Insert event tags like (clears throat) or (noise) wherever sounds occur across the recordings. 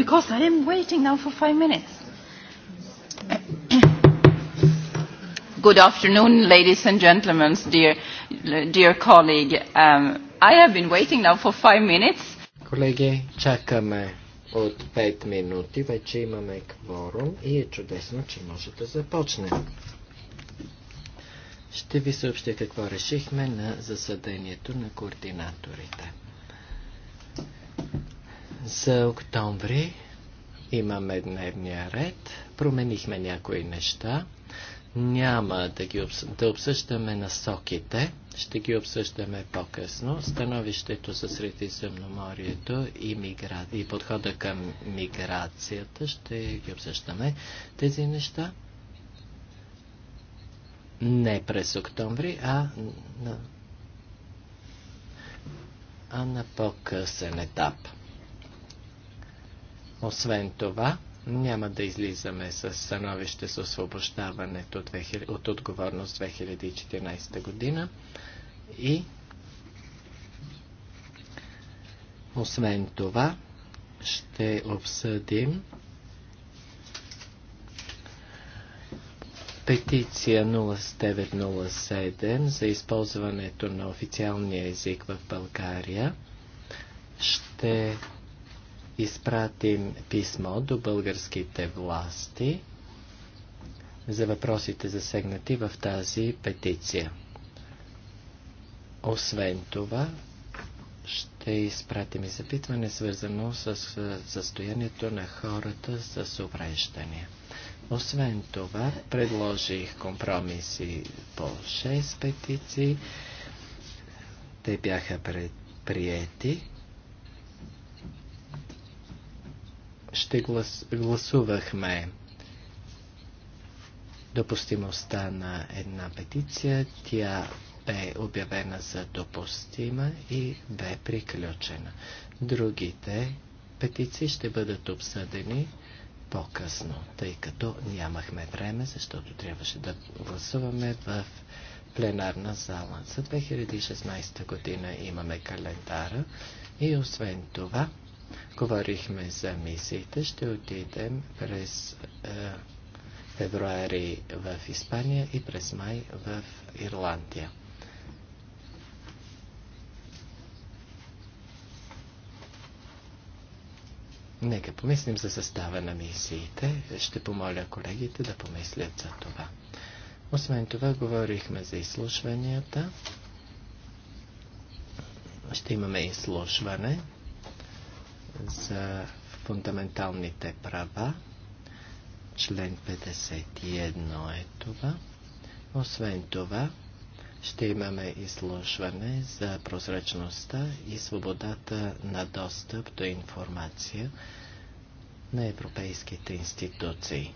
because I am waiting now for five minutes. Good afternoon, ladies and gentlemen, dear, dear colleague. Um, I have been waiting now for five minutes. Колеги, чакаме от 5 минути. Вече имаме кворум и е чудесно, че може да започнем. Ще ви съобщя какво решихме на заседанието на координаторите. За октомври имаме дневния ред, променихме някои неща, няма да, ги обс... да обсъждаме насоките, ще ги обсъждаме по-късно. Становището за Средиземноморието и, мигра... и подхода към миграцията ще ги обсъждаме тези неща. Не през октомври, а на, а на по-късен етап. Освен това, няма да излизаме с становище с освобождаването от отговорност 2014 година и освен това ще обсъдим петиция 0907 за използването на официалния език в България. Ще изпратим писмо до българските власти за въпросите засегнати в тази петиция. Освен това, ще изпратим и запитване, свързано с състоянието на хората с увреждания. Освен това, предложих компромиси по 6 петиции. Те бяха пред, приети. ще глас, гласувахме допустимостта на една петиция. Тя бе обявена за допустима и бе приключена. Другите петиции ще бъдат обсъдени по-късно, тъй като нямахме време, защото трябваше да гласуваме в пленарна зала. За 2016 година имаме календара и освен това Говорихме за мисиите. Ще отидем през е, февруари в Испания и през май в Ирландия. Нека помислим за състава на мисиите. Ще помоля колегите да помислят за това. Освен това, говорихме за изслушванията. Ще имаме изслушване за фундаменталните права. Член 51 е това. Освен това, ще имаме изслушване за прозрачността и свободата на достъп до информация на европейските институции.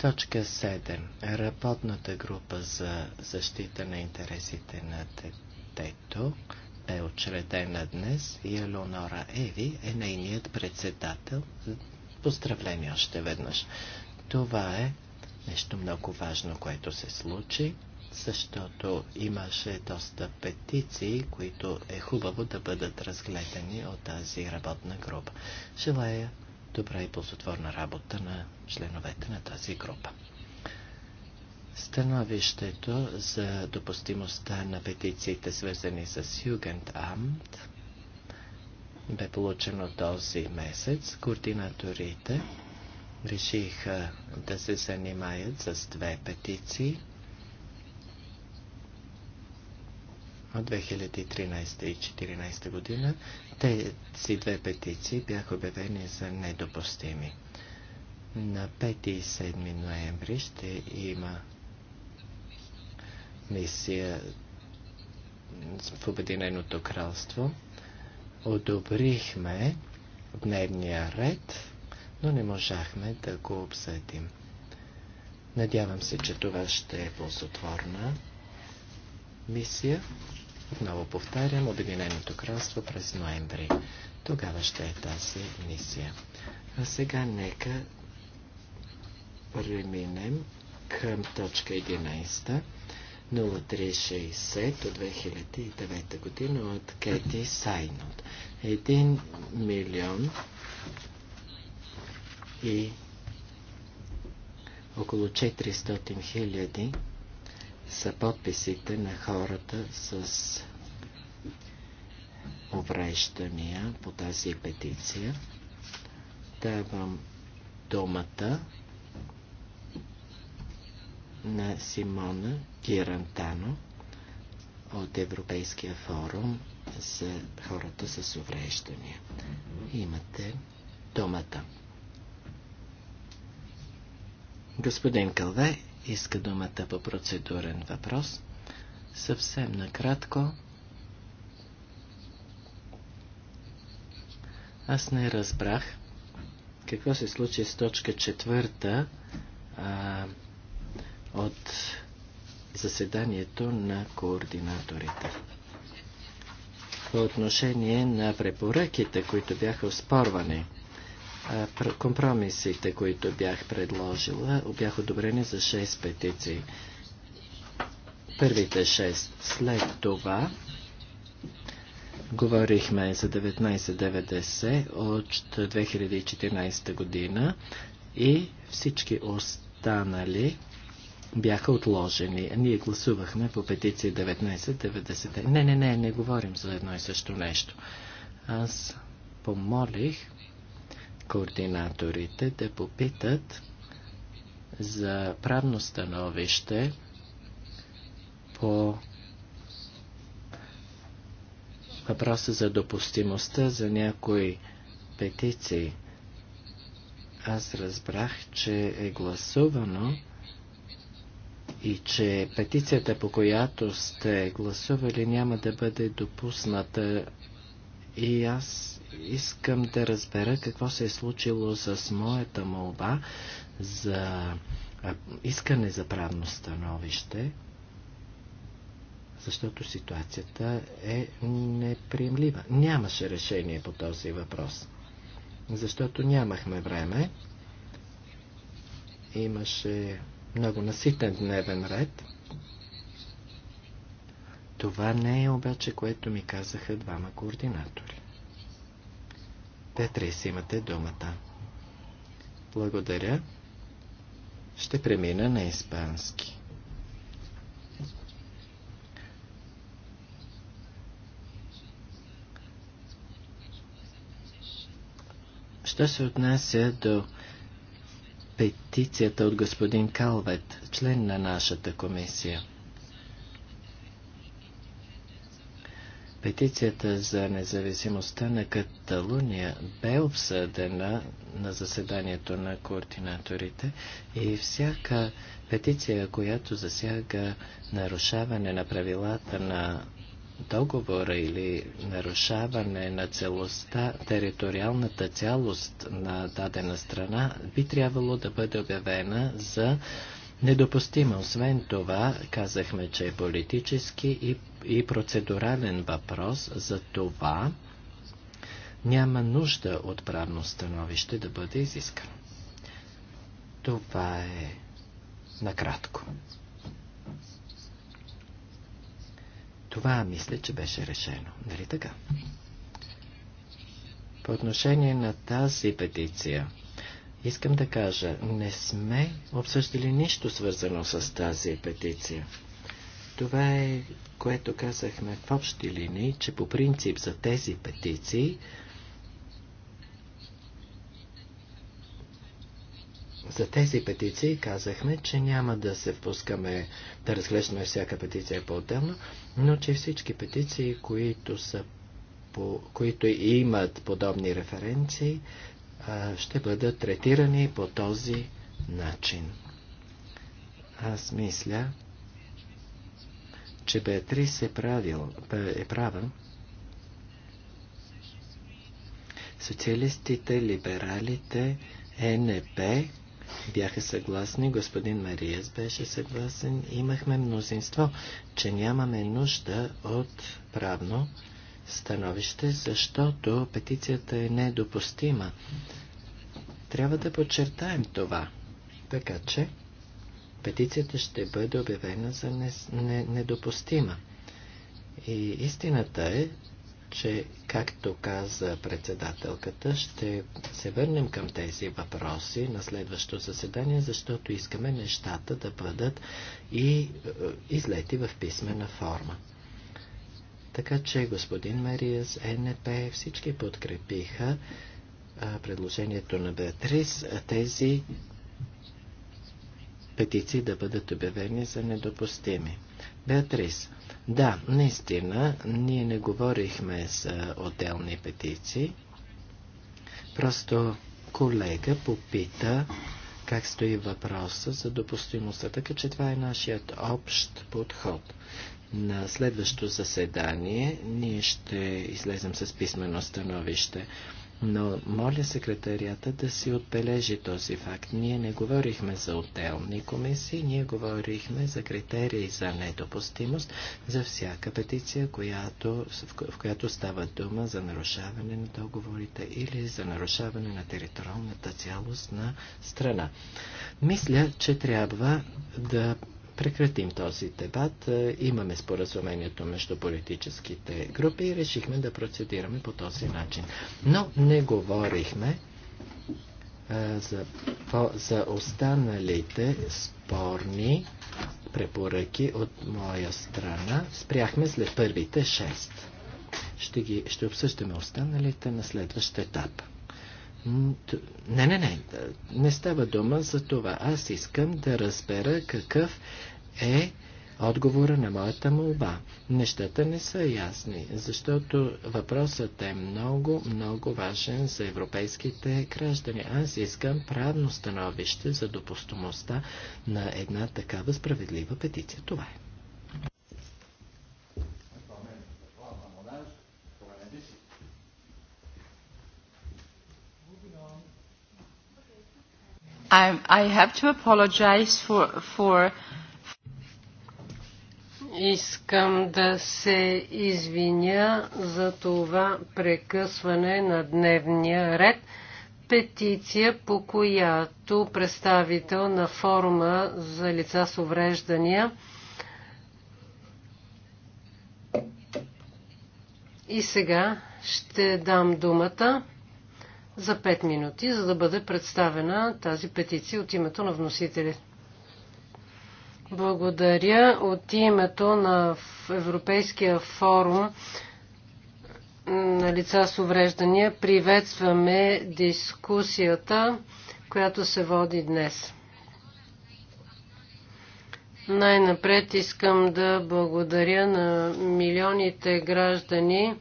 Точка 7. Работната група за защита на интересите на детето е отчредена днес и Елеонора Еви е нейният председател. Поздравление още веднъж. Това е нещо много важно, което се случи, защото имаше доста петиции, които е хубаво да бъдат разгледани от тази работна група. Желая добра и ползотворна работа на членовете на тази група. Становището за допустимостта на петициите, свързани с Югендамт, бе получено този месец. Координаторите решиха да се занимаят с две петиции от 2013 и 2014 година. Тези две петиции бяха обявени за недопустими. На 5 и 7 ноември ще има мисия в Обединеното кралство. Одобрихме дневния ред, но не можахме да го обсъдим. Надявам се, че това ще е ползотворна мисия. Отново повтарям, Обединеното кралство през ноември. Тогава ще е тази мисия. А сега нека преминем към точка 11. 0360 от 2009 година от Кети Сайнот. 1 милион и около 400 хиляди са подписите на хората с увреждания по тази петиция. Давам думата на Симона Кирантано от Европейския форум за хората с увреждания. Имате думата. Господин Калве иска думата по процедурен въпрос. Съвсем накратко. Аз не разбрах какво се случи с точка четвърта от заседанието на координаторите. По отношение на препоръките, които бяха оспорвани, компромисите, които бях предложила, бяха одобрени за 6 петиции. Първите 6. След това говорихме за 1990 от 2014 година и всички останали бяха отложени. Ние гласувахме по петиция 1990. Не, не, не, не говорим за едно и също нещо. Аз помолих координаторите да попитат за правно становище по въпроса за допустимостта за някои петиции. Аз разбрах, че е гласувано и че петицията, по която сте гласували, няма да бъде допусната. И аз искам да разбера какво се е случило с моята молба за искане за правно становище, защото ситуацията е неприемлива. Нямаше решение по този въпрос, защото нямахме време. Имаше много наситен дневен ред. Това не е обаче, което ми казаха двама координатори. си имате думата. Благодаря. Ще премина на испански. Що се отнася до петицията от господин Калвет, член на нашата комисия. Петицията за независимостта на Каталуния бе обсъдена на заседанието на координаторите и всяка петиция, която засяга нарушаване на правилата на договора или нарушаване на целостта, териториалната цялост на дадена страна би трябвало да бъде обявена за недопустима. Освен това, казахме, че е политически и, и процедурален въпрос, за това няма нужда от правно становище да бъде изискано. Това е накратко. Това мисля, че беше решено. Нали така? По отношение на тази петиция, искам да кажа, не сме обсъждали нищо свързано с тази петиция. Това е, което казахме в общи линии, че по принцип за тези петиции за тези петиции казахме, че няма да се впускаме да разглеждаме всяка петиция по-отделно, но че всички петиции, които, са по, които имат подобни референции, ще бъдат третирани по този начин. Аз мисля, че Беатрис е, правил, е права. Социалистите, либералите, ЕНП бяха съгласни, господин Мариес беше съгласен, имахме мнозинство, че нямаме нужда от правно становище, защото петицията е недопустима. Трябва да подчертаем това. Така че петицията ще бъде обявена за не, не, недопустима. И истината е, че Както каза председателката, ще се върнем към тези въпроси на следващото заседание, защото искаме нещата да бъдат и е, излети в писмена форма. Така че господин Мариас, НП, всички подкрепиха е, предложението на Беатрис е, тези петиции да бъдат обявени за недопустими. Беатрис, да, наистина, ние не говорихме за отделни петиции. Просто колега попита как стои въпроса за допустимостта, така че това е нашият общ подход. На следващото заседание ние ще излезем с писмено становище но моля секретарията да си отбележи този факт. Ние не говорихме за отделни комисии, ние говорихме за критерии за недопустимост за всяка петиция, която, в която става дума за нарушаване на договорите или за нарушаване на териториалната цялост на страна. Мисля, че трябва да прекратим този дебат. Е, имаме споразумението между политическите групи и решихме да процедираме по този начин. Но не говорихме е, за, по, за останалите спорни препоръки от моя страна. Спряхме след първите шест. Ще, ги, ще обсъждаме останалите на следващ етап. Не, не, не. Не става дума за това. Аз искам да разбера какъв е отговора на моята молба. Нещата не са ясни, защото въпросът е много, много важен за европейските граждани. Аз искам правно становище за допустимостта на една такава справедлива петиция. Това е. I, have to apologize for, for Искам да се извиня за това прекъсване на дневния ред. Петиция, по която представител на форума за лица с увреждания И сега ще дам думата за 5 минути, за да бъде представена тази петиция от името на вносителите. Благодаря от името на Европейския форум на лица с увреждания. Приветстваме дискусията, която се води днес. Най-напред искам да благодаря на милионите граждани,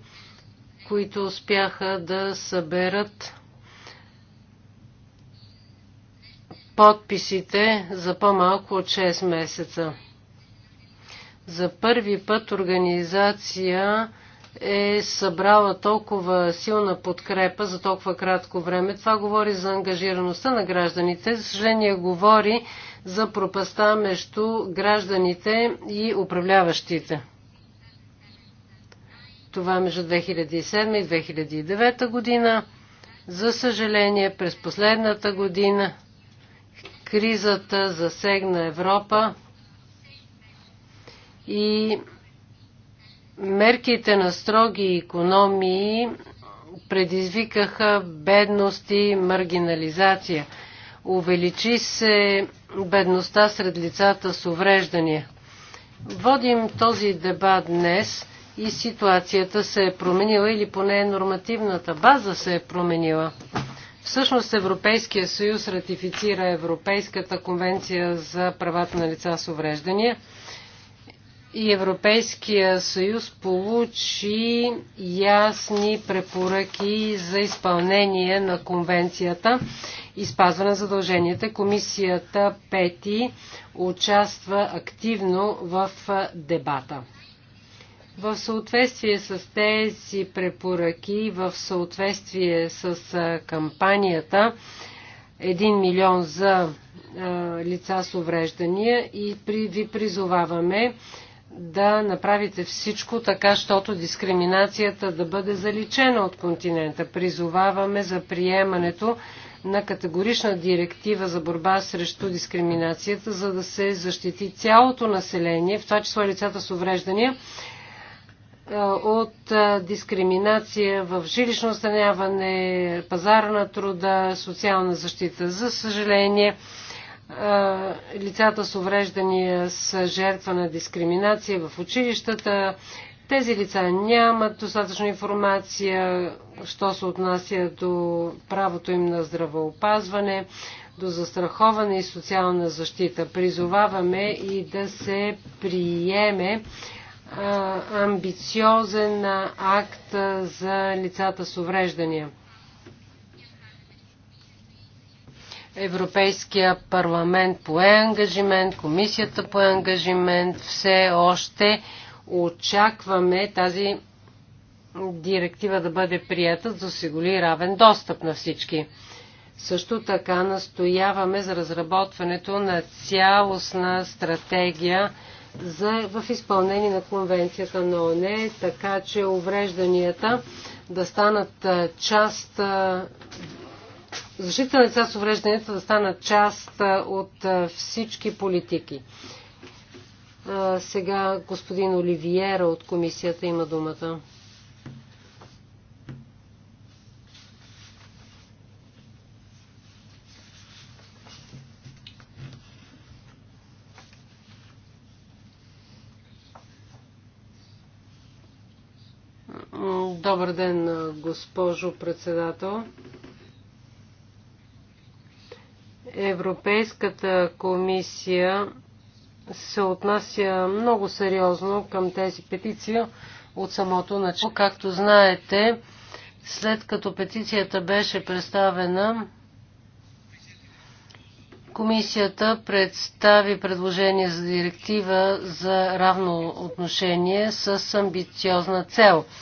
които успяха да съберат подписите за по-малко от 6 месеца. За първи път организация е събрала толкова силна подкрепа за толкова кратко време. Това говори за ангажираността на гражданите. За съжаление говори за пропаста между гражданите и управляващите. Това между 2007 и 2009 година. За съжаление, през последната година Кризата засегна Европа и мерките на строги економии предизвикаха бедност и маргинализация. Увеличи се бедността сред лицата с увреждания. Водим този дебат днес и ситуацията се е променила или поне нормативната база се е променила. Всъщност Европейския съюз ратифицира Европейската конвенция за правата на лица с увреждания и Европейския съюз получи ясни препоръки за изпълнение на конвенцията и спазване на задълженията. Комисията Пети участва активно в дебата. В съответствие с тези препоръки, в съответствие с кампанията 1 милион за лица с увреждания и ви призоваваме да направите всичко така, щото дискриминацията да бъде заличена от континента. Призоваваме за приемането на категорична директива за борба срещу дискриминацията, за да се защити цялото население, в това число лицата с увреждания, от дискриминация в жилищно останяване, пазара на труда, социална защита. За съжаление, лицата с увреждания са жертва на дискриминация в училищата. Тези лица нямат достатъчно информация, що се отнася до правото им на здравеопазване, до застраховане и социална защита. Призоваваме и да се приеме амбициозен акт за лицата с увреждания. Европейския парламент пое ангажимент, комисията пое ангажимент, все още очакваме тази директива да бъде прията, за да осигури равен достъп на всички. Също така настояваме за разработването на цялостна стратегия за, в изпълнение на конвенцията на ОНЕ, така че уврежданията да станат част защита на деца с уврежданията да станат част от всички политики. Сега господин Оливиера от комисията има думата. Добър ден, госпожо председател. Европейската комисия се отнася много сериозно към тези петиции от самото начало. Както знаете, след като петицията беше представена, Комисията представи предложение за директива за равно отношение с амбициозна цел –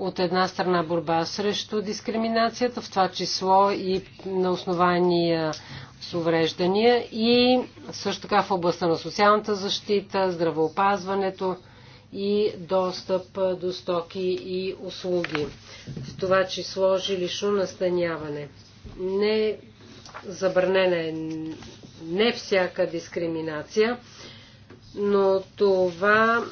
от една страна борба срещу дискриминацията, в това число и на основания с увреждания и също така в областта на социалната защита, здравеопазването и достъп до стоки и услуги. В това число жилищно настаняване. Не забранена е не всяка дискриминация, но това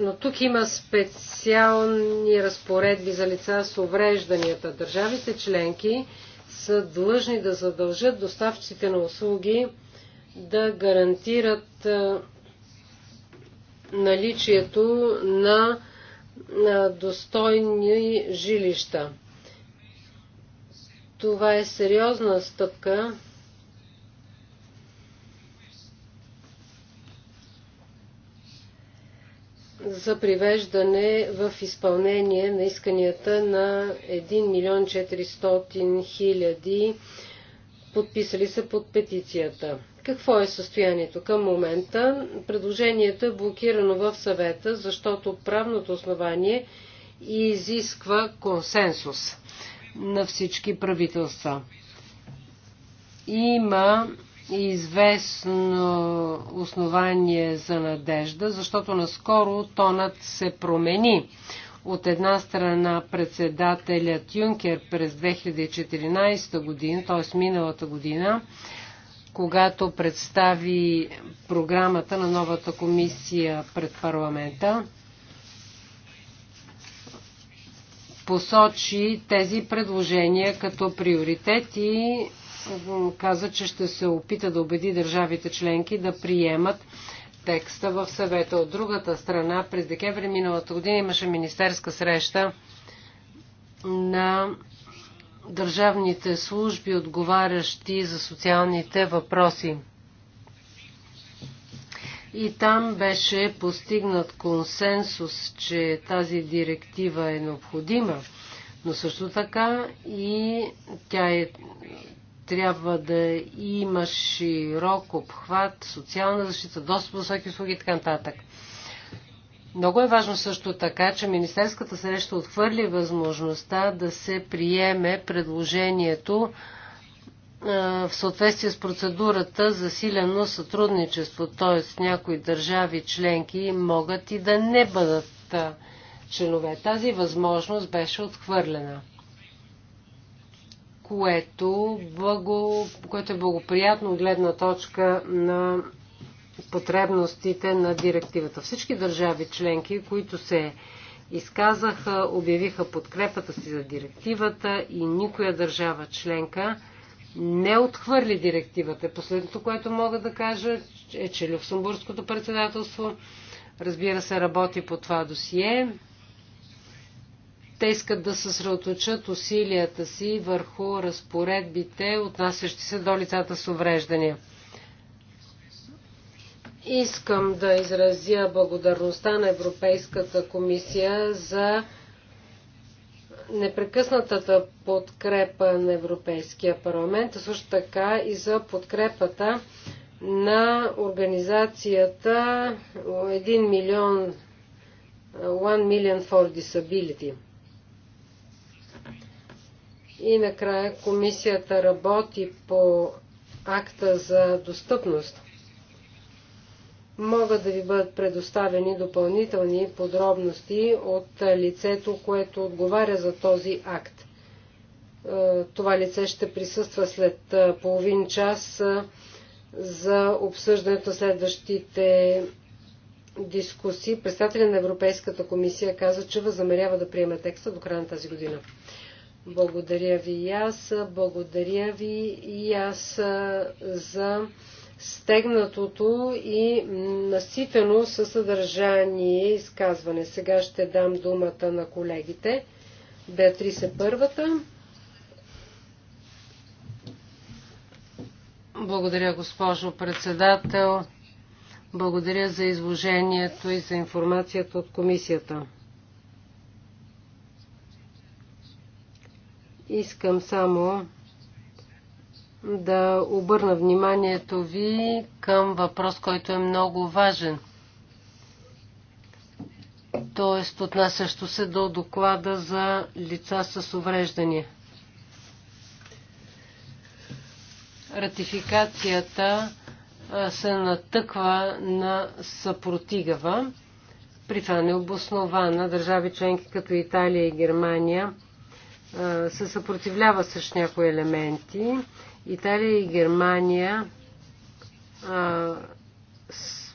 но тук има специални разпоредби за лица с уврежданията. Държавите членки са длъжни да задължат доставчиците на услуги да гарантират наличието на достойни жилища. Това е сериозна стъпка за привеждане в изпълнение на исканията на 1 милион 400 хиляди подписали са под петицията. Какво е състоянието към момента? Предложението е блокирано в съвета, защото правното основание изисква консенсус на всички правителства. Има известно основание за надежда, защото наскоро тонът се промени. От една страна председателят Юнкер през 2014 година, т.е. миналата година, когато представи програмата на новата комисия пред парламента, посочи тези предложения като приоритети каза, че ще се опита да убеди държавите членки да приемат текста в съвета. От другата страна, през декември миналата година имаше министерска среща на държавните служби, отговарящи за социалните въпроси. И там беше постигнат консенсус, че тази директива е необходима, но също така и тя е, трябва да има широк обхват, социална защита, достъп до всеки услуги и така нататък. Много е важно също така, че Министерската среща отхвърли възможността да се приеме предложението в съответствие с процедурата за силено сътрудничество, т.е. някои държави членки могат и да не бъдат членове. Тази възможност беше отхвърлена което, благо, което е благоприятно от гледна точка на потребностите на директивата. Всички държави членки, които се изказаха, обявиха подкрепата си за директивата и никоя държава членка не отхвърли директивата. Последното, което мога да кажа е, че Люксембургското председателство разбира се работи по това досие. Те искат да съсредоточат усилията си върху разпоредбите, отнасящи се до лицата с увреждания. Искам да изразя благодарността на Европейската комисия за непрекъснатата подкрепа на Европейския парламент, а също така и за подкрепата на организацията 1 милион 1 Million for Disability. И накрая комисията работи по акта за достъпност. Могат да ви бъдат предоставени допълнителни подробности от лицето, което отговаря за този акт. Е, това лице ще присъства след е, половин час е, за обсъждането следващите дискусии. Председателя на Европейската комисия каза, че възнамерява да приеме текста до края на тази година. Благодаря ви и аз. Благодаря ви и аз за стегнатото и наситено със съдържание изказване. Сега ще дам думата на колегите. Беатрис е първата. Благодаря, госпожо председател. Благодаря за изложението и за информацията от комисията. Искам само да обърна вниманието ви към въпрос, който е много важен. Тоест, отнасящо се до доклада за лица с увреждания. Ратификацията се натъква на съпротигава, при това необоснована държави членки като Италия и Германия – се съпротивлява с някои елементи. Италия и Германия а, с,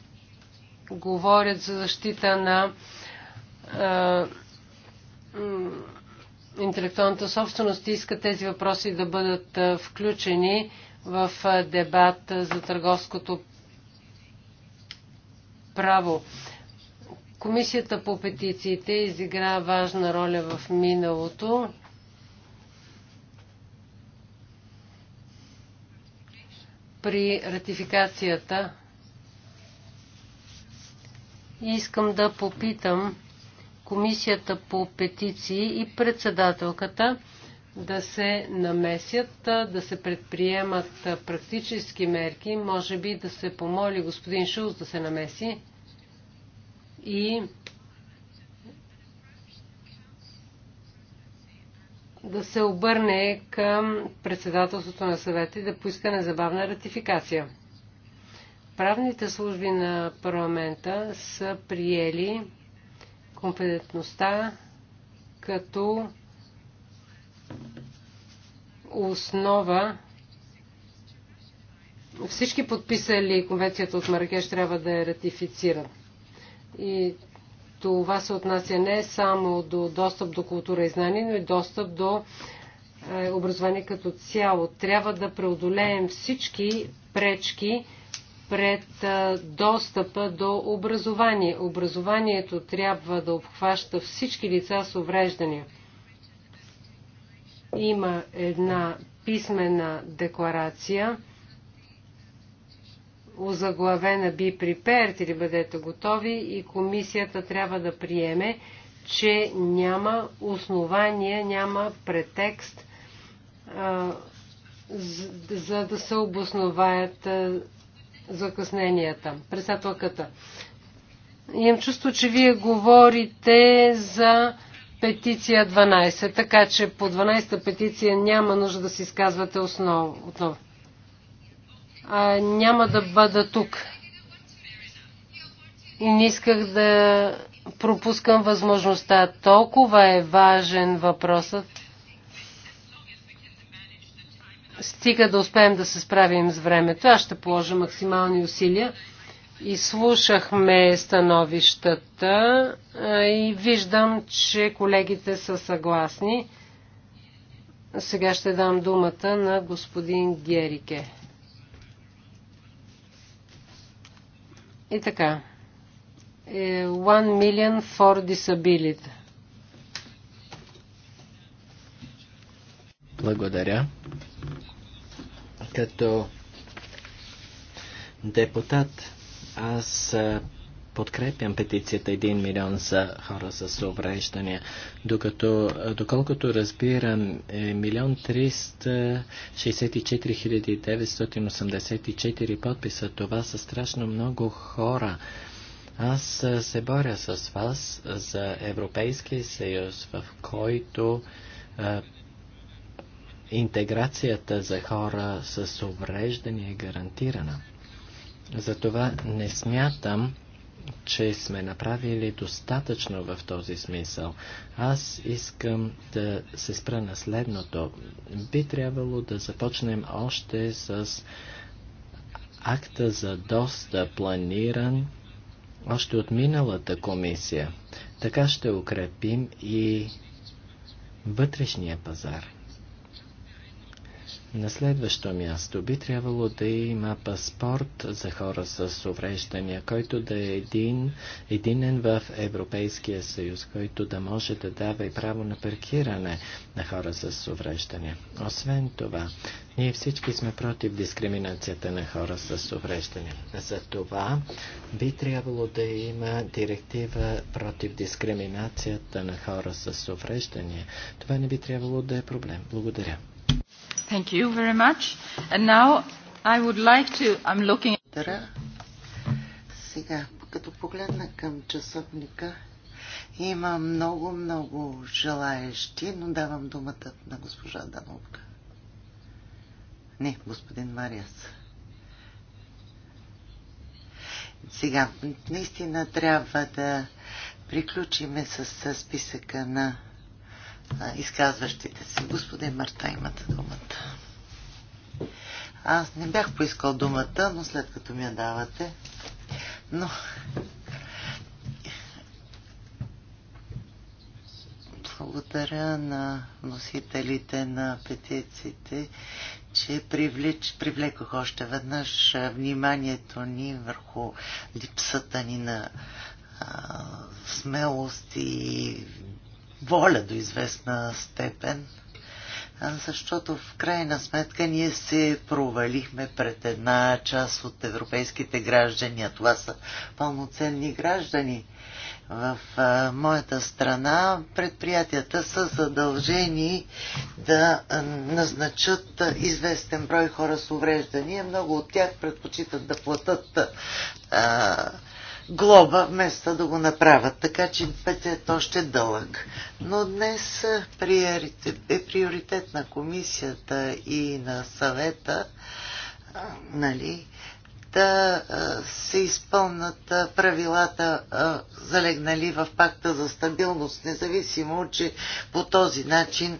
говорят за защита на а, интелектуалната собственост и искат тези въпроси да бъдат а, включени в а, дебат за търговското право. Комисията по петициите изигра важна роля в миналото при ратификацията. Искам да попитам Комисията по петиции и председателката да се намесят, да се предприемат практически мерки, може би да се помоли господин Шулс да се намеси и да се обърне към председателството на съвета и да поиска незабавна ратификация. Правните служби на парламента са приели компетентността като основа всички подписали конвенцията от Маракеш трябва да е ратифицирана. И това се отнася не само до достъп до култура и знание, но и достъп до е, образование като цяло. Трябва да преодолеем всички пречки пред е, достъпа до образование. Образованието трябва да обхваща всички лица с увреждания. Има една писмена декларация озаглавена би prepared или бъдете готови и комисията трябва да приеме, че няма основания, няма претекст а, за, за да се обосноваят а, закъсненията. Председателката. Имам чувство, че вие говорите за петиция 12, така че по 12-та петиция няма нужда да се изказвате основ, отново а, няма да бъда тук. И не исках да пропускам възможността. Толкова е важен въпросът. Стига да успеем да се справим с времето. Аз ще положа максимални усилия. И слушахме становищата и виждам, че колегите са съгласни. Сега ще дам думата на господин Герике. И така. Е, one million for disability. Благодаря. Като депутат аз подкрепям петицията 1 милион за хора с увреждания, докато, доколкото разбирам, 1 364 984 подписа, това са страшно много хора. Аз се боря с вас за Европейския съюз, в който е, интеграцията за хора с увреждания е гарантирана. Затова не смятам, че сме направили достатъчно в този смисъл. Аз искам да се спра на следното. Би трябвало да започнем още с акта за доста планиран още от миналата комисия. Така ще укрепим и вътрешния пазар. На следващо място би трябвало да има паспорт за хора с увреждания, който да е един, единен в Европейския съюз, който да може да дава и право на паркиране на хора с увреждания. Освен това, ние всички сме против дискриминацията на хора с увреждания. За това би трябвало да има директива против дискриминацията на хора с увреждания. Това не би трябвало да е проблем. Благодаря. Thank you very much. And now I would like to... I'm looking... Сега, като погледна към часовника, има много, много желаещи, но давам думата на госпожа Дановка. Не, господин Мариас. Сега, наистина трябва да приключиме с списъка на изказващите се. Господин Марта, имате думата. Аз не бях поискал думата, но след като ми я давате. Но... Благодаря на носителите на петициите, че привлеч, привлекох още веднъж вниманието ни върху липсата ни на а, смелост и воля до известна степен, защото в крайна сметка ние се провалихме пред една част от европейските граждани, а това са пълноценни граждани. В а, моята страна предприятията са задължени да а, назначат известен брой хора с увреждания. Много от тях предпочитат да платят а, глоба, вместо да го направят. Така че пътят е още дълъг. Но днес е приоритет е на комисията и на съвета е, нали, да е, се изпълнат правилата, залегнали в пакта за стабилност, независимо, че по този начин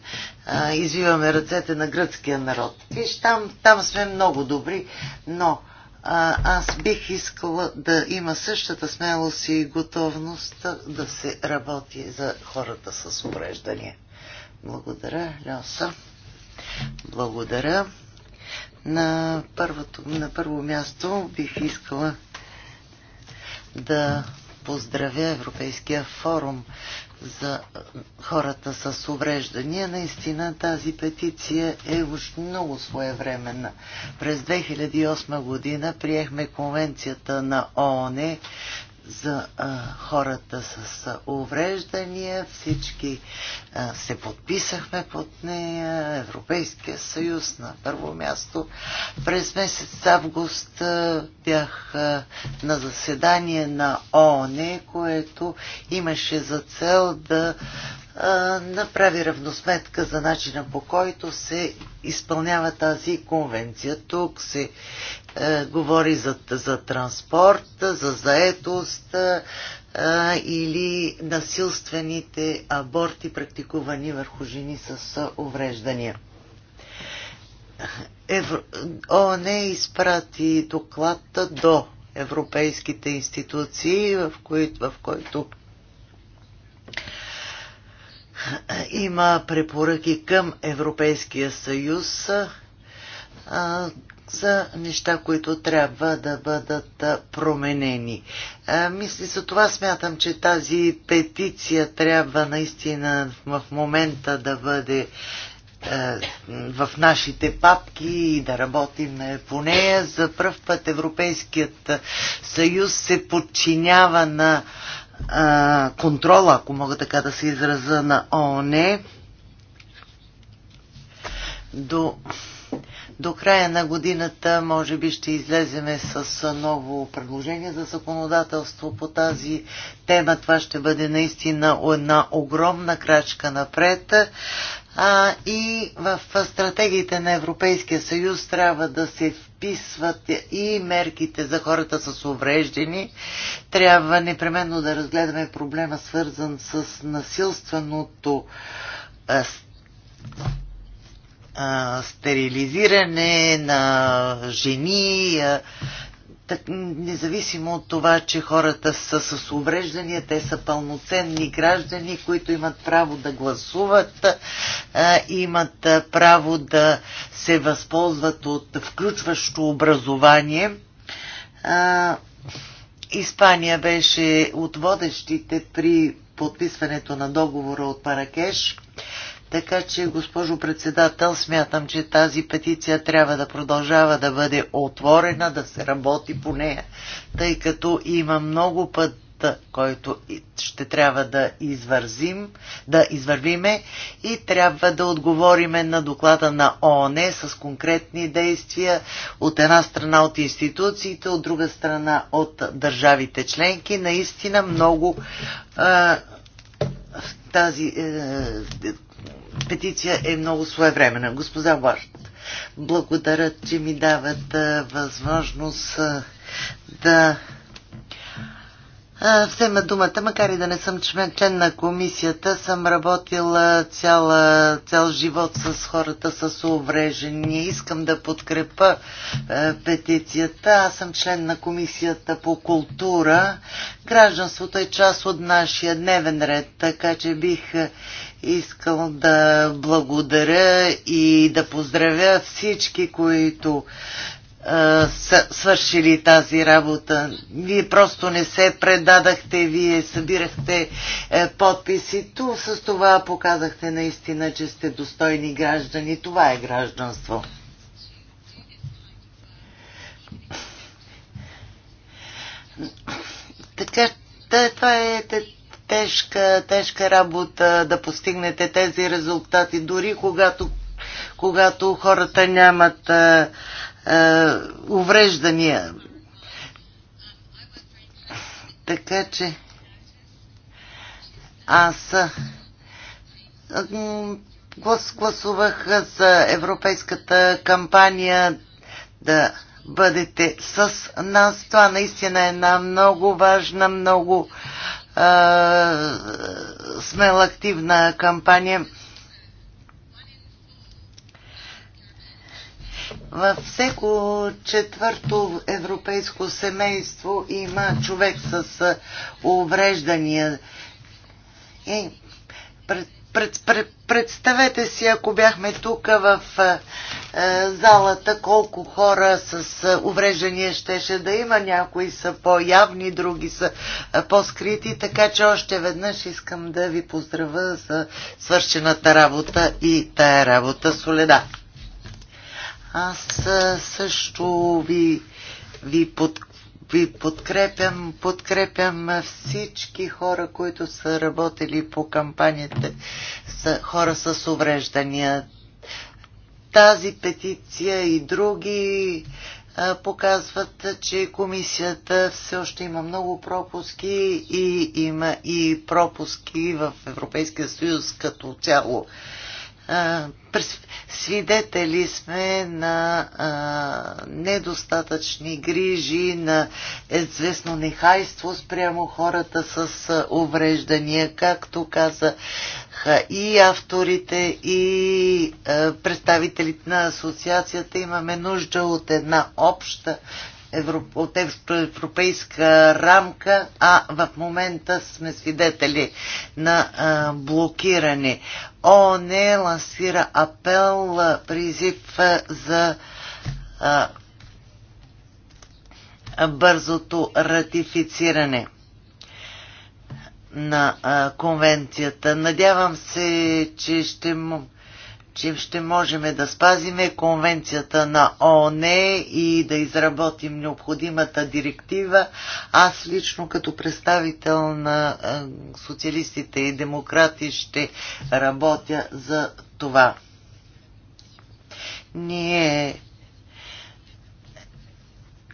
извиваме ръцете на гръцкия народ. Виж, там, там сме много добри, но а, аз бих искала да има същата смелост и готовност да се работи за хората с увреждания. Благодаря, Льоса. Благодаря. На, първото, на първо място бих искала да поздравя Европейския форум за хората с увреждания. Наистина тази петиция е уж много своевременна. През 2008 година приехме конвенцията на ООН за а, хората с а, увреждания. Всички а, се подписахме под нея. Европейския съюз на първо място. През месец август а, бях а, на заседание на ООН, което имаше за цел да направи равносметка за начина по който се изпълнява тази конвенция. Тук се е, говори за, за транспорт, за заетост е, или насилствените аборти, практикувани върху жени с увреждания. Евро... ООН изпрати доклад до европейските институции, в, кои... в който има препоръки към Европейския съюз а, за неща, които трябва да бъдат променени. А, мисли за това смятам, че тази петиция трябва наистина в момента да бъде в нашите папки и да работим по нея. За първ път Европейският съюз се подчинява на контрола, ако мога така да се израза, на ООН до, до края на годината може би ще излеземе с ново предложение за законодателство по тази тема. Това ще бъде наистина една огромна крачка напред. А, и в стратегиите на Европейския съюз трябва да се вписват и мерките за хората с увреждани. Трябва непременно да разгледаме проблема свързан с насилственото а, а, стерилизиране на жени, а, так, независимо от това, че хората са с увреждания, те са пълноценни граждани, които имат право да гласуват, а, имат право да се възползват от включващо образование. А, Испания беше от водещите при подписването на договора от Паракеш така че, госпожо председател, смятам, че тази петиция трябва да продължава да бъде отворена, да се работи по нея, тъй като има много път който ще трябва да извързим, да извървиме и трябва да отговориме на доклада на ООН с конкретни действия от една страна от институциите, от друга страна от държавите членки. Наистина много а, тази, е, петиция е много своевременна. Госпожа Борт, благодаря, че ми дават възможност да взема думата, макар и да не съм член, на комисията, съм работила цяла, цял живот с хората с увреждания. Искам да подкрепа е, петицията. Аз съм член на комисията по култура. Гражданството е част от нашия дневен ред, така че бих искал да благодаря и да поздравя всички, които са свършили тази работа. Вие просто не се предадахте, вие събирахте е, подписи. Ту с това показахте наистина, че сте достойни граждани. Това е гражданство. Така, това е тежка, тежка работа да постигнете тези резултати, дори когато, когато хората нямат е, е, увреждания. Така че аз е, глас, гласувах за европейската кампания да бъдете с нас. Това наистина е една много важна, много а, е, смела активна кампания. Във всеко четвърто европейско семейство има човек с увреждания. И пред, пред, пред, представете си, ако бяхме тук в е, залата, колко хора с е, увреждания щеше да има. Някои са по-явни, други са е, по-скрити, така че още веднъж искам да ви поздравя за свършената работа и тая работа Соледа. Аз също ви, ви, под, ви подкрепям, подкрепям всички хора, които са работили по кампанията са хора с увреждания. Тази петиция и други показват, че комисията все още има много пропуски и има и пропуски в Европейския съюз като цяло свидетели сме на а, недостатъчни грижи, на известно нехайство спрямо хората с а, увреждания, както казаха и авторите, и а, представителите на асоциацията. Имаме нужда от една обща от европейска рамка, а в момента сме свидетели на а, блокиране. ООН лансира апел, призив за а, бързото ратифициране на а, конвенцията. Надявам се, че ще му че ще можем да спазиме конвенцията на ООН и да изработим необходимата директива. Аз лично като представител на социалистите и демократи ще работя за това. Ние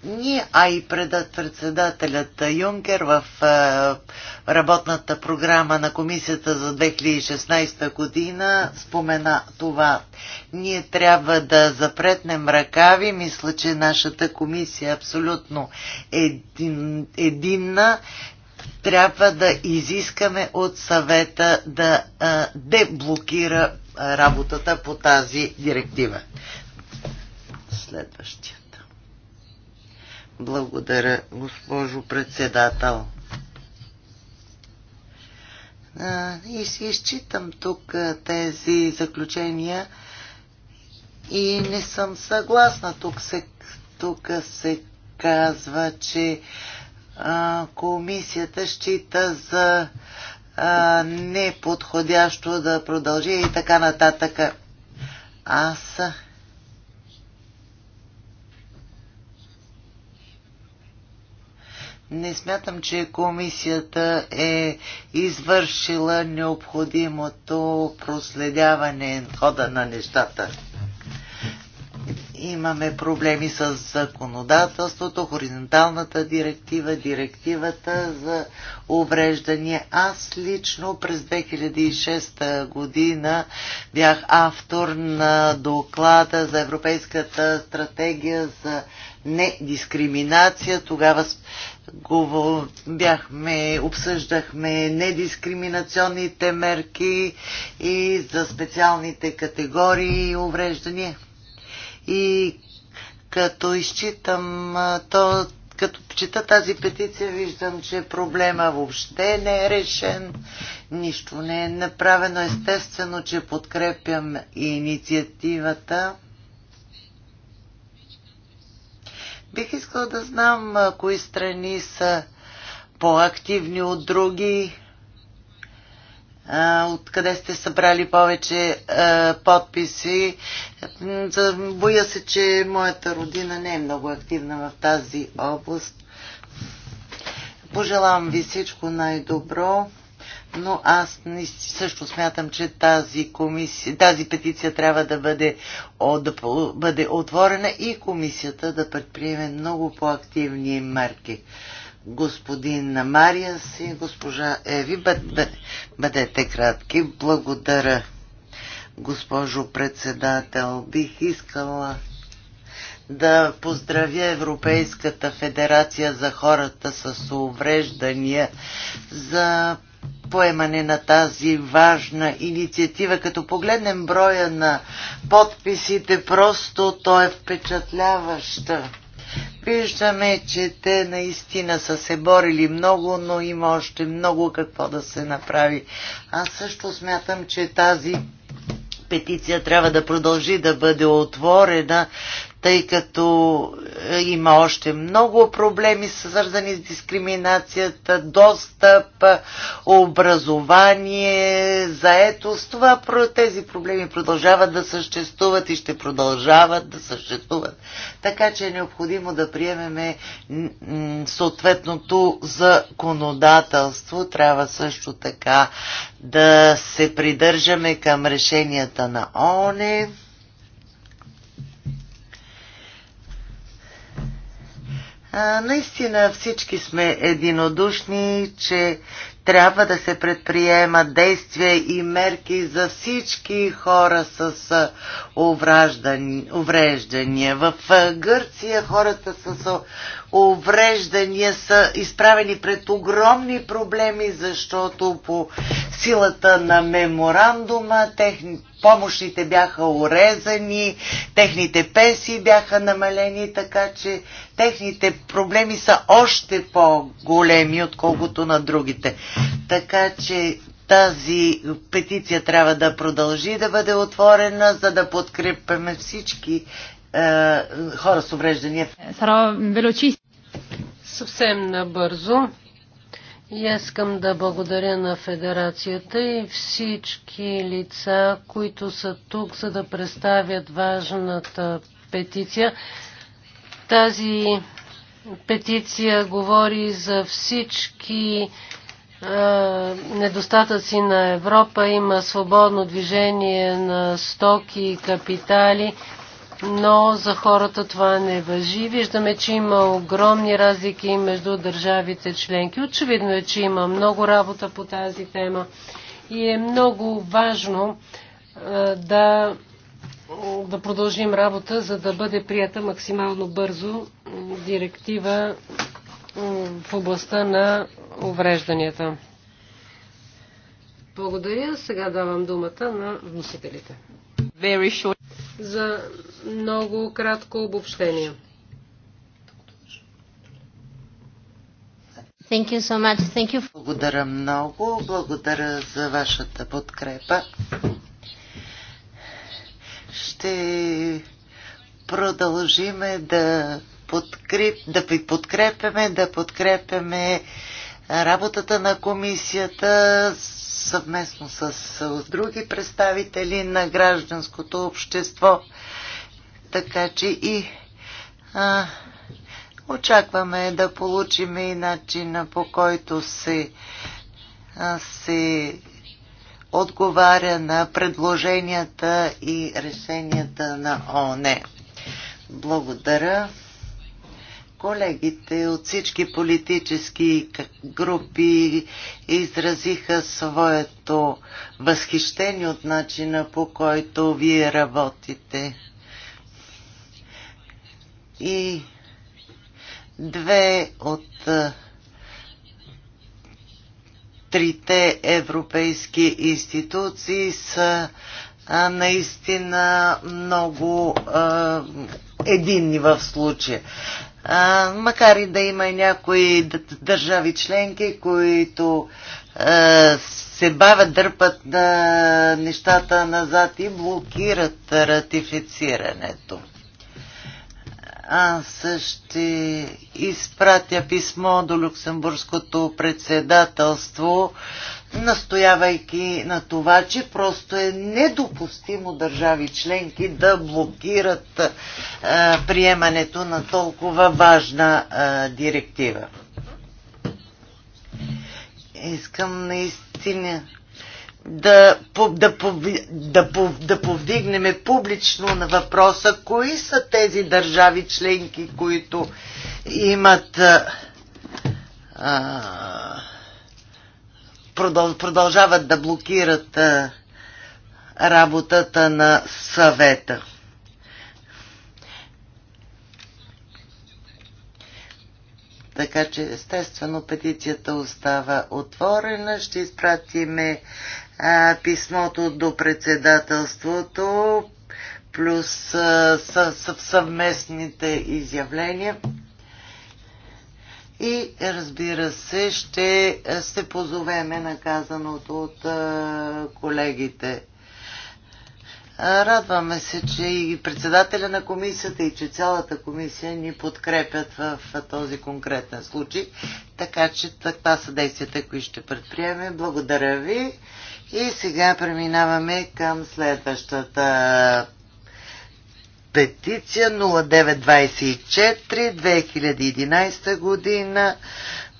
ние, а и предат председателят Юнкер в е, работната програма на комисията за 2016 година спомена това. Ние трябва да запретнем ръкави. Мисля, че нашата комисия е абсолютно един, единна. Трябва да изискаме от съвета да а, е, деблокира е, работата по тази директива. Следващия. Благодаря, госпожо председател. И си изчитам тук тези заключения и не съм съгласна. Тук се, тук се казва, че а, комисията счита за а, неподходящо да продължи и така нататък. Аз Не смятам, че комисията е извършила необходимото проследяване хода на нещата. Имаме проблеми с законодателството, хоризонталната директива, директивата за увреждания. Аз лично през 2006 година бях автор на доклада за Европейската стратегия за недискриминация. Тогава го бяхме, обсъждахме недискриминационните мерки и за специалните категории и увреждания. И като изчитам то, като чета тази петиция, виждам, че проблема въобще не е решен, нищо не е направено. Естествено, че подкрепям инициативата Бих искал да знам кои страни са по-активни от други, откъде сте събрали повече подписи. Боя се, че моята родина не е много активна в тази област. Пожелавам ви всичко най-добро но аз също смятам, че тази, комисия, тази петиция трябва да бъде, да бъде отворена и комисията да предприеме много по-активни мерки. Господин Мариас и госпожа Еви, бъдете кратки. Благодаря, госпожо председател. Бих искала да поздравя Европейската федерация за хората с увреждания за поемане на тази важна инициатива. Като погледнем броя на подписите, просто то е впечатляваща. Виждаме, че те наистина са се борили много, но има още много какво да се направи. Аз също смятам, че тази петиция трябва да продължи да бъде отворена, тъй като е, има още много проблеми, свързани с дискриминацията, достъп, образование, заетост. Това, тези проблеми продължават да съществуват и ще продължават да съществуват. Така че е необходимо да приемеме съответното законодателство. Трябва също така да се придържаме към решенията на ОНЕ А, наистина всички сме единодушни, че трябва да се предприемат действия и мерки за всички хора с увреждания. В Гърция хората с увреждания са изправени пред огромни проблеми, защото по силата на меморандума техни, помощите бяха урезани, техните пенсии бяха намалени, така че техните проблеми са още по-големи, отколкото на другите. Така че тази петиция трябва да продължи да бъде отворена, за да подкрепяме всички е, хора с увреждания. Съвсем набързо. И искам да благодаря на Федерацията и всички лица, които са тук, за да представят важната петиция. Тази петиция говори за всички е, недостатъци на Европа. Има свободно движение на стоки и капитали но за хората това не въжи. Виждаме, че има огромни разлики между държавите членки. Очевидно е, че има много работа по тази тема и е много важно да, да продължим работа, за да бъде прията максимално бързо директива в областта на уврежданията. Благодаря. Сега давам думата на вносителите. Very short за много кратко обобщение. Thank you so much. Thank you. Благодаря много. Благодаря за вашата подкрепа. Ще продължиме да, подкреп, да ви подкрепяме, да подкрепяме работата на комисията, съвместно с други представители на гражданското общество. Така че и а, очакваме да получим и начина по който се, а, се отговаря на предложенията и решенията на ОНЕ. Благодаря. Колегите от всички политически групи изразиха своето възхищение от начина по който вие работите. И две от трите европейски институции са а, наистина много а, единни в случая. А, макар и да има и някои държави членки, които а, се бавят, дърпат на нещата назад и блокират ратифицирането. Аз ще изпратя писмо до Люксембургското председателство настоявайки на това, че просто е недопустимо държави членки да блокират а, приемането на толкова важна а, директива. Искам наистина да, да, да, да повдигнем публично на въпроса, кои са тези държави членки, които имат а, продължават да блокират работата на съвета. Така че, естествено, петицията остава отворена. Ще изпратиме а, писмото до председателството плюс а, съвместните изявления. И разбира се, ще се позовеме на казаното от колегите. Радваме се, че и председателя на комисията и че цялата комисия ни подкрепят в този конкретен случай. Така че това са действията, които ще предприеме. Благодаря ви. И сега преминаваме към следващата петиция 0924-2011 година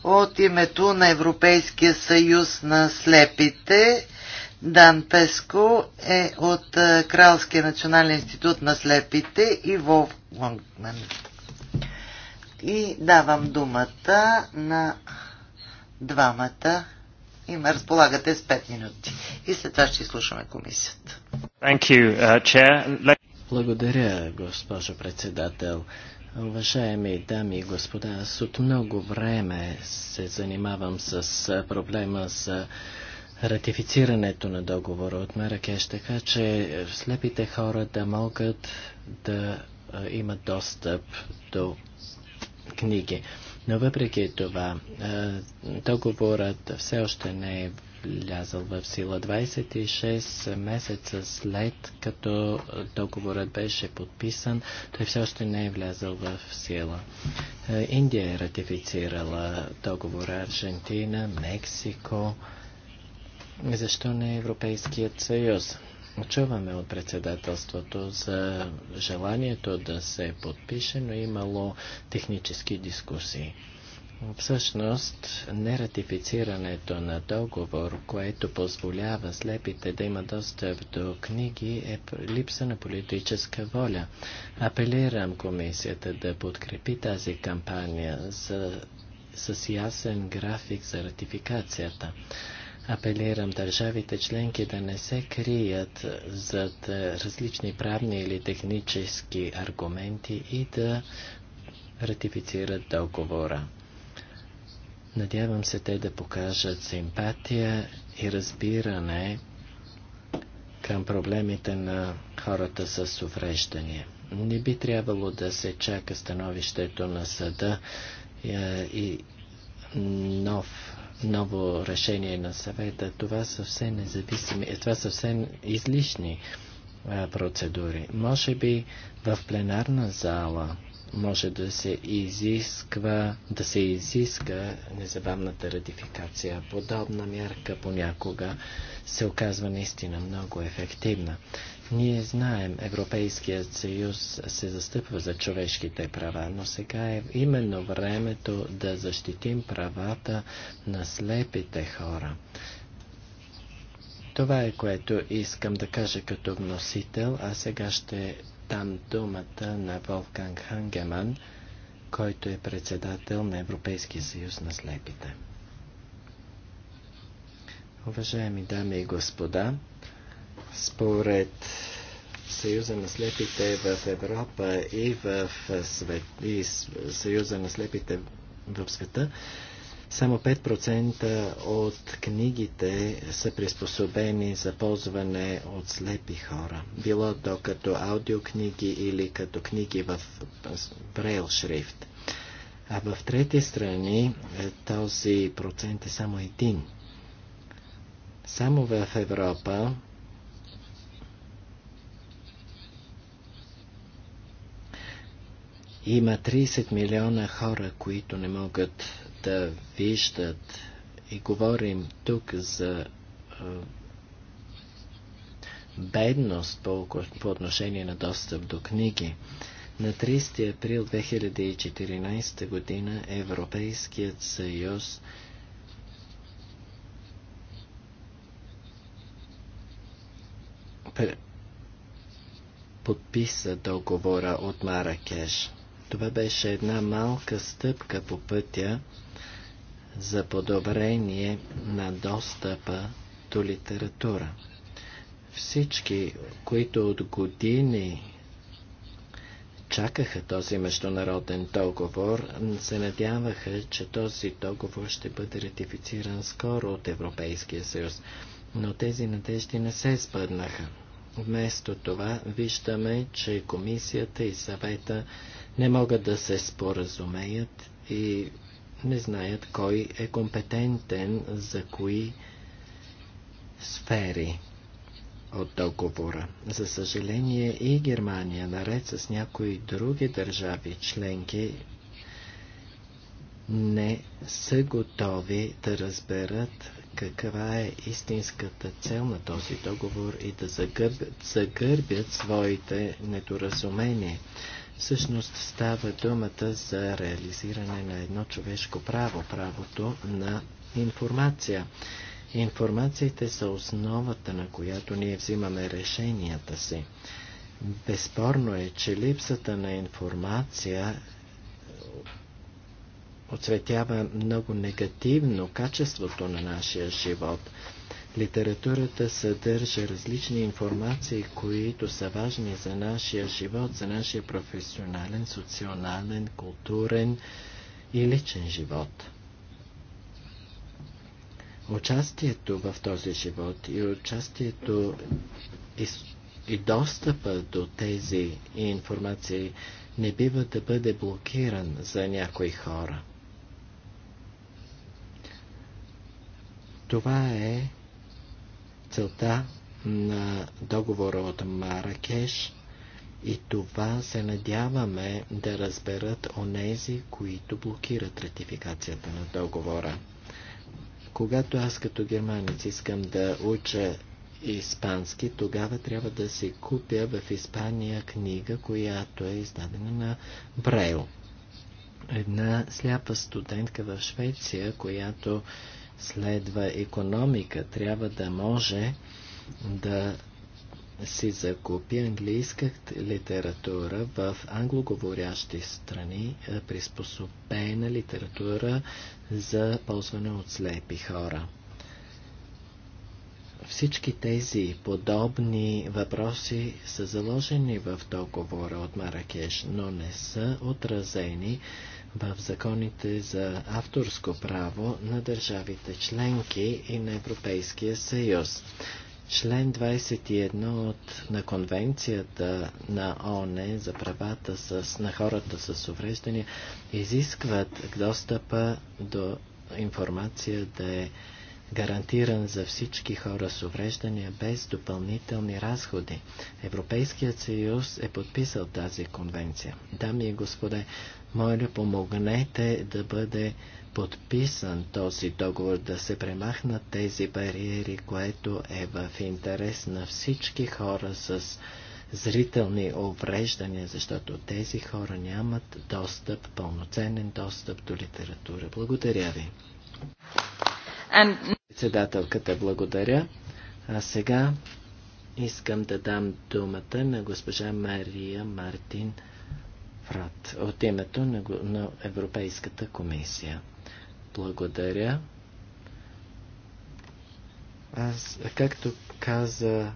от името на Европейския съюз на слепите. Дан Песко е от Кралския национален институт на слепите и Вов Лонгмен. И давам думата на двамата. Има, разполагате с 5 минути. И след това ще изслушаме комисията. Thank you, uh, chair. Благодаря, госпожо председател. Уважаеми дами и господа, аз от много време се занимавам с проблема за ратифицирането на договора от Маракеш, така че слепите хора да могат да имат достъп до книги. Но въпреки това, договорът все още не е влязъл в сила 26 месеца след като договорът беше подписан, той все още не е влязъл в сила. Е, Индия е ратифицирала договора, Аржентина, Мексико. Защо не Европейският съюз? Чуваме от председателството за желанието да се подпише, но имало технически дискусии. Всъщност, нератифицирането на договор, което позволява слепите да има достъп до книги, е липса на политическа воля. Апелирам комисията да подкрепи тази кампания за, с ясен график за ратификацията. Апелирам държавите членки да не се крият зад е, различни правни или технически аргументи и да ратифицират договора. Надявам се те да покажат симпатия и разбиране към проблемите на хората с увреждания. Не би трябвало да се чака становището на съда е, и нов, ново решение на съвета. Това са все независими, е, това са все излишни е, процедури. Може би в пленарна зала може да се изисква, да се изиска незабавната ратификация. Подобна мярка понякога се оказва наистина много ефективна. Ние знаем, Европейският съюз се застъпва за човешките права, но сега е именно времето да защитим правата на слепите хора. Това е което искам да кажа като вносител, а сега ще там думата на Волкан Хангеман, който е председател на Европейския съюз на слепите. Уважаеми дами и господа, според Съюза на слепите в Европа и в свет, и Съюза на слепите в света, само 5% от книгите са приспособени за ползване от слепи хора. Било то като аудиокниги или като книги в брейл шрифт. А в трети страни е, този процент е само един. Само в Европа има 30 милиона хора, които не могат да виждат и говорим тук за бедност по, по отношение на достъп до книги. На 30 април 2014 година Европейският съюз подписа договора от Маракеш. Това беше една малка стъпка по пътя за подобрение на достъпа до литература. Всички, които от години чакаха този международен договор, се надяваха, че този договор ще бъде ратифициран скоро от Европейския съюз. Но тези надежди не се спъднаха. Вместо това виждаме, че комисията и съвета не могат да се споразумеят и не знаят кой е компетентен за кои сфери от договора. За съжаление и Германия, наред с някои други държави членки, не са готови да разберат каква е истинската цел на този договор и да загърбят, загърбят своите недоразумения. Всъщност става думата за реализиране на едно човешко право, правото на информация. Информациите са основата, на която ние взимаме решенията си. Безспорно е, че липсата на информация оцветява много негативно качеството на нашия живот – Литературата съдържа различни информации, които са важни за нашия живот, за нашия професионален, социален, културен и личен живот. Участието в този живот и участието и, и достъпа до тези информации не бива да бъде блокиран за някои хора. Това е целта на договора от Маракеш и това се надяваме да разберат онези, които блокират ратификацията на договора. Когато аз като германец искам да уча испански, тогава трябва да си купя в Испания книга, която е издадена на Брейл. Една сляпа студентка в Швеция, която следва економика. Трябва да може да си закупи английска литература в англоговорящи страни, е, приспособена литература за ползване от слепи хора. Всички тези подобни въпроси са заложени в договора от Маракеш, но не са отразени в законите за авторско право на държавите членки и на Европейския съюз. Член 21 от, на конвенцията на ООН за правата с, на хората с увреждания изискват достъпа до информация да е гарантиран за всички хора с увреждания без допълнителни разходи. Европейският съюз е подписал тази конвенция. Дами и господе, моля помогнете да бъде подписан този договор, да се премахнат тези бариери, което е в интерес на всички хора с зрителни увреждания, защото тези хора нямат достъп, пълноценен достъп до литература. Благодаря ви. And... Председателката благодаря. А сега искам да дам думата на госпожа Мария Мартин. Фрат от името на, на Европейската комисия. Благодаря. Аз, както каза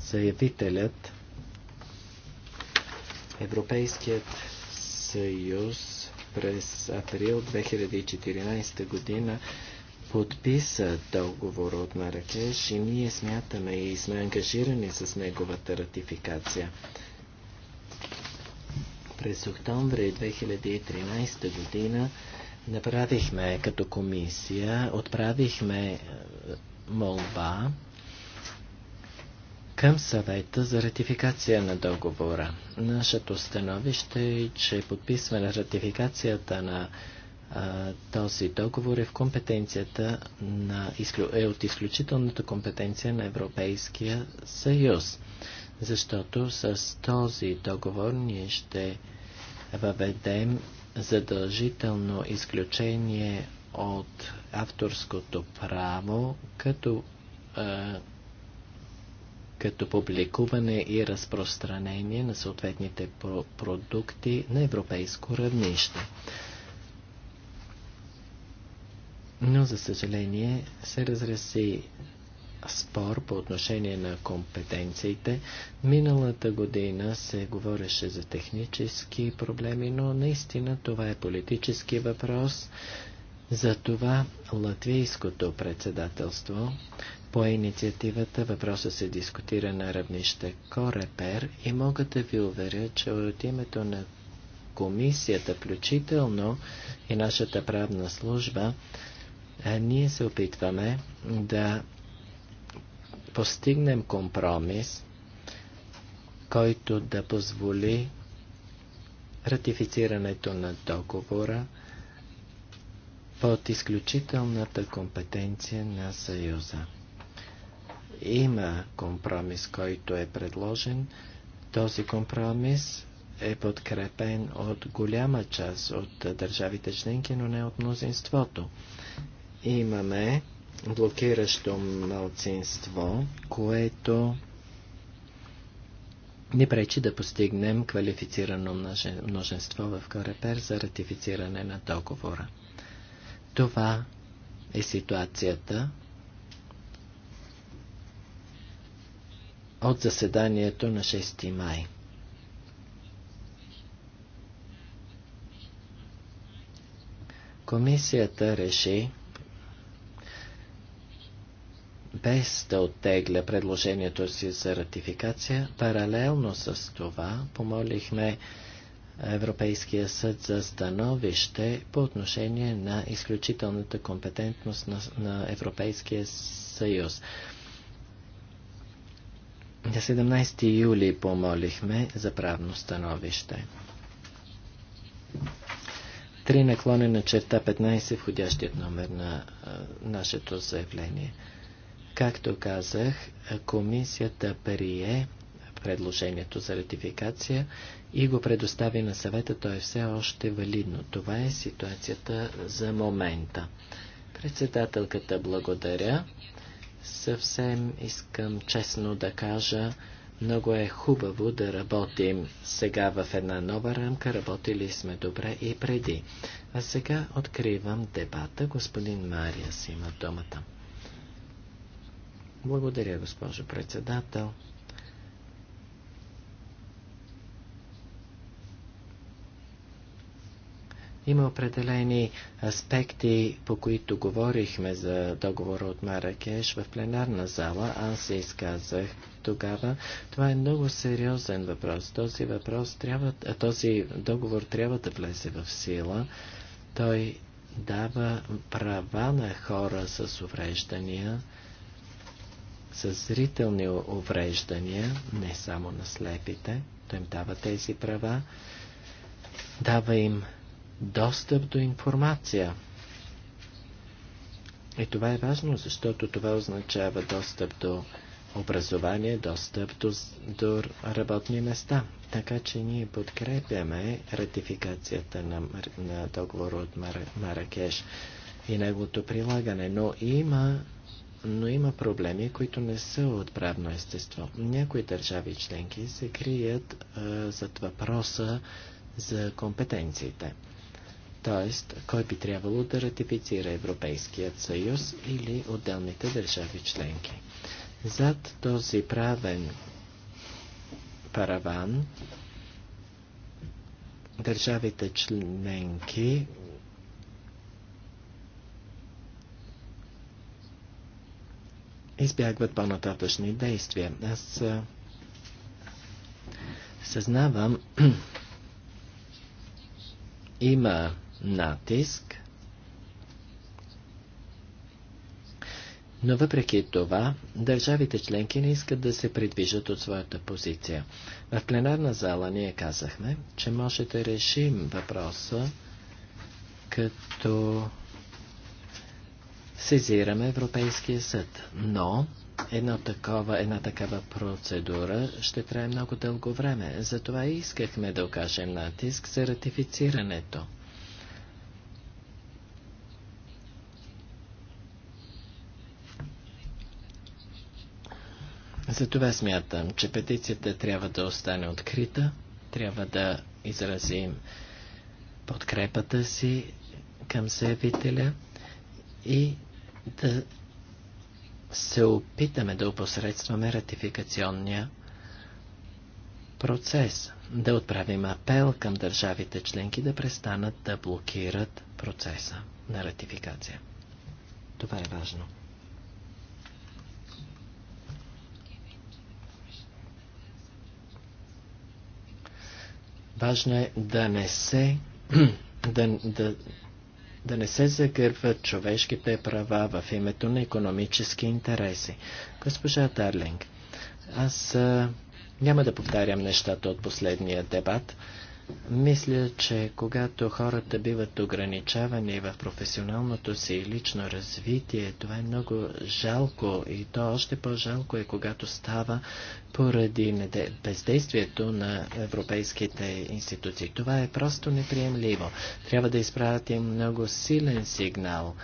заявителят, Европейският съюз през април 2014 година подписа договор от Маракеш и ние смятаме и сме ангажирани с неговата ратификация. През октомври 2013 година направихме като комисия, отправихме е, молба към съвета за ратификация на договора. Нашето становище е, че подписване на ратификацията на а, е, този договор е в компетенцията на, е от изключителната компетенция на Европейския съюз, защото с този договор ние ще въведем задължително изключение от авторското право като, е, като публикуване и разпространение на съответните про продукти на европейско равнище. Но, за съжаление, се разреси спор по отношение на компетенциите. Миналата година се говореше за технически проблеми, но наистина това е политически въпрос. Затова латвийското председателство по инициативата въпроса се дискутира на равнище Корепер и мога да ви уверя, че от името на комисията, включително и нашата правна служба, ние се опитваме да постигнем компромис, който да позволи ратифицирането на договора под изключителната компетенция на Съюза. Има компромис, който е предложен. Този компромис е подкрепен от голяма част от държавите членки, но не от мнозинството. Имаме блокиращо мълцинство, което ни пречи да постигнем квалифицирано множество в Корепер за ратифициране на договора. Това е ситуацията от заседанието на 6 май. Комисията реши без да оттегля предложението си за ратификация, паралелно с това помолихме Европейския съд за становище по отношение на изключителната компетентност на, на Европейския съюз. На 17 юли помолихме за правно становище. Три наклонена черта 15 входящият номер на а, нашето заявление – Както казах, комисията прие предложението за ратификация и го предостави на съвета, то е все още валидно. Това е ситуацията за момента. Председателката благодаря. Съвсем искам честно да кажа, много е хубаво да работим сега в една нова рамка. Работили сме добре и преди. А сега откривам дебата. Господин Мария си има думата. Благодаря, госпожо председател. Има определени аспекти, по които говорихме за договора от Маракеш в пленарна зала. Аз се изказах тогава. Това е много сериозен въпрос. Този, въпрос трябва, този договор трябва да влезе в сила. Той дава права на хора с увреждания с зрителни увреждания, не само на слепите, той им дава тези права, дава им достъп до информация. И това е важно, защото това означава достъп до образование, достъп до, до работни места. Така че ние подкрепяме ратификацията на, на договора от Мар, Маракеш и неговото прилагане, но има но има проблеми, които не са от правно естество. Някои държави членки се крият а, зад въпроса за компетенциите. Тоест, кой би трябвало да ратифицира Европейският съюз или отделните държави членки. Зад този правен параван държавите членки избягват по-нататъчни действия. Аз съзнавам, (clears throat) има натиск, но въпреки това държавите членки не искат да се придвижат от своята позиция. В пленарна зала ние казахме, че може да решим въпроса като сезираме Европейския съд. Но едно такова, една такава процедура ще трае много дълго време. Затова искахме да окажем натиск за ратифицирането. Затова смятам, че петицията трябва да остане открита, трябва да изразим подкрепата си към заявителя и да се опитаме да опосредстваме ратификационния процес, да отправим апел към държавите членки да престанат да блокират процеса на ратификация. Това е важно. Важно е да не се (clears throat) да, да да не се загърват човешките права в името на економически интереси. Госпожа Дарлинг, аз а, няма да повтарям нещата от последния дебат. Мисля, че когато хората биват ограничавани в професионалното си и лично развитие, това е много жалко и то още по-жалко е, когато става поради бездействието на европейските институции. Това е просто неприемливо. Трябва да изпратим много силен сигнал,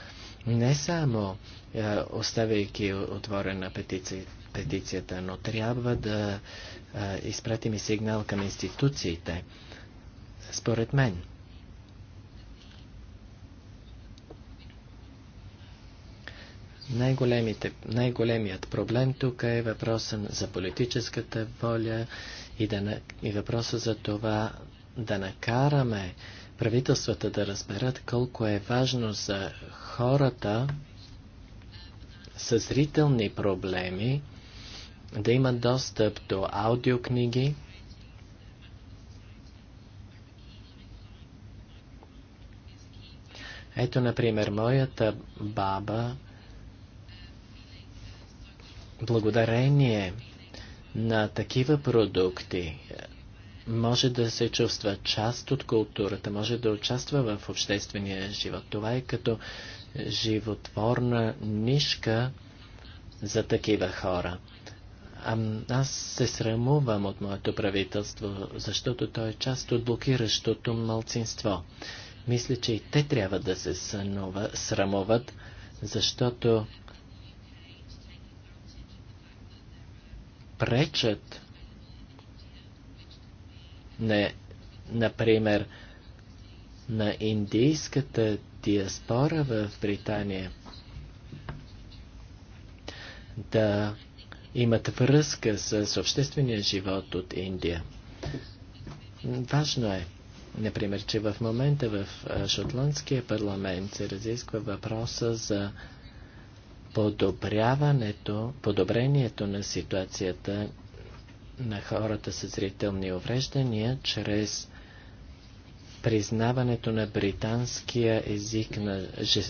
не само е, оставяйки отворена петиция, петицията, но трябва да е, изпратим и сигнал към институциите според мен. Най-големият проблем тук е въпроса за политическата воля и, да, и въпроса за това да накараме правителствата да разберат колко е важно за хората с зрителни проблеми да имат достъп до аудиокниги, Ето, например, моята баба, благодарение на такива продукти, може да се чувства част от културата, може да участва в обществения живот. Това е като животворна нишка за такива хора. А, аз се срамувам от моето правителство, защото то е част от блокиращото мълцинство. Мисля, че и те трябва да се сънува, срамуват, защото пречат не, например, на индийската диаспора в Британия да имат връзка с обществения живот от Индия. Важно е Например, че в момента в шотландския парламент се разисква въпроса за подобряването, подобрението на ситуацията на хората с зрителни увреждания чрез признаването на британския език, на,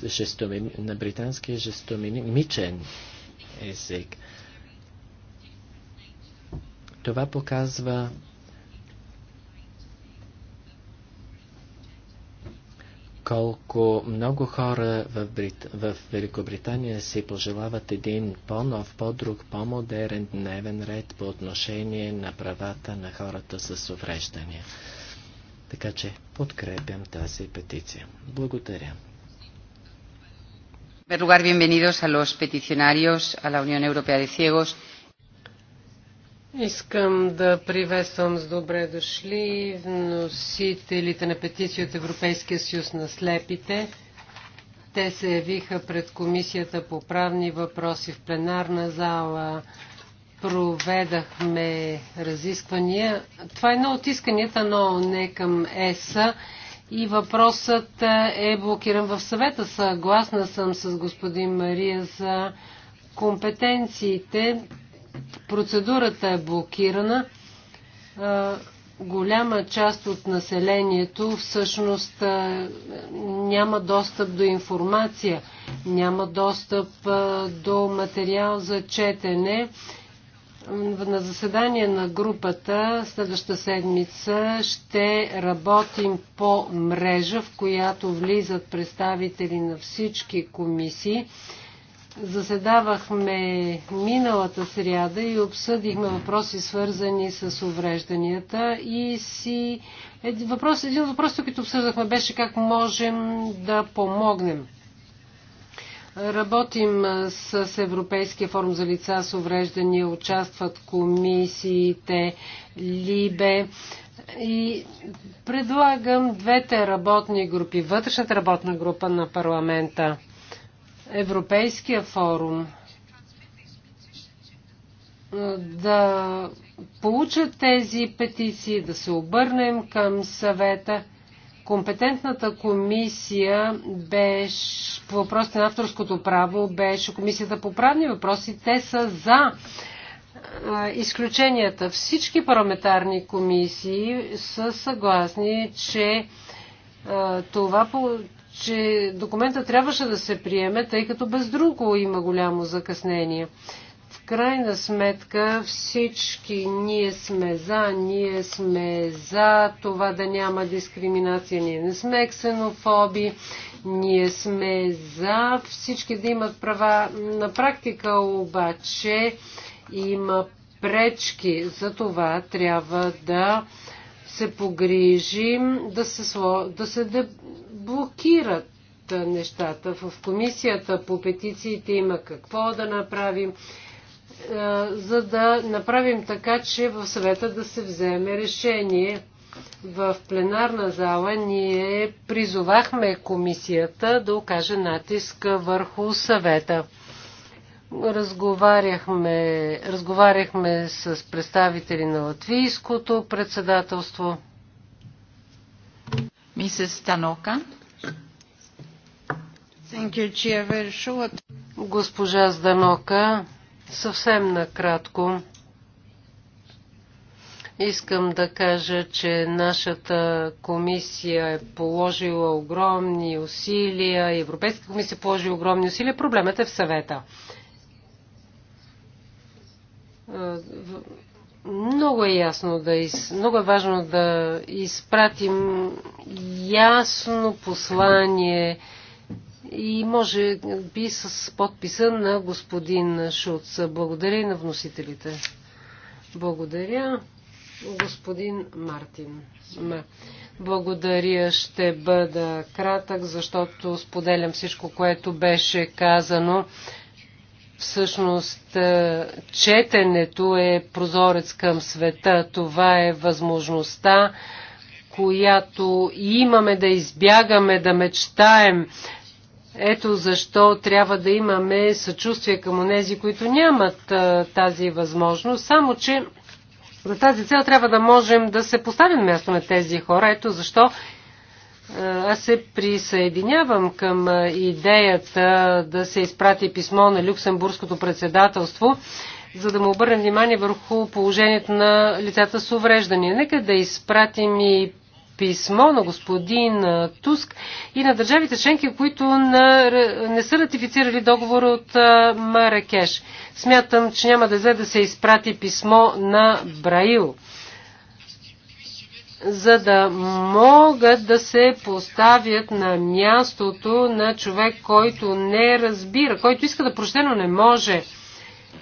жестоми, на британския жестомимичен език. Това показва колко много хора в, Брит... в Великобритания си пожелават един по-нов, по-друг, по-модерен дневен ред по отношение на правата на хората с увреждания. Така че подкрепям тази петиция. Благодаря. En lugar, bienvenidos a los peticionarios a la Unión Europea de Ciegos. Искам да приветствам с добре дошли вносителите на петиция от Европейския съюз на слепите. Те се явиха пред Комисията по правни въпроси в пленарна зала. Проведахме разисквания. Това е едно от исканията но не към ЕСА и въпросът е блокиран в съвета. Съгласна съм с господин Мария за компетенциите процедурата е блокирана. Голяма част от населението всъщност няма достъп до информация, няма достъп до материал за четене. На заседание на групата следващата седмица ще работим по мрежа, в която влизат представители на всички комисии Заседавахме миналата сряда и обсъдихме въпроси свързани с уврежданията и си... Един, въпрос, един от който които обсъждахме, беше как можем да помогнем. Работим с Европейския форум за лица с увреждания, участват комисиите, Либе и предлагам двете работни групи. Вътрешната работна група на парламента – Европейския форум да получат тези петиции, да се обърнем към съвета. Компетентната комисия беше, по въпросите на авторското право беше комисията по правни въпроси. Те са за изключенията. Всички парламентарни комисии са съгласни, че това, че документа трябваше да се приеме, тъй като без друго има голямо закъснение. В крайна сметка всички ние сме за, ние сме за това да няма дискриминация, ние не сме ксенофоби, ние сме за всички да имат права. На практика обаче има пречки, за това трябва да се погрижим да се, да се блокират нещата. В комисията по петициите има какво да направим, за да направим така, че в съвета да се вземе решение. В пленарна зала ние призовахме комисията да окаже натиск върху съвета. Разговаряхме, разговаряхме с представители на латвийското председателство. Мисес Танока. Госпожа Зданока, съвсем накратко. Искам да кажа, че нашата комисия е положила огромни усилия, Европейската комисия е положи огромни усилия, проблемът е в съвета много е ясно да из... много е важно да изпратим ясно послание и може би с подписа на господин Шуц. Благодаря и на вносителите. Благодаря, господин Мартин. Благодаря, ще бъда кратък, защото споделям всичко, което беше казано. Всъщност, е, четенето е прозорец към света. Това е възможността, която имаме да избягаме, да мечтаем. Ето защо трябва да имаме съчувствие към онези, които нямат а, е, тази възможност. Само, че за тази цел трябва да можем да се поставим място на тези хора. Ето защо аз се присъединявам към идеята да се изпрати писмо на Люксембургското председателство, за да му обърне внимание върху положението на лицата с увреждания. Нека да изпратим и писмо на господин Туск и на държавите членки, които не са ратифицирали договор от Маракеш. Смятам, че няма да взе да се изпрати писмо на Браил за да могат да се поставят на мястото на човек, който не разбира, който иска да проще, но не може.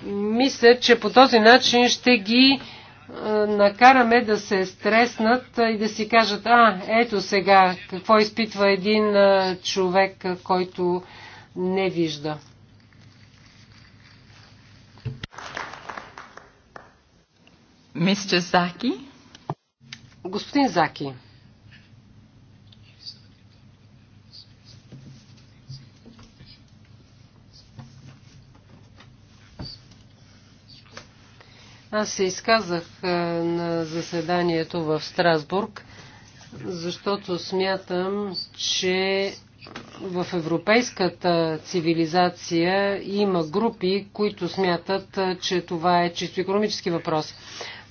Мисля, че по този начин ще ги е, накараме да се стреснат и да си кажат, а, ето сега какво изпитва един е, човек, който не вижда. Мистер Заки? Господин Заки. Аз се изказах на заседанието в Страсбург, защото смятам, че в европейската цивилизация има групи, които смятат, че това е чисто економически въпрос.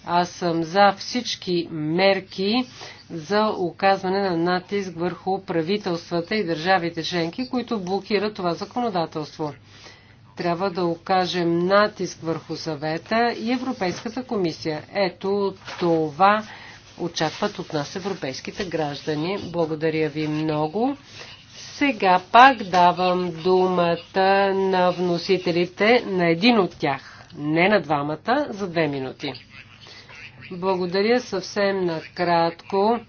Аз съм за всички мерки за оказване на натиск върху правителствата и държавите членки, които блокират това законодателство. Трябва да окажем натиск върху съвета и Европейската комисия. Ето това очакват от нас европейските граждани. Благодаря ви много. Сега пак давам думата на вносителите на един от тях, не на двамата, за две минути. Благодаря съвсем накратко.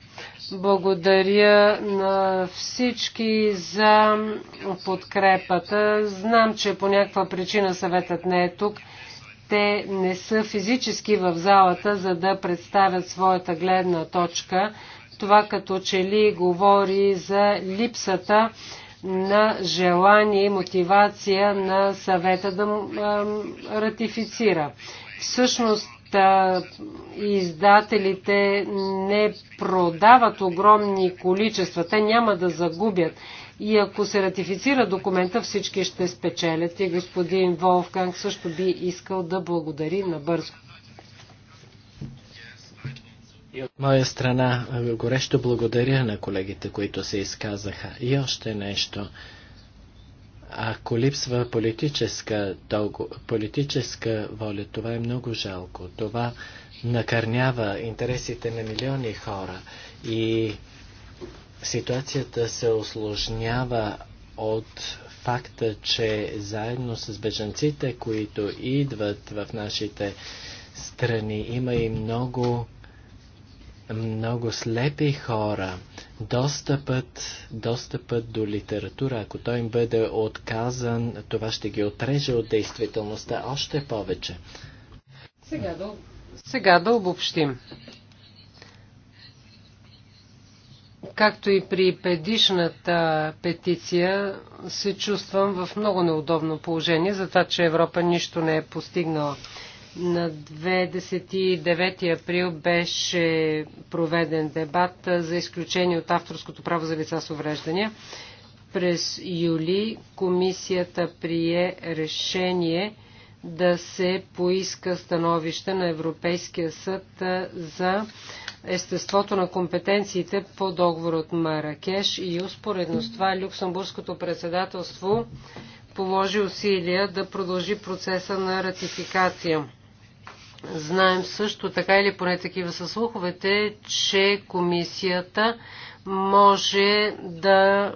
Благодаря на всички за подкрепата. Знам, че по някаква причина съветът не е тук. Те не са физически в залата, за да представят своята гледна точка. Това като че ли говори за липсата на желание и мотивация на съвета да ратифицира. Всъщност издателите не продават огромни количества. Те няма да загубят. И ако се ратифицира документа, всички ще спечелят. И господин Волфганг също би искал да благодари на бързо. И от моя страна горещо благодаря на колегите, които се изказаха. И още нещо. Ако липсва политическа, дълго, политическа воля, това е много жалко. Това накърнява интересите на милиони хора и ситуацията се осложнява от факта, че заедно с бежанците, които идват в нашите страни, има и много много слепи хора, достъпът, достъпът до литература, ако той им бъде отказан, това ще ги отреже от действителността още повече. Сега да, сега да обобщим. Както и при предишната петиция, се чувствам в много неудобно положение за това, че Европа нищо не е постигнала. На 29 април беше проведен дебат за изключение от авторското право за лица с увреждания. През юли комисията прие решение да се поиска становище на Европейския съд за естеството на компетенциите по договор от Маракеш и успоредно с това Люксембургското председателство положи усилия да продължи процеса на ратификация. Знаем също така, или поне такива са слуховете, че комисията може да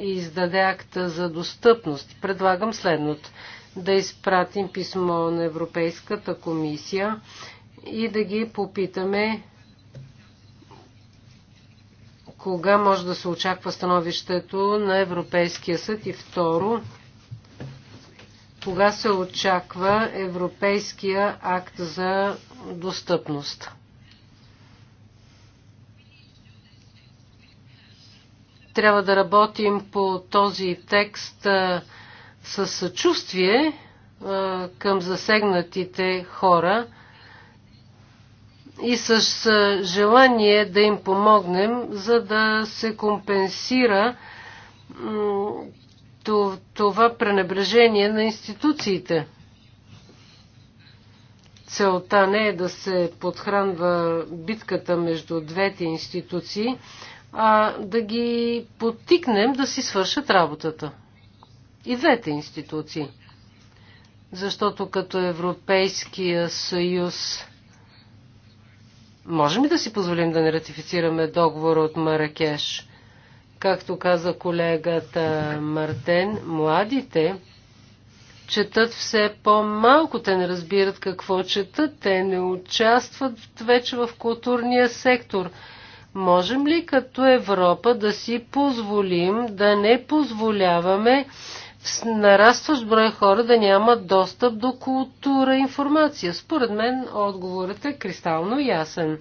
издаде акта за достъпност. Предлагам следното. Да изпратим писмо на Европейската комисия и да ги попитаме кога може да се очаква становището на Европейския съд и второ кога се очаква Европейския акт за достъпност? Трябва да работим по този текст със съчувствие към засегнатите хора и с желание да им помогнем, за да се компенсира това пренебрежение на институциите. Целта не е да се подхранва битката между двете институции, а да ги подтикнем да си свършат работата. И двете институции. Защото като Европейския съюз можем ли да си позволим да не ратифицираме договора от Маракеш? Както каза колегата Мартен, младите четат все по-малко, те не разбират какво четат, те не участват вече в културния сектор. Можем ли като Европа да си позволим да не позволяваме с нарастващ брой хора да нямат достъп до култура и информация? Според мен отговорът е кристално ясен.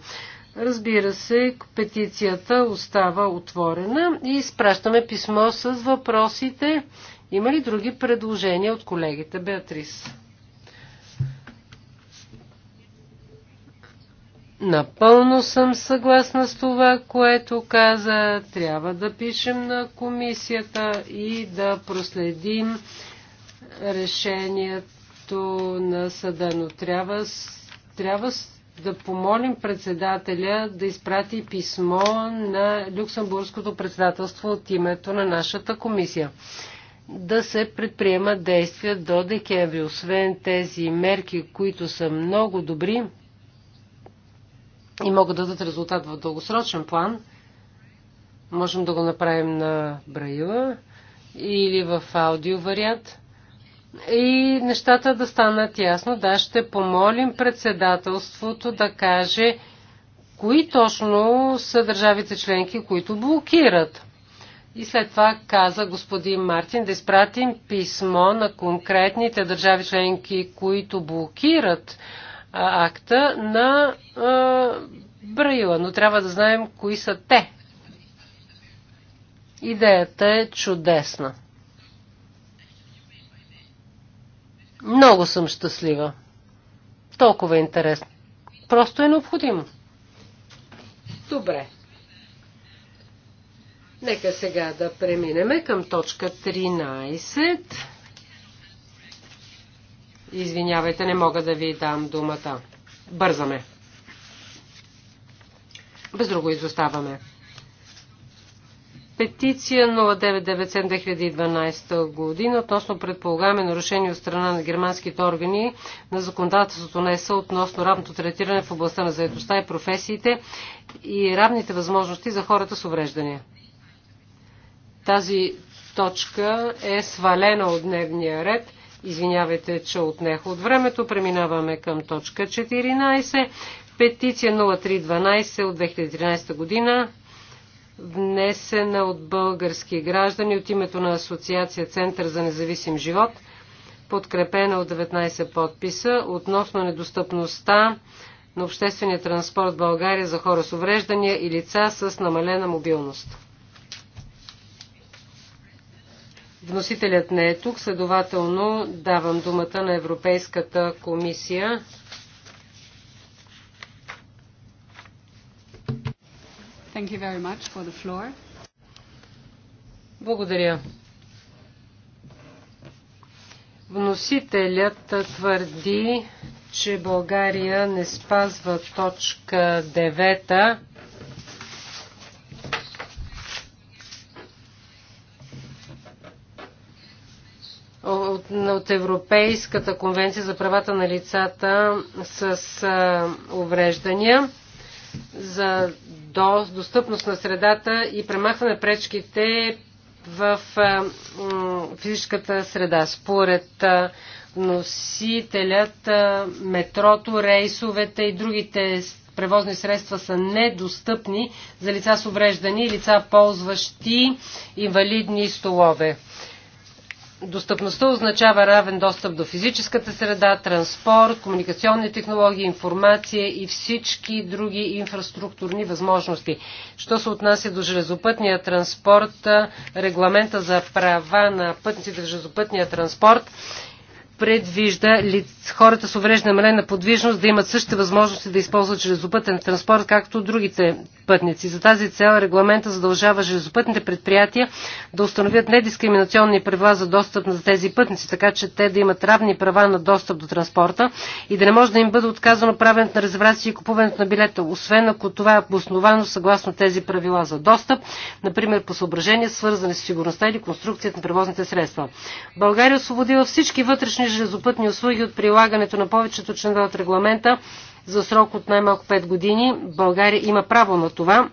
Разбира се, петицията остава отворена и изпращаме писмо с въпросите. Има ли други предложения от колегите? Беатрис. Напълно съм съгласна с това, което каза. Трябва да пишем на комисията и да проследим решението на съда, но трябва, трябва да помолим председателя да изпрати писмо на Люксембургското председателство от името на нашата комисия. Да се предприемат действия до декември. Освен тези мерки, които са много добри и могат да дадат резултат в дългосрочен план, можем да го направим на Браила или в аудио вариант и нещата да станат ясно. Да, ще помолим председателството да каже кои точно са държавите членки, които блокират. И след това каза господин Мартин да изпратим писмо на конкретните държави членки, които блокират а, акта на а, Браила. Но трябва да знаем кои са те. Идеята е чудесна. Много съм щастлива. Толкова е интересно. Просто е необходимо. Добре. Нека сега да преминеме към точка 13. Извинявайте, не мога да ви дам думата. Бързаме. Без друго изоставаме петиция 0997-2012 година относно предполагаме нарушение от страна на германските органи на законодателството на ЕСА относно равното третиране в областта на заедостта и професиите и равните възможности за хората с увреждания. Тази точка е свалена от дневния ред. Извинявайте, че отнех от времето. Преминаваме към точка 14. Петиция 0312 от 2013 година внесена от български граждани от името на Асоциация Център за независим живот, подкрепена от 19 подписа, относно недостъпността на обществения транспорт в България за хора с увреждания и лица с намалена мобилност. Вносителят не е тук, следователно давам думата на Европейската комисия. Thank you very much for the floor. Благодаря. Вносителят твърди, че България не спазва точка 9 от Европейската конвенция за правата на лицата с увреждания. За до достъпност на средата и премахване пречките в физическата среда. Според носителят, метрото, рейсовете и другите превозни средства са недостъпни за лица с увреждани и лица ползващи инвалидни столове. Достъпността означава равен достъп до физическата среда, транспорт, комуникационни технологии, информация и всички други инфраструктурни възможности. Що се отнася до железопътния транспорт, регламента за права на пътниците в железопътния транспорт предвижда ли хората с увреждане намалена подвижност да имат същите възможности да използват железопътен транспорт, както другите пътници. За тази цел регламента задължава железопътните предприятия да установят недискриминационни правила за достъп на тези пътници, така че те да имат равни права на достъп до транспорта и да не може да им бъде отказано правенето на резервации и купуването на билета, освен ако това е обосновано съгласно тези правила за достъп, например по съображения свързани с сигурността или конструкцията на превозните средства. България освободила всички вътрешни железопътни услуги от прилагането на повечето членове от регламента за срок от най-малко 5 години. България има право на това.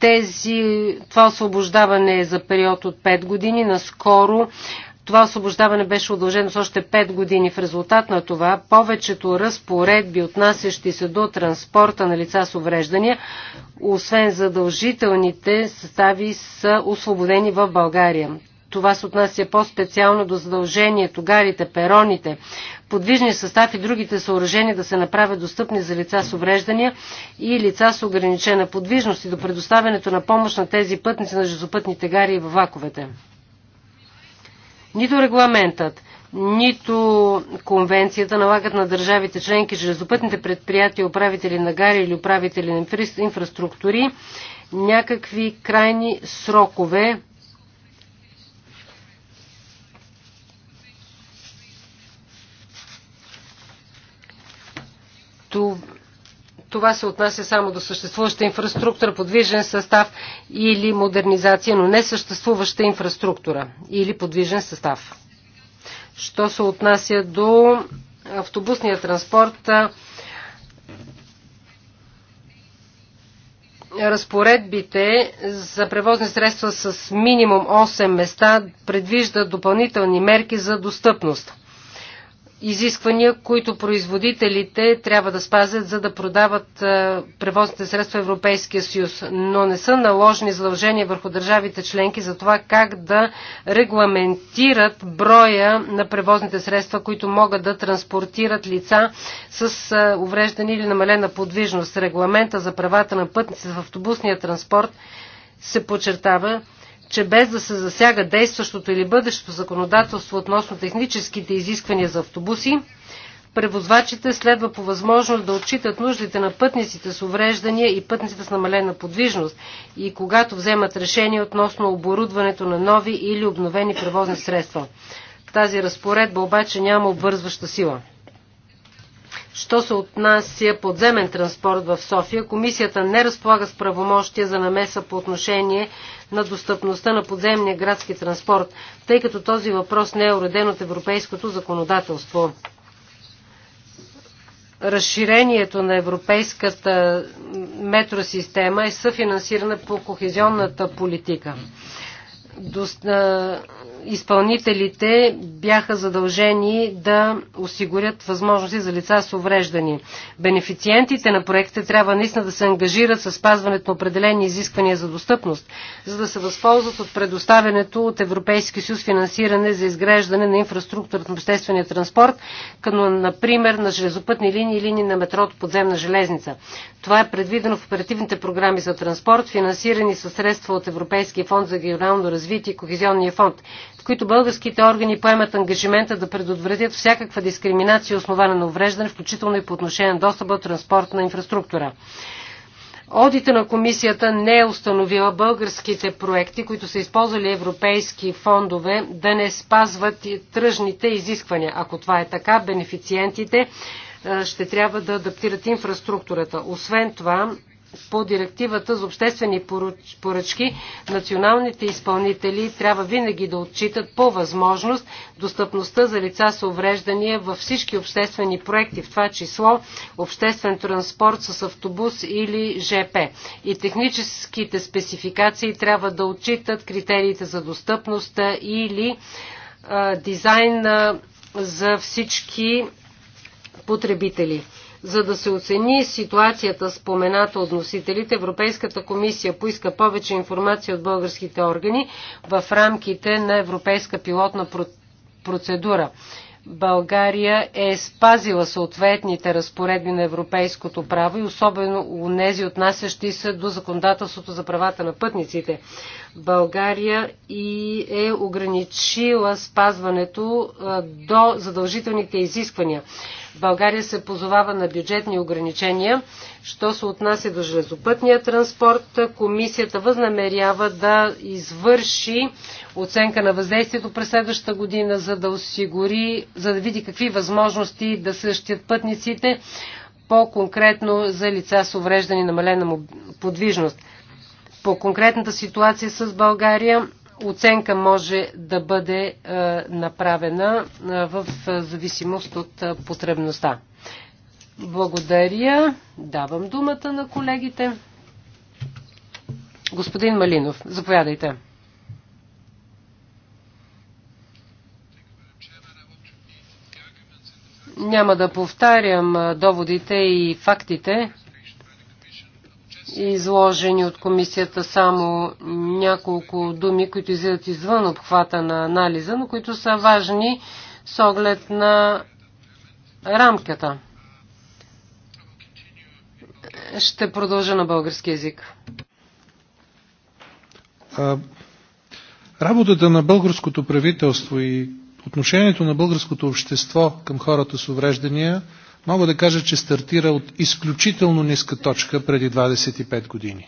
Тези, това освобождаване е за период от 5 години. Наскоро това освобождаване беше удължено с още 5 години. В резултат на това повечето разпоредби, отнасящи се до транспорта на лица с увреждания, освен задължителните състави, са освободени в България. Това се отнася по-специално до задължението, гарите, пероните, подвижни състав и другите съоръжения да се направят достъпни за лица с увреждания и лица с ограничена подвижност и до предоставянето на помощ на тези пътници на железопътните гари и във ваковете. Нито регламентът, нито конвенцията налагат на държавите членки железопътните предприятия, управители на гари или управители на инфраструктури някакви крайни срокове Това се отнася само до съществуваща инфраструктура, подвижен състав или модернизация, но не съществуваща инфраструктура или подвижен състав. Що се отнася до автобусния транспорт, разпоредбите за превозни средства с минимум 8 места предвиждат допълнителни мерки за достъпност изисквания, които производителите трябва да спазят, за да продават е, превозните средства в Европейския съюз, но не са наложени задължения върху държавите членки за това как да регламентират броя на превозните средства, които могат да транспортират лица с е, увреждани или намалена подвижност. Регламента за правата на пътници в автобусния транспорт се подчертава, че без да се засяга действащото или бъдещото законодателство относно техническите изисквания за автобуси, превозвачите следва по възможност да отчитат нуждите на пътниците с увреждания и пътниците с намалена подвижност и когато вземат решение относно оборудването на нови или обновени превозни средства. Тази разпоредба обаче няма обвързваща сила. Що се отнася подземен транспорт в София, комисията не разполага с правомощия за намеса по отношение на достъпността на подземния градски транспорт, тъй като този въпрос не е уреден от европейското законодателство. Разширението на европейската метросистема е съфинансирана по кохезионната политика изпълнителите бяха задължени да осигурят възможности за лица с увреждани. Бенефициентите на проекта трябва наистина да се ангажират с спазването на определени изисквания за достъпност, за да се възползват от предоставянето от Европейски съюз финансиране за изграждане на инфраструктурата на обществения транспорт, като например на железопътни линии и линии на метрото подземна железница. Това е предвидено в оперативните програми за транспорт, финансирани със средства от Европейския фонд за регионално развитие и Кохезионния фонд в които българските органи поемат ангажимента да предотвратят всякаква дискриминация, основана на увреждане, включително и по отношение на достъпа до транспортна инфраструктура. Одита на комисията не е установила българските проекти, които са използвали европейски фондове, да не спазват тръжните изисквания. Ако това е така, бенефициентите ще трябва да адаптират инфраструктурата. Освен това, по директивата за обществени поръчки, националните изпълнители трябва винаги да отчитат по възможност достъпността за лица с увреждания във всички обществени проекти, в това число обществен транспорт с автобус или ЖП. И техническите спецификации трябва да отчитат критериите за достъпността или а, дизайн за всички потребители. За да се оцени ситуацията спомената от носителите, Европейската комисия поиска повече информация от българските органи в рамките на европейска пилотна процедура. България е спазила съответните разпоредби на европейското право и особено у нези отнасящи се до законодателството за правата на пътниците. България и е ограничила спазването до задължителните изисквания. България се позовава на бюджетни ограничения. Що се отнася до железопътния транспорт, комисията възнамерява да извърши оценка на въздействието през следващата година, за да осигури, за да види какви възможности да същият пътниците, по-конкретно за лица с увреждане намалена подвижност. По конкретната ситуация с България оценка може да бъде е, направена е, в зависимост от е, потребността. Благодаря. Давам думата на колегите. Господин Малинов, заповядайте. Няма да повтарям доводите и фактите, изложени от комисията само няколко думи, които излизат извън обхвата на анализа, но които са важни с оглед на рамката. Ще продължа на български язик. Работата на българското правителство и отношението на българското общество към хората с увреждания – мога да кажа, че стартира от изключително ниска точка преди 25 години.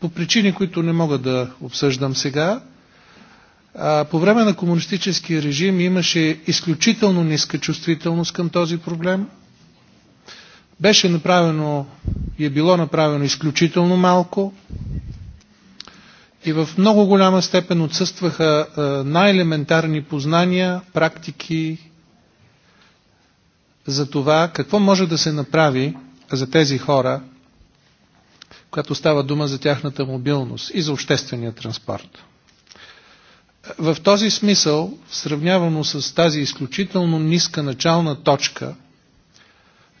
По причини, които не мога да обсъждам сега, по време на комунистическия режим имаше изключително ниска чувствителност към този проблем. Беше направено и е било направено изключително малко и в много голяма степен отсъстваха най-елементарни познания, практики, за това какво може да се направи за тези хора, когато става дума за тяхната мобилност и за обществения транспорт. В този смисъл, сравнявано с тази изключително ниска начална точка,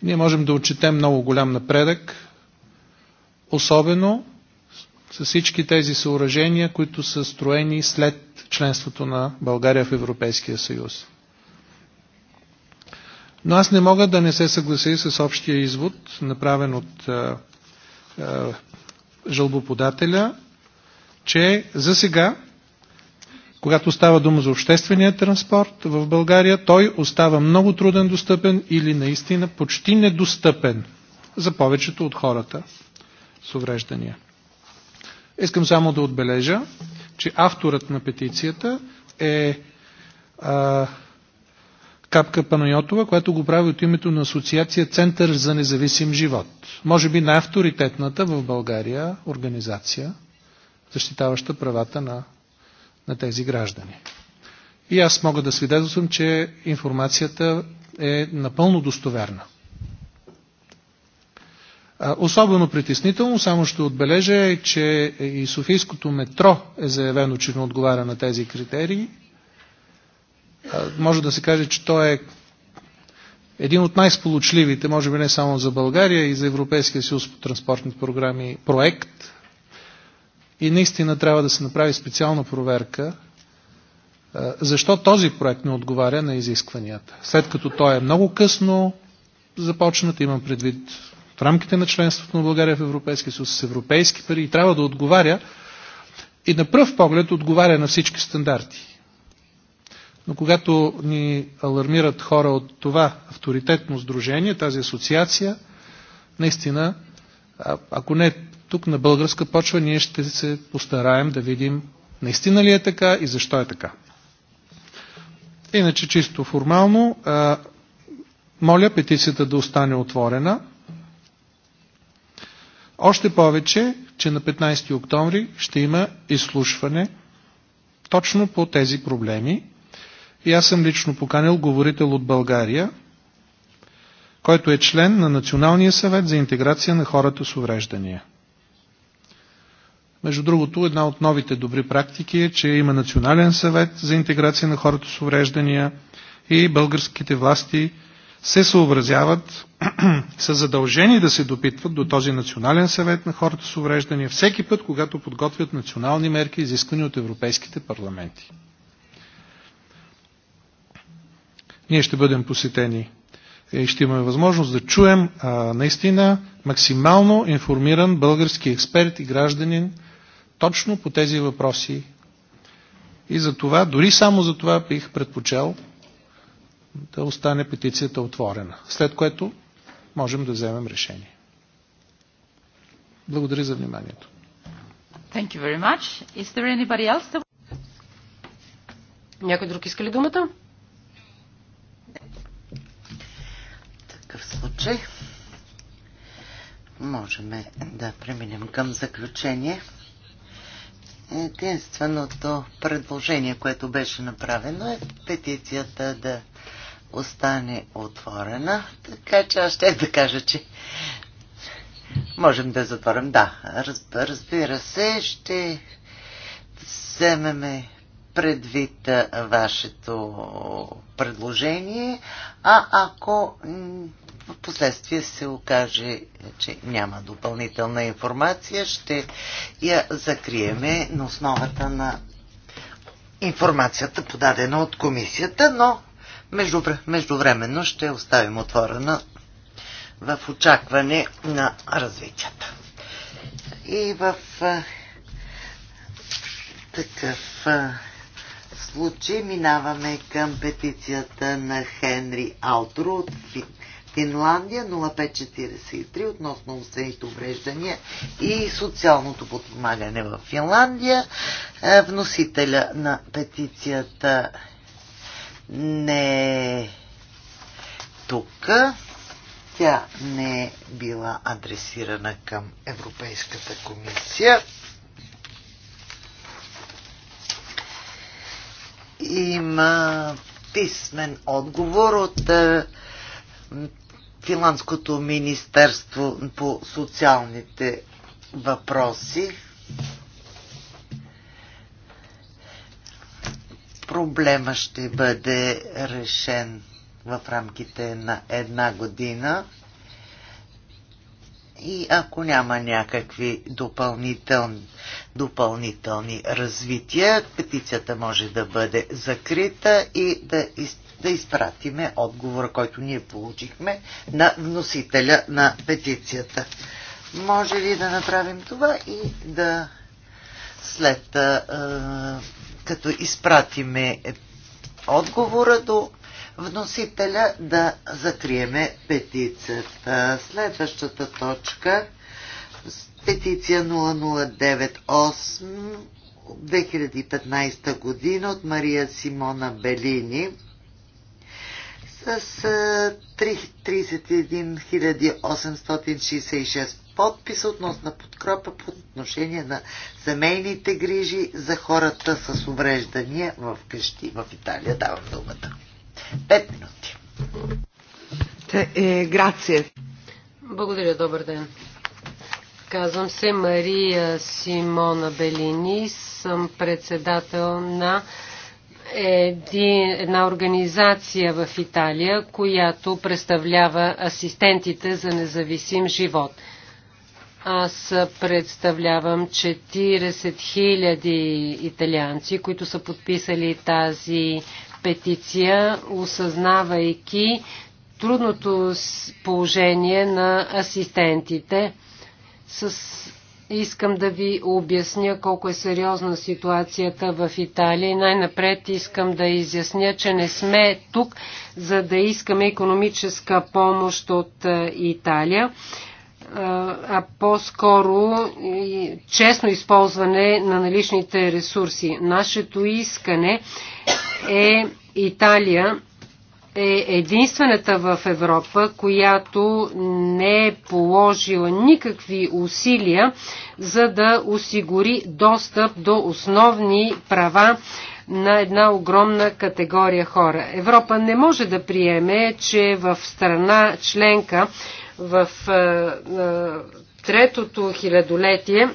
ние можем да отчетем много голям напредък, особено с всички тези съоръжения, които са строени след членството на България в Европейския съюз. Но аз не мога да не се съгласи с общия извод, направен от жълбоподателя, жалбоподателя, че за сега, когато става дума за обществения транспорт в България, той остава много труден достъпен или наистина почти недостъпен за повечето от хората с увреждания. Искам само да отбележа, че авторът на петицията е а, Капка Панайотова, която го прави от името на Асоциация Център за независим живот. Може би най-авторитетната в България организация, защитаваща правата на, на тези граждани. И аз мога да свидетелствам, че информацията е напълно достоверна. Особено притеснително, само ще отбележа, е, че и Софийското метро е заявено, че не отговаря на тези критерии може да се каже, че той е един от най-сполучливите, може би не само за България и за Европейския съюз по транспортни програми, проект. И наистина трябва да се направи специална проверка защо този проект не отговаря на изискванията. След като той е много късно започнат, имам предвид в рамките на членството на България в Европейския съюз с европейски пари и трябва да отговаря и на пръв поглед отговаря на всички стандарти но когато ни алармират хора от това авторитетно сдружение, тази асоциация, наистина, ако не тук на българска почва, ние ще се постараем да видим наистина ли е така и защо е така. Иначе чисто формално, моля петицията да остане отворена. Още повече, че на 15 октомври ще има изслушване точно по тези проблеми и аз съм лично поканил говорител от България, който е член на Националния съвет за интеграция на хората с увреждания. Между другото, една от новите добри практики е, че има Национален съвет за интеграция на хората с увреждания и българските власти се съобразяват, (clears throat) са задължени да се допитват до този Национален съвет на хората с увреждания всеки път, когато подготвят национални мерки, изисквани от европейските парламенти. ние ще бъдем посетени и ще имаме възможност да чуем а, наистина максимално информиран български експерт и гражданин точно по тези въпроси. И за това, дори само за това бих предпочел да остане петицията отворена, след което можем да вземем решение. Благодаря за вниманието. Thank you very much. Is there anybody else that... Някой друг иска ли думата? такъв случай можем да преминем към заключение. Единственото предложение, което беше направено е петицията да остане отворена, така че аз ще да кажа, че можем да затворим. Да, разбира се, ще вземеме предвид вашето предложение, а ако в последствие се окаже, че няма допълнителна информация, ще я закриеме на основата на информацията, подадена от комисията, но междувременно ще оставим отворена в очакване на развитията. И в такъв случай минаваме към петицията на Хенри Алтро от Финландия 0543 относно умствените увреждания и социалното подпомагане в Финландия. Е, вносителя на петицията не е тук. Тя не е била адресирана към Европейската комисия. Има писмен отговор от е, Финландското министерство по социалните въпроси. Проблема ще бъде решен в рамките на една година и ако няма някакви допълнителни, допълнителни развития, петицията може да бъде закрита и да, из, да изпратиме отговора, който ние получихме на вносителя на петицията. Може ли да направим това и да след а, като изпратиме отговора до вносителя да закриеме петицията. Следващата точка петиция 0098 2015 година от Мария Симона Белини с 31 е, 866 подписа относно подкропа по отношение на семейните грижи за хората с увреждания в къщи в Италия. Давам думата. Пет минути. Те, е, грация. Благодаря, добър ден. Казвам се Мария Симона Белини, съм председател на един, една организация в Италия, която представлява асистентите за независим живот. Аз представлявам 40 000 италианци, които са подписали тази петиция, осъзнавайки трудното положение на асистентите. С... Искам да ви обясня колко е сериозна ситуацията в Италия. Най-напред искам да изясня, че не сме тук, за да искаме економическа помощ от е, Италия е, а по-скоро честно използване на наличните ресурси. Нашето искане е Италия е единствената в Европа, която не е положила никакви усилия за да осигури достъп до основни права на една огромна категория хора. Европа не може да приеме, че в страна членка в е, е, третото хилядолетие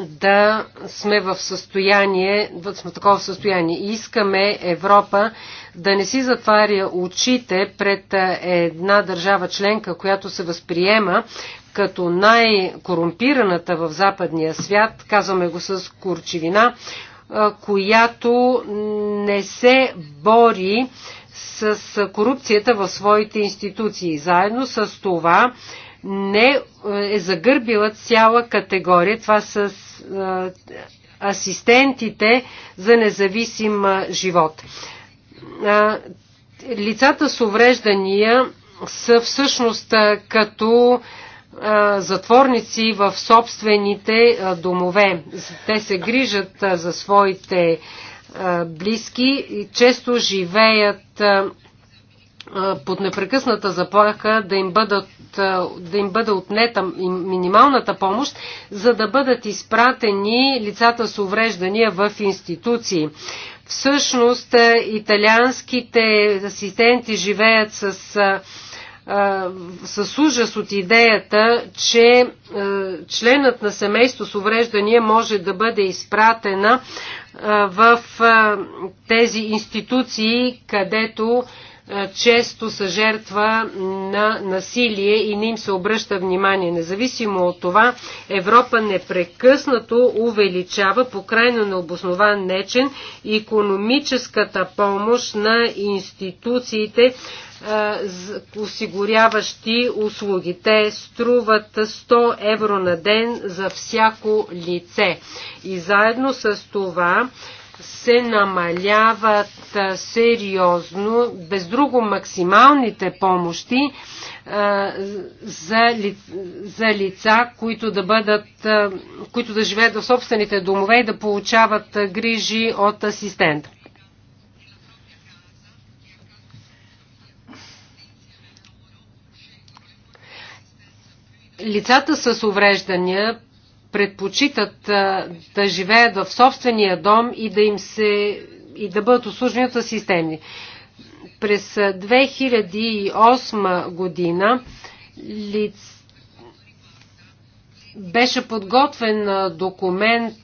да сме в състояние, да сме в такова състояние. Искаме Европа да не си затваря очите пред една държава членка, която се възприема като най-корумпираната в западния свят, казваме го с курчевина, която не се бори с корупцията в своите институции. Заедно с това не е, е загърбила цяла категория. Това са е, асистентите за независим е, живот. Лицата с увреждания са всъщност като затворници в собствените домове. Те се грижат за своите близки и често живеят под непрекъсната заплаха да им, бъдат, да им бъде отнета минималната помощ, за да бъдат изпратени лицата с увреждания в институции. Всъщност, италианските асистенти живеят с, с ужас от идеята, че членът на семейство с увреждания може да бъде изпратена в тези институции, където е, често са жертва на насилие и не им се обръща внимание. Независимо от това, Европа непрекъснато увеличава по крайно необоснован начин економическата помощ на институциите, е, осигуряващи услуги. Те струват 100 евро на ден за всяко лице. И заедно с това се намаляват сериозно, без друго максималните помощи за, ли, за лица, които да, бъдат, които да живеят в собствените домове и да получават грижи от асистент. Лицата с увреждания предпочитат да живеят в собствения дом и да им се и да бъдат услужени от асистенти. През 2008 година лиц... беше подготвен документ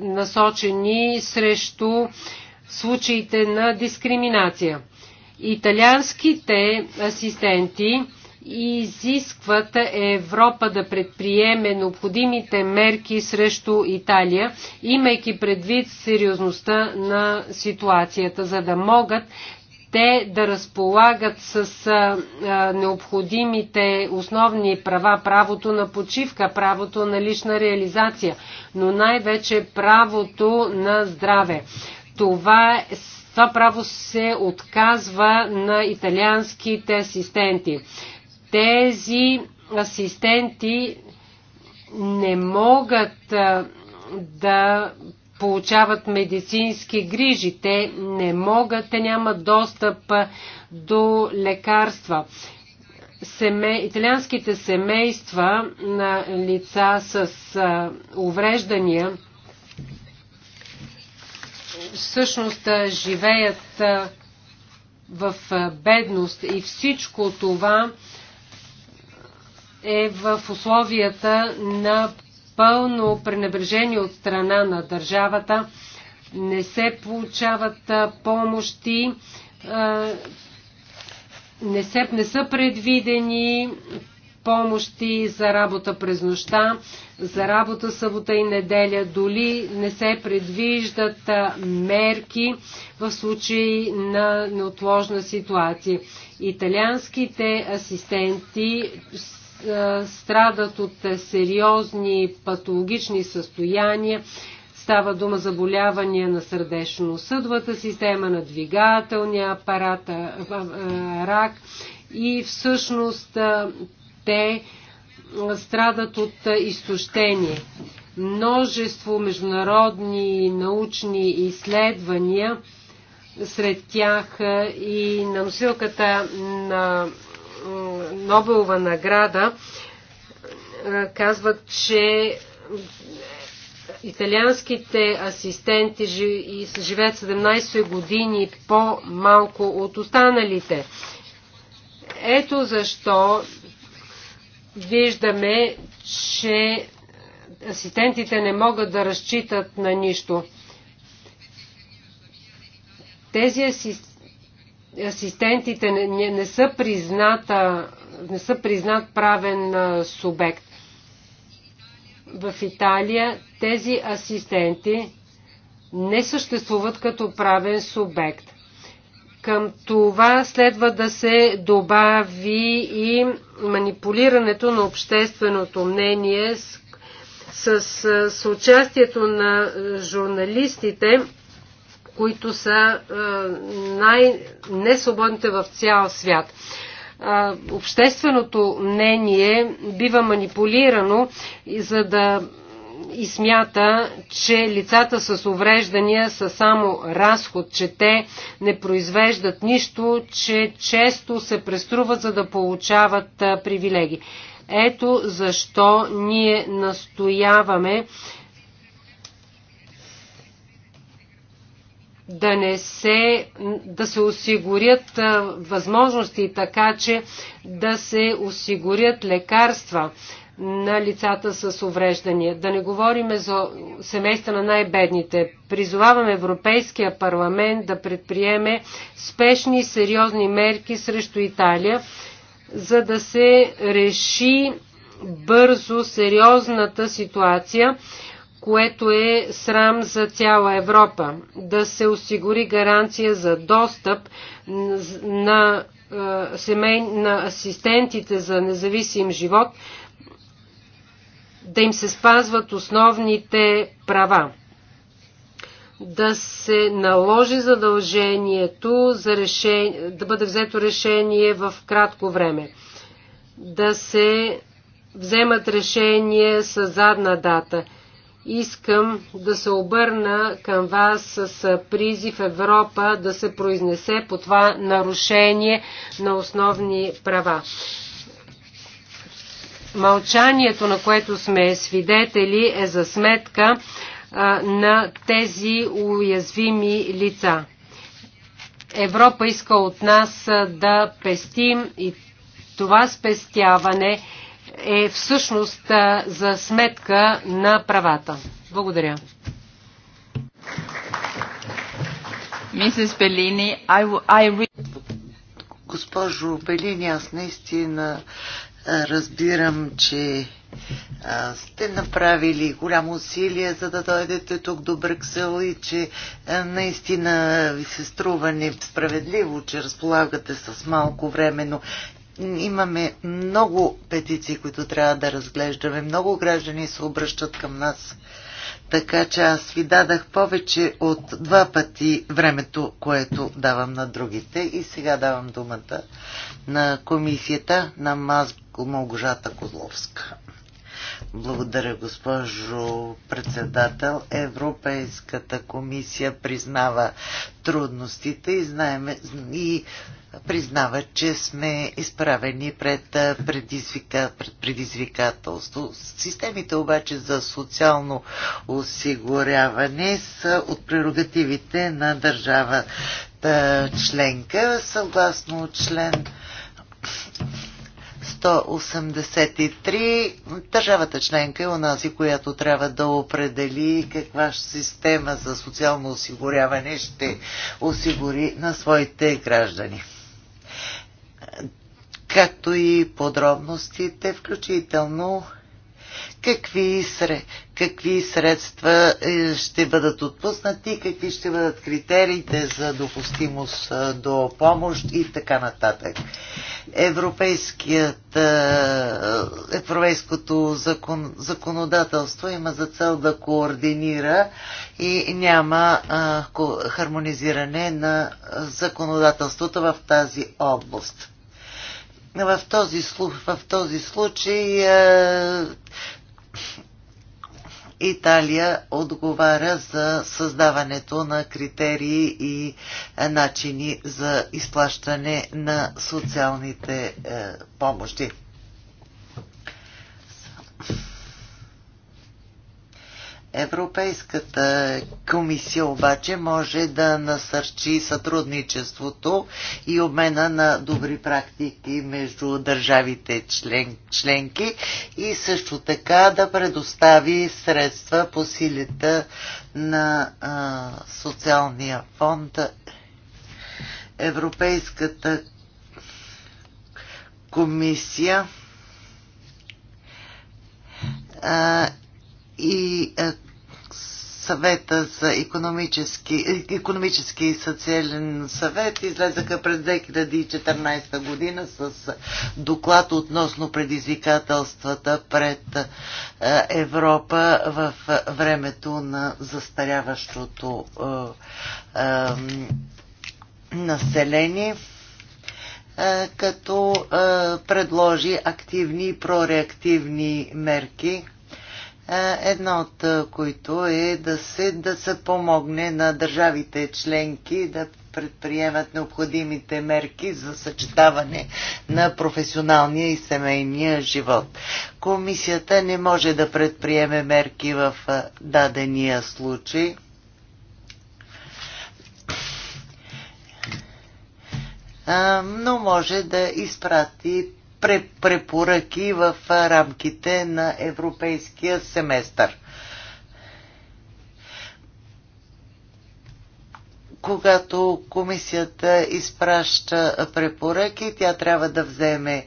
насочени срещу случаите на дискриминация. Италианските асистенти изискват Европа да предприеме необходимите мерки срещу Италия, имайки предвид сериозността на ситуацията, за да могат те да разполагат с а, необходимите основни права, правото на почивка, правото на лична реализация, но най-вече правото на здраве. Това, това право се отказва на италианските асистенти. Тези асистенти не могат да получават медицински грижи. Те не могат, те нямат достъп до лекарства. Семе... Италианските семейства на лица с а, увреждания всъщност живеят а, в бедност и всичко това а, е в условията на пълно пренебрежение от страна на държавата. Не се получават помощи, не, се, не са предвидени помощи за работа през нощта, за работа събота и неделя, доли не се предвиждат мерки в случай на неотложна ситуация. Италианските асистенти е, страдат от сериозни патологични състояния. Става дума заболявания на сърдечно-съдвата система, на двигателния апарат, рак и всъщност те страдат от изтощение. Множество международни научни изследвания, сред тях и на носилката на Нобелова награда казват, че италианските асистенти живеят 17 години по-малко от останалите. Ето защо виждаме, че асистентите не могат да разчитат на нищо. Тези асистенти асистентите не, не, са, призната, не са признат правен субект. В Италия тези асистенти не съществуват като правен субект. Към това следва да се добави и манипулирането на общественото мнение с, с, с участието на журналистите които са е, най-несвободните в цял свят. Е, общественото мнение бива манипулирано, за да и смята, че лицата с увреждания са само разход, че те не произвеждат нищо, че често се преструват за да получават е, привилеги. Ето защо ние настояваме да не се, да се осигурят възможности така, че да се осигурят лекарства на лицата с увреждания. Да не говорим за семейства на най-бедните. Призоваваме Европейския парламент да предприеме спешни и сериозни мерки срещу Италия, за да се реши бързо сериозната ситуация което е срам за цяла Европа. Да се осигури гаранция за достъп на, е, семей, на асистентите за независим живот, да им се спазват основните права да се наложи задължението за решение, да бъде взето решение в кратко време, да се вземат решение с задна дата – Искам да се обърна към вас с призив Европа да се произнесе по това нарушение на основни права. Мълчанието, на което сме свидетели, е за сметка на тези уязвими лица. Европа иска от нас да пестим и това спестяване е всъщност за сметка на правата. Благодаря. Белини, I... Госпожо Белини, аз наистина разбирам, че сте направили голямо усилие, за да дойдете тук до Брюксел и че наистина ви се струва несправедливо, че разполагате с малко време, но имаме много петиции, които трябва да разглеждаме. Много граждани се обръщат към нас. Така че аз ви дадах повече от два пъти времето, което давам на другите. И сега давам думата на комисията на Мазко Малгожата Козловска. Благодаря, госпожо председател. Европейската комисия признава трудностите и, знаеме, и признава, че сме изправени пред, предизвика, пред предизвикателство. Системите обаче за социално осигуряване са от прерогативите на държавата членка, съгласно член 183 държавата членка е онази, която трябва да определи каква система за социално осигуряване ще осигури на своите граждани както и подробностите, включително какви, сре, какви средства е, ще бъдат отпуснати, какви ще бъдат критериите за допустимост е, до помощ и така нататък. Европейският, е, европейското закон, законодателство има за цел да координира и няма а, хармонизиране на законодателството в тази област. В този, в този случай е, Италия отговаря за създаването на критерии и е, начини за изплащане на социалните е, помощи. Европейската комисия обаче може да насърчи сътрудничеството и обмена на добри практики между държавите член, членки и също така да предостави средства по силите на а, социалния фонд. Европейската комисия а, и е, съвета за економически, економически и социален съвет излезаха през 2014 година с доклад относно предизвикателствата пред е, Европа в времето на застаряващото е, население като предложи активни и прореактивни мерки е, една от е, които е да се, да се помогне на държавите членки да предприемат необходимите мерки за съчетаване на професионалния и семейния живот. Комисията не може да предприеме мерки в е, дадения случай. но може да изпрати препоръки в рамките на европейския семестър. Когато комисията изпраща препоръки, тя трябва да вземе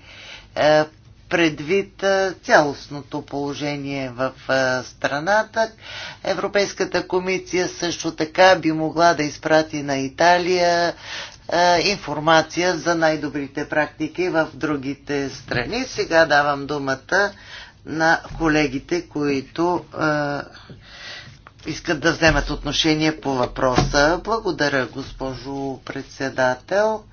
е, предвид е, цялостното положение в е, страната. Европейската комисия също така би могла да изпрати на Италия е, информация за най-добрите практики в другите страни. Сега давам думата на колегите, които е, искат да вземат отношение по въпроса. Благодаря, госпожо председател.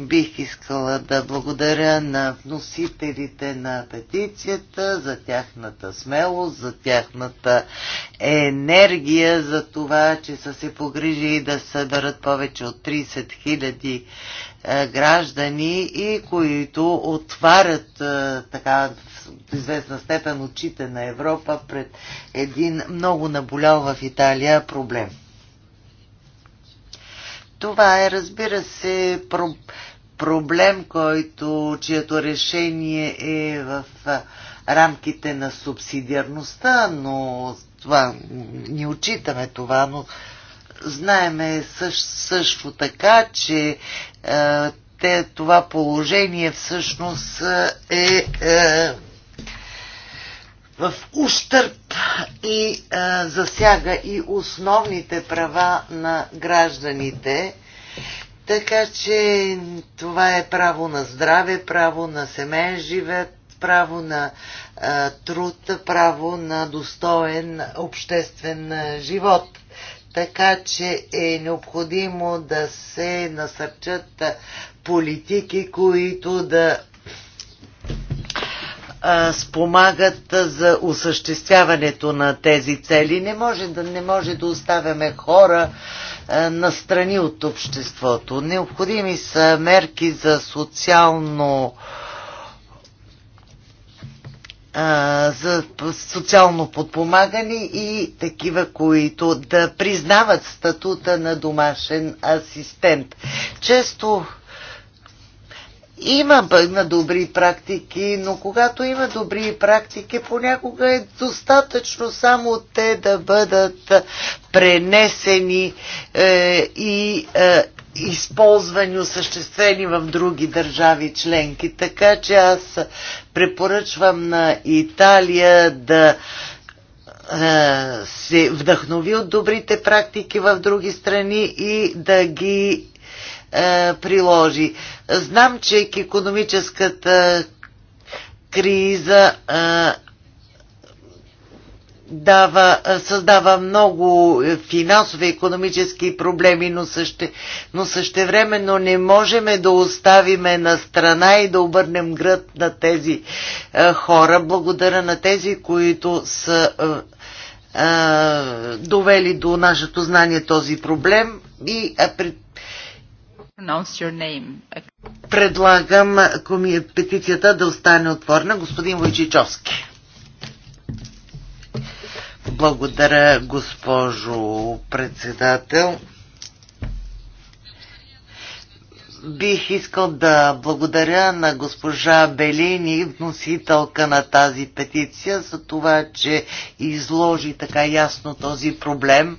Бих искала да благодаря на вносителите на петицията за тяхната смелост, за тяхната енергия, за това, че са се погрижили да съберат повече от 30 хиляди е, граждани и които отварят е, така в известна степен очите на Европа пред един много наболял в Италия проблем. Това е, разбира се, проблем проблем, който, чието решение е в рамките на субсидиарността, но това, не отчитаме това, но знаеме също, също така, че те, това положение всъщност е, е в ущърп и е, засяга и основните права на гражданите така че това е право на здраве, право на семейен живет, право на а, труд, право на достоен обществен а, живот. Така че е необходимо да се насърчат политики, които да а, спомагат за осъществяването на тези цели. Не може да, не може да оставяме хора а, настрани от обществото. Необходими са мерки за социално за социално подпомагане и такива, които да признават статута на домашен асистент. Често има на добри практики, но когато има добри практики, понякога е достатъчно само те да бъдат е, пренесени е, и е, използвани, осъществени в други държави членки. Така че аз препоръчвам на Италия да е, се вдъхнови от добрите практики в други страни и да ги е, приложи. Знам, че економическата криза е, дава, е, създава много финансови и економически проблеми, но, съще, но същевременно не можем да оставиме на страна и да обърнем гръд на тези е, хора, благодаря на тези, които са е, е, довели до нашето знание този проблем и е, Предлагам петицията да остане отворена. Господин Войчичовски. Благодаря, госпожо председател. Бих искал да благодаря на госпожа Белини, вносителка на тази петиция, за това, че изложи така ясно този проблем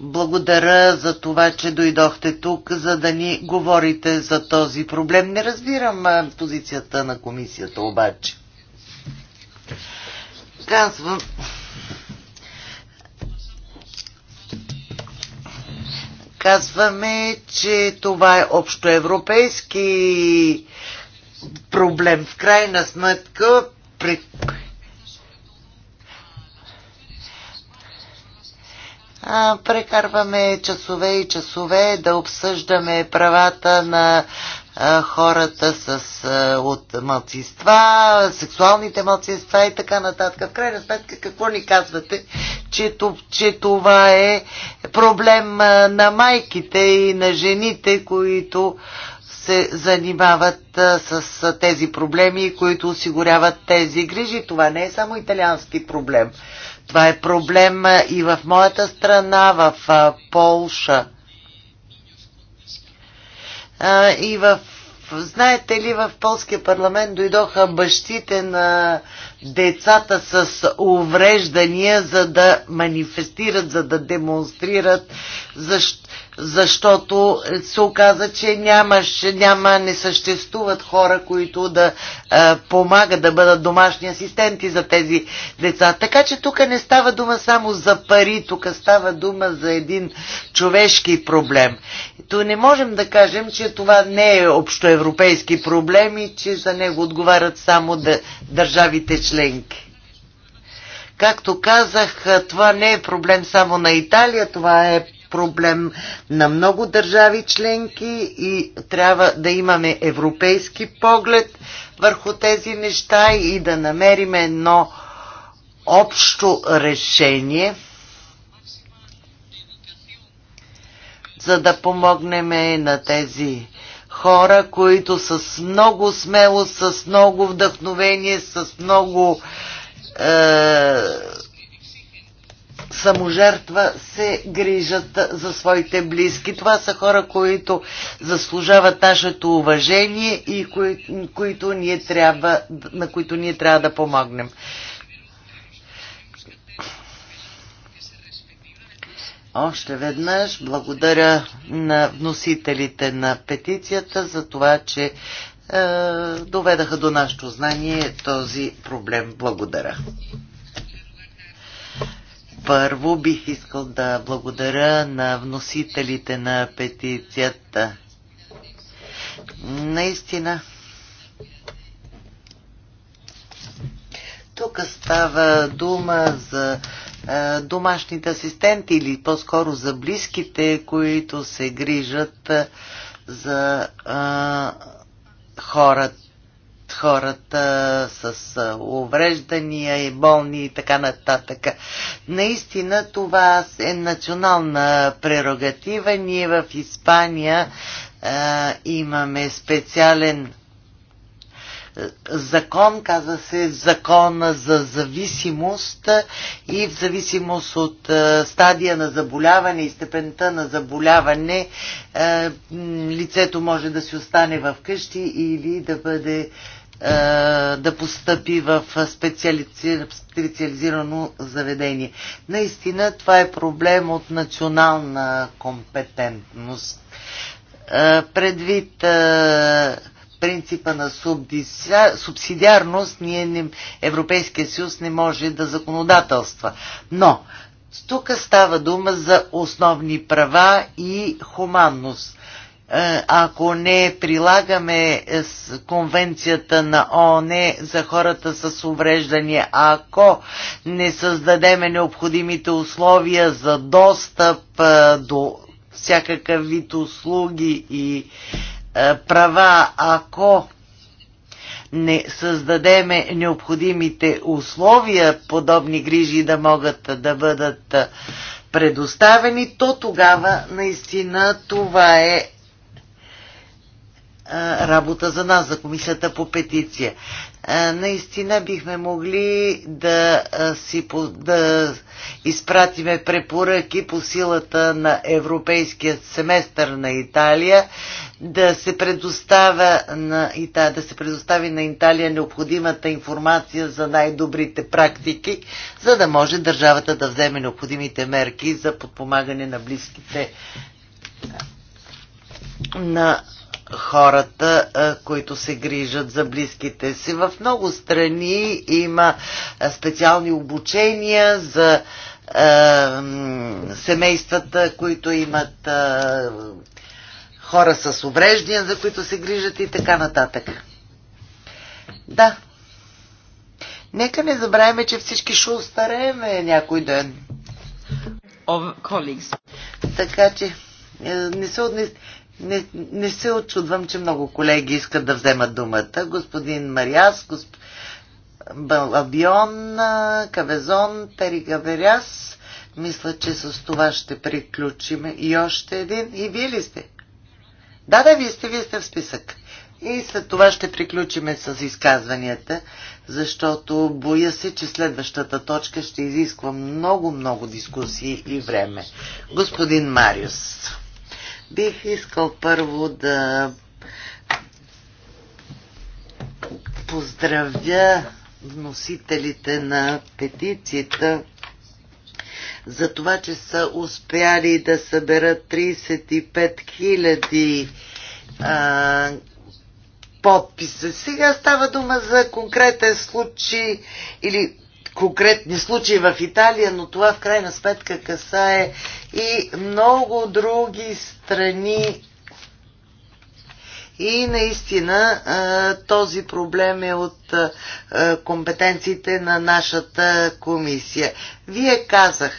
благодаря за това, че дойдохте тук, за да ни говорите за този проблем. Не разбирам позицията на комисията обаче. Казвам. Казваме, че това е общоевропейски проблем. В крайна сметка, при прекарваме часове и часове да обсъждаме правата на хората с, от мълцинства, сексуалните мълцинства и така нататък. В крайна сметка, какво ни казвате, че, че това е проблем на майките и на жените, които се занимават с тези проблеми, които осигуряват тези грижи. Това не е само италиански проблем. Това е проблем и в моята страна, в Полша. И в Знаете ли, в Полския парламент дойдоха бащите на децата с увреждания, за да манифестират, за да демонстрират защо защото се оказа, че нямаш, няма, не съществуват хора, които да а, помагат да бъдат домашни асистенти за тези деца. Така че тук не става дума само за пари, тук става дума за един човешки проблем. То не можем да кажем, че това не е общоевропейски проблем и че за него отговарят само да, държавите членки. Както казах, това не е проблем само на Италия, това е проблем на много държави членки и трябва да имаме европейски поглед върху тези неща и да намерим едно общо решение, за да помогнем на тези хора, които с много смелост, с много вдъхновение, с много е, саможертва се грижат за своите близки. Това са хора, които заслужават нашето уважение и кои, които ние трябва, на които ние трябва да помогнем. Още веднъж благодаря на вносителите на петицията за това, че е, доведаха до нашето знание този проблем. Благодаря. Първо бих искал да благодаря на вносителите на петицията. Наистина, тук става дума за домашните асистенти или по-скоро за близките, които се грижат за а, хората хората с увреждания и болни и така нататък. Наистина това е национална прерогатива. Ние в Испания а, имаме специален закон, казва се закона за зависимост и в зависимост от стадия на заболяване и степента на заболяване лицето може да си остане в къщи или да бъде е, да постъпи в специализирано заведение. Наистина това е проблем от национална компетентност. Е, предвид е, принципа на субсидиарност, ние не, Европейския съюз не може да законодателства. Но тук става дума за основни права и хуманност. Е, ако не прилагаме е, с конвенцията на ООН за хората с увреждания, ако не създадеме необходимите условия за достъп е, до всякакъв вид услуги и права, ако не създадеме необходимите условия подобни грижи да могат да бъдат предоставени, то тогава наистина това е работа за нас, за комисията по петиция. Наистина бихме могли да, си, да изпратиме препоръки по силата на Европейския семестър на Италия, да се, предоставя на Ита, да се предостави на Италия необходимата информация за най-добрите практики, за да може държавата да вземе необходимите мерки за подпомагане на близките на хората, които се грижат за близките си. В много страни има специални обучения за семействата, които имат хора с увреждания, за които се грижат и така нататък. Да. Нека не забравяме, че всички ще устареме някой ден. Така че е, не се, отнес. Не, не се очудвам, че много колеги искат да вземат думата. Господин Мариас, госп... Балабион, Кавезон, Теригаверяс. Мисля, че с това ще приключим. И още един. И вие ли сте? Да, да, вие сте, вие сте в списък. И след това ще приключиме с изказванията, защото боя се, че следващата точка ще изисква много-много дискусии и време. Господин Мариус. Бих искал първо да поздравя носителите на петицията за това, че са успяли да съберат 35 000 подписа. Сега става дума за конкретен случай или конкретни случаи в Италия, но това в крайна сметка касае и много други страни. И наистина този проблем е от компетенциите на нашата комисия. Вие казах,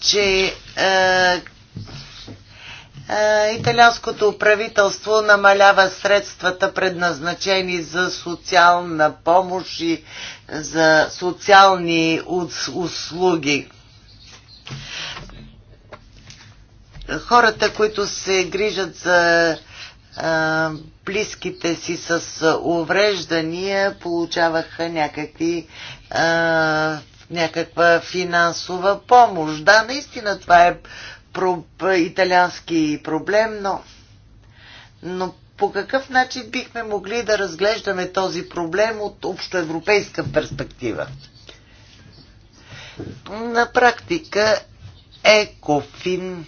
че е, италианското правителство намалява средствата предназначени за социална помощ и за социални услуги. Хората, които се грижат за е, близките си с увреждания, получаваха някакви е, някаква финансова помощ. Да, наистина това е про, италиански проблем, но, но по какъв начин бихме могли да разглеждаме този проблем от общоевропейска перспектива? На практика Екофин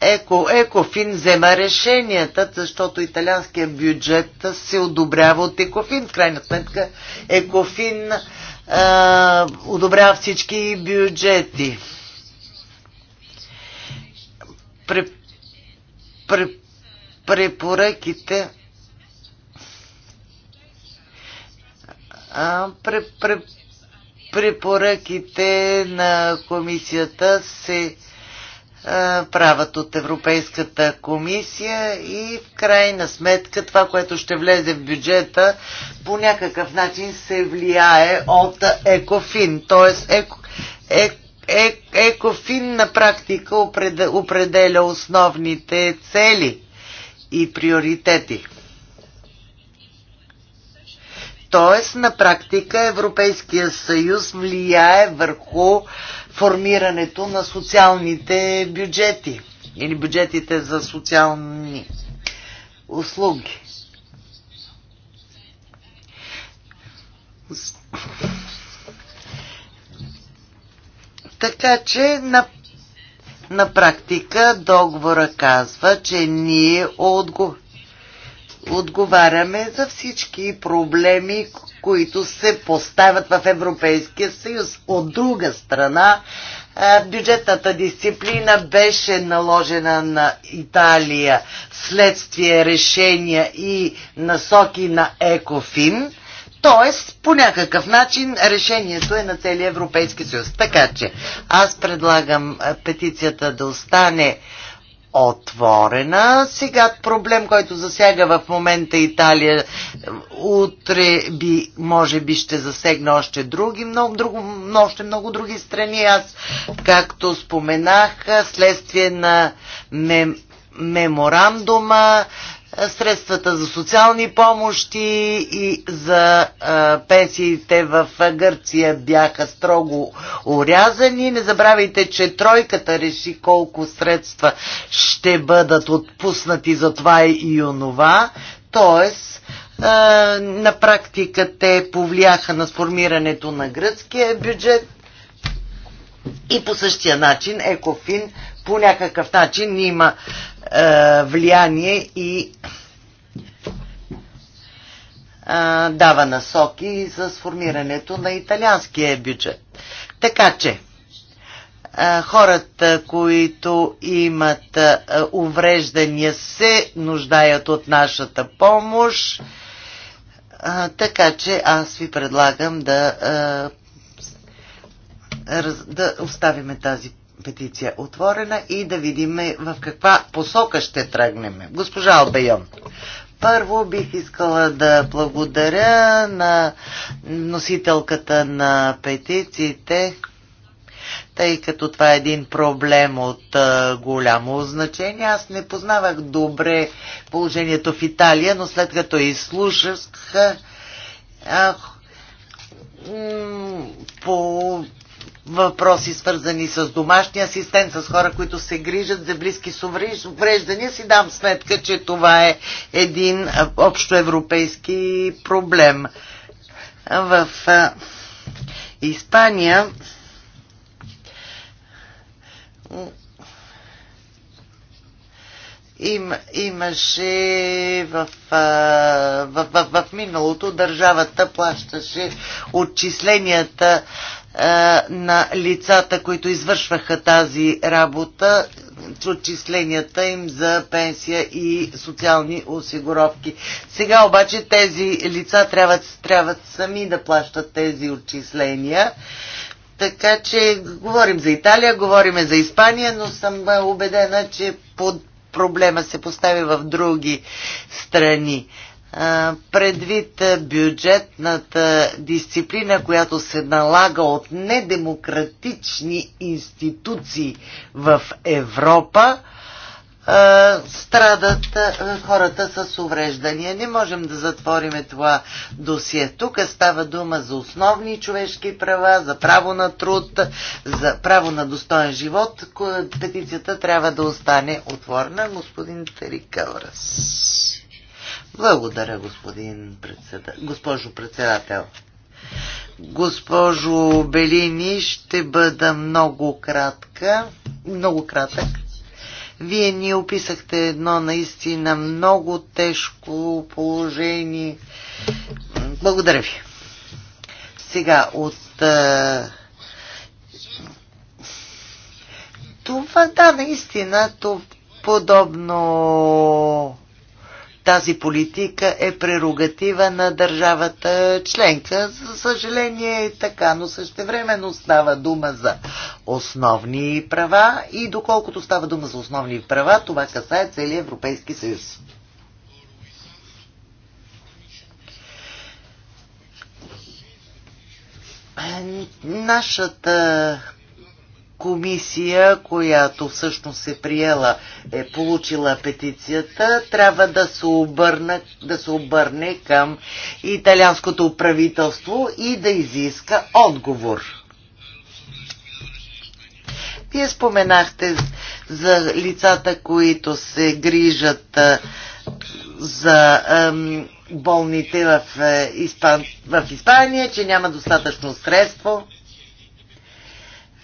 Еко, Екофин взема решенията, защото италианският бюджет се одобрява от Екофин. В крайна сметка Екофин а, одобрява всички бюджети препоръките препоръките на комисията се правят от Европейската комисия и в крайна сметка това, което ще влезе в бюджета, по някакъв начин се влияе от ЕКОФИН. Тоест, еко, еко, е, Екофин на практика определя основните цели и приоритети. Тоест, на практика Европейския съюз влияе върху формирането на социалните бюджети или бюджетите за социални услуги. Така че на, на практика договора казва, че ние отго, отговаряме за всички проблеми, които се поставят в Европейския съюз. От друга страна, бюджетната дисциплина беше наложена на Италия следствие решения и насоки на Екофин – Тоест, по някакъв начин решението е на целия Европейски съюз. Така че аз предлагам е, петицията да остане отворена. Сега проблем, който засяга в момента Италия, е, утре би, може би ще засегна още други, много, друго, още много други страни. Аз, както споменах, е, следствие на мем, меморандума, средствата за социални помощи и за а, пенсиите в Гърция бяха строго урязани. Не забравяйте, че тройката реши колко средства ще бъдат отпуснати за това и онова. Тоест, а, на практика те повлияха на сформирането на гръцкия бюджет и по същия начин Екофин по някакъв начин има е, влияние и е, дава насоки за сформирането на италианския бюджет. Така че, е, хората, които имат увреждания, се нуждаят от нашата помощ. Така че аз ви предлагам да, да оставим тази петиция отворена и да видим в каква посока ще тръгнем. Госпожа Албейон, първо бих искала да благодаря на носителката на петициите, тъй като това е един проблем от а, голямо значение. Аз не познавах добре положението в Италия, но след като изслушах а, по въпроси, свързани с домашния асистент, с хора, които се грижат за близки с увреждания, си дам сметка, че това е един общоевропейски проблем. В Испания им, имаше в, в, в, в миналото държавата плащаше отчисленията е, на лицата, които извършваха тази работа, с отчисленията им за пенсия и социални осигуровки. Сега обаче тези лица трябва, трябва сами да плащат тези отчисления. Така че говорим за Италия, говорим за Испания, но съм убедена, че под проблема се постави в други страни предвид бюджетната дисциплина, която се налага от недемократични институции в Европа, страдат хората с увреждания. Не можем да затвориме това досие. Тук става дума за основни човешки права, за право на труд, за право на достоен живот. Петицията трябва да остане отворена, господин Терикаврас. Благодаря, господин председател. Госпожо председател. Госпожо Белини, ще бъда много кратка. Много кратък. Вие ни описахте едно наистина много тежко положение. Благодаря ви. Сега от това, да, наистина, то подобно тази политика е прерогатива на държавата членка. За съжаление е така, но същевременно става дума за основни права и доколкото става дума за основни права, това касае целият Европейски съюз. Нашата комисия, която всъщност е приела, е получила петицията, трябва да се, обърна, да се обърне към италианското правителство и да изиска отговор. Вие споменахте за лицата, които се грижат за болните в, е, Испан... в Испания, че няма достатъчно средство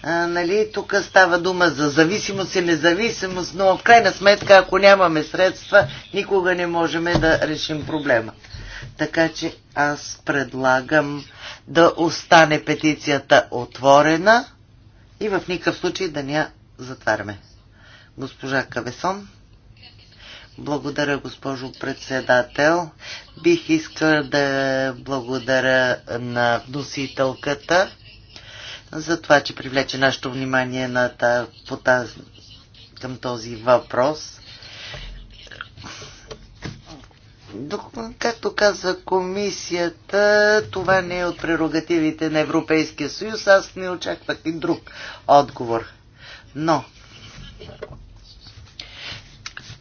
а, нали, тук става дума за зависимост и независимост, но в крайна сметка, ако нямаме средства, никога не можем да решим проблема. Така че аз предлагам да остане петицията отворена и в никакъв случай да ня затваряме. Госпожа Кавесон. Благодаря, госпожо председател. Бих искала да благодаря на вносителката за това, че привлече нашето внимание на та, по таз, към този въпрос. Както каза комисията, това не е от прерогативите на Европейския съюз. Аз не очаквах и друг отговор. Но,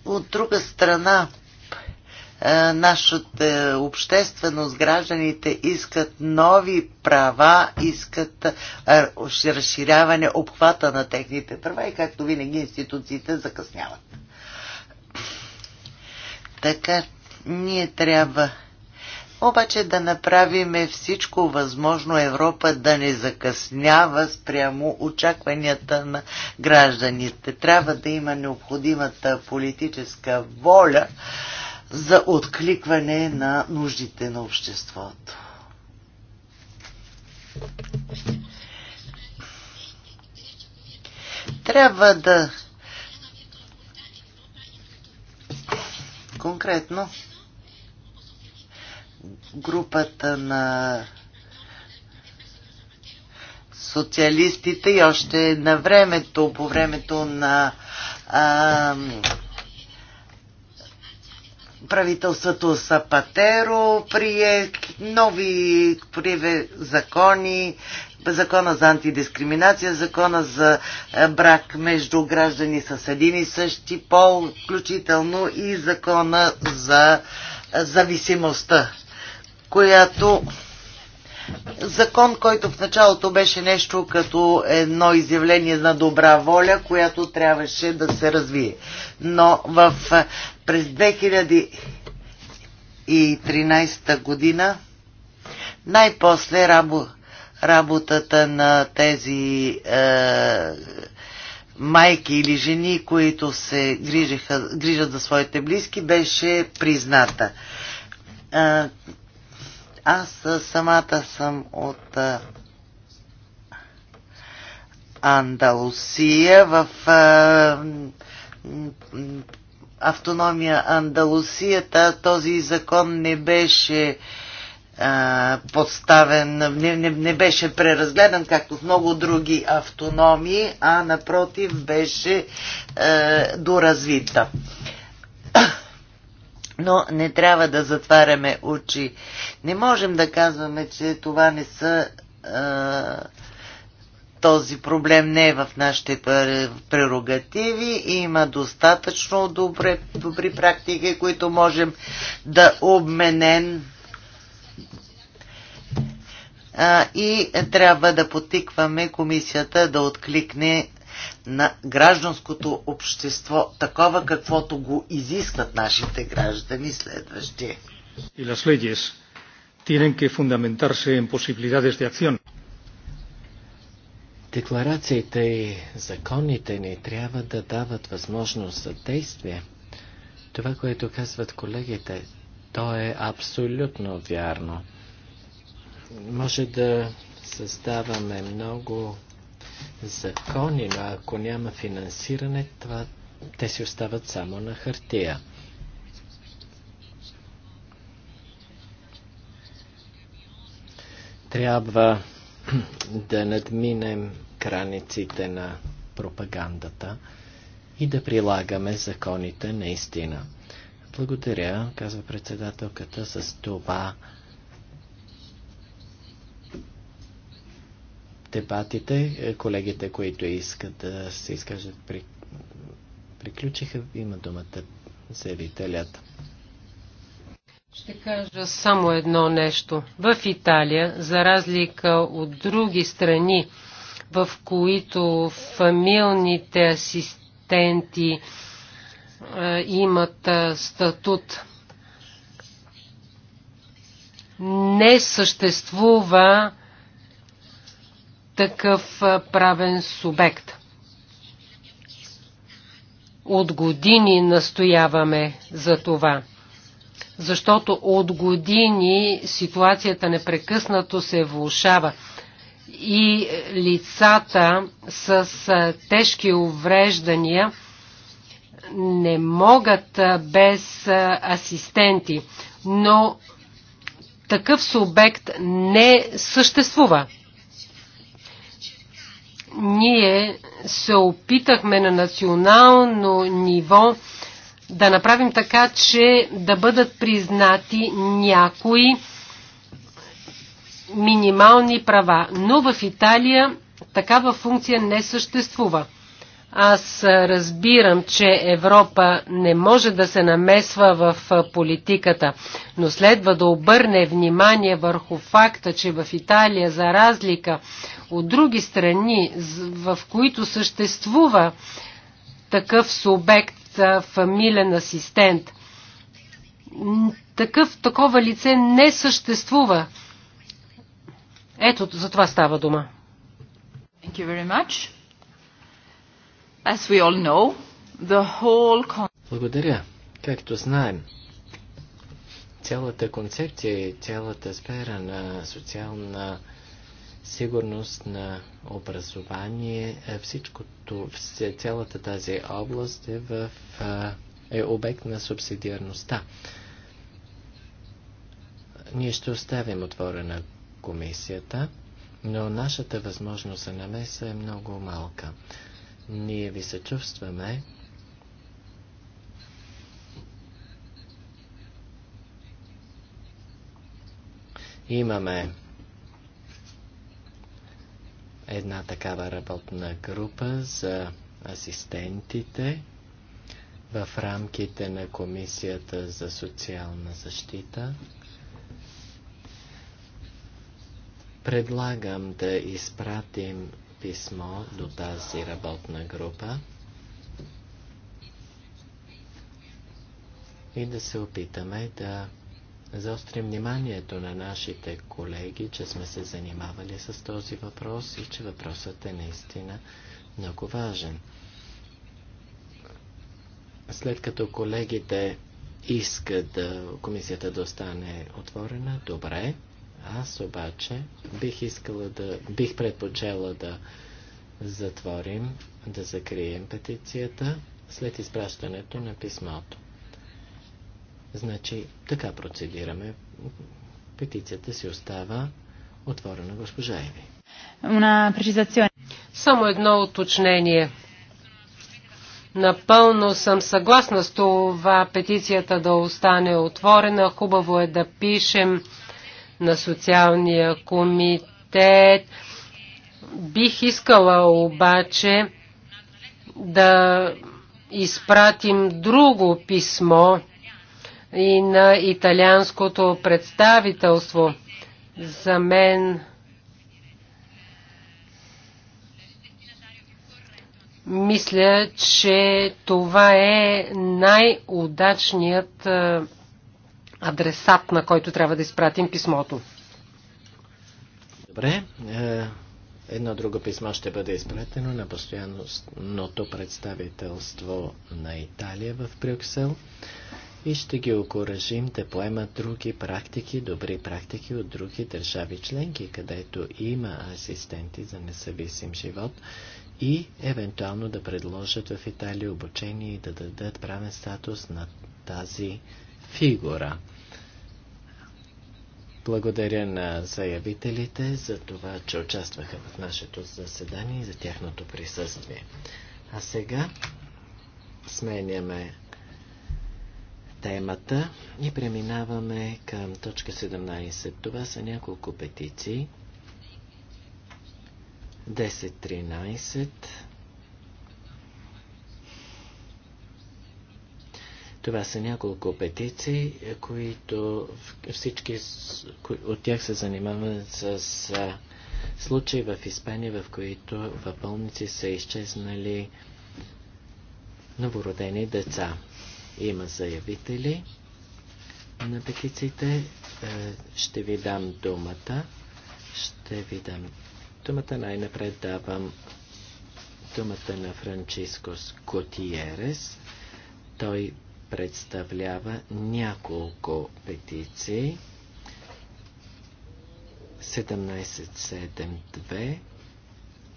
от друга страна, е, нашата общественост, гражданите искат нови права, искат е, разширяване обхвата на техните права и както винаги институциите закъсняват. Така, ние трябва обаче да направиме всичко възможно Европа да не закъснява спрямо очакванията на гражданите. Трябва да има необходимата политическа воля за откликване на нуждите на обществото. Трябва да конкретно групата на социалистите и още на времето, по времето на а, правителството Сапатеро прие нови прие закони, закона за антидискриминация, закона за е, брак между граждани с един и същи пол, включително и закона за е, зависимостта, която закон, който в началото беше нещо като едно изявление на добра воля, която трябваше да се развие. Но в е, през 2013 година най-после рабо, работата на тези е, майки или жени, които се грижиха, грижат за своите близки, беше призната. Е, аз самата съм от е, Андалусия в е, автономия Андалусията, този закон не беше а, подставен, не, не, не беше преразгледан, както в много други автономии, а напротив беше а, е, доразвита. Но не трябва да затваряме очи. Не можем да казваме, че това не са а, е, този проблем не е в нашите прерогативи. Има достатъчно добре, добри практики, които можем да а, и трябва да потикваме комисията да откликне на гражданското общество, такова каквото го изискват нашите граждани следващи. И las tienen que fundamentarse en posibilidades de acción. Декларациите и законите ни трябва да дават възможност за действие. Това, което казват колегите, то е абсолютно вярно. Може да създаваме много закони, но ако няма финансиране, това, те си остават само на хартия. Трябва (clears throat) да надминем границите на пропагандата и да прилагаме законите наистина. Благодаря, казва председателката, с това дебатите, е, колегите, които искат да се изкажат, приключиха, има думата заявителят. Ще кажа само едно нещо. В Италия, за разлика от други страни, в които фамилните асистенти а, е, имат а, е, статут, не съществува такъв е, правен субект. От години настояваме за това защото от години ситуацията непрекъснато се влушава и лицата с тежки увреждания не могат без асистенти, но такъв субект не съществува. Ние се опитахме на национално ниво да направим така, че да бъдат признати някои минимални права. Но в Италия такава функция не съществува. Аз разбирам, че Европа не може да се намесва в политиката, но следва да обърне внимание върху факта, че в Италия, за разлика от други страни, в които съществува такъв субект, фамилен асистент. Такъв, такова лице не съществува. Ето, за това става дума. Thank you very much. As we all know, the whole... Благодаря. Както знаем, цялата концепция и цялата сфера на социална сигурност на образование, е всичкото, цялата тази област е, в, е обект на субсидиарността. Ние ще оставим отворена комисията, но нашата възможност за намеса е много малка. Ние ви съчувстваме, имаме една такава работна група за асистентите в рамките на Комисията за социална защита. Предлагам да изпратим писмо до тази работна група и да се опитаме да заострим вниманието на нашите колеги, че сме се занимавали с този въпрос и че въпросът е наистина много важен. След като колегите искат да комисията да остане отворена, добре, аз обаче бих искала да, бих предпочела да затворим, да закрием петицията след изпращането на писмото. Значи, така процедираме. Петицията си остава отворена, госпожа Еви. Само едно уточнение. Напълно съм съгласна с това петицията да остане отворена. Хубаво е да пишем на социалния комитет. Бих искала обаче да изпратим друго писмо и на италианското представителство. За мен мисля, че това е най-удачният е, адресат, на който трябва да изпратим писмото. Добре. Е, едно друго писмо ще бъде изпратено на постоянното представителство на Италия в Брюксел и ще ги окоръжим да поемат други практики, добри практики от други държави членки, където има асистенти за независим живот и евентуално да предложат в Италия обучение и да дадат правен статус на тази фигура. Благодаря на заявителите за това, че участваха в нашето заседание и за тяхното присъствие. А сега сменяме темата и преминаваме към точка 17. Това са няколко петиции. 10-13. Това са няколко петиции, които всички от тях се занимават с случаи в Испания, в които в са изчезнали новородени деца. Има заявители на петициите. Е, ще ви дам думата. Ще ви дам думата. Най-напред давам думата на Франческо Скотиерес. Той представлява няколко петиции. 1772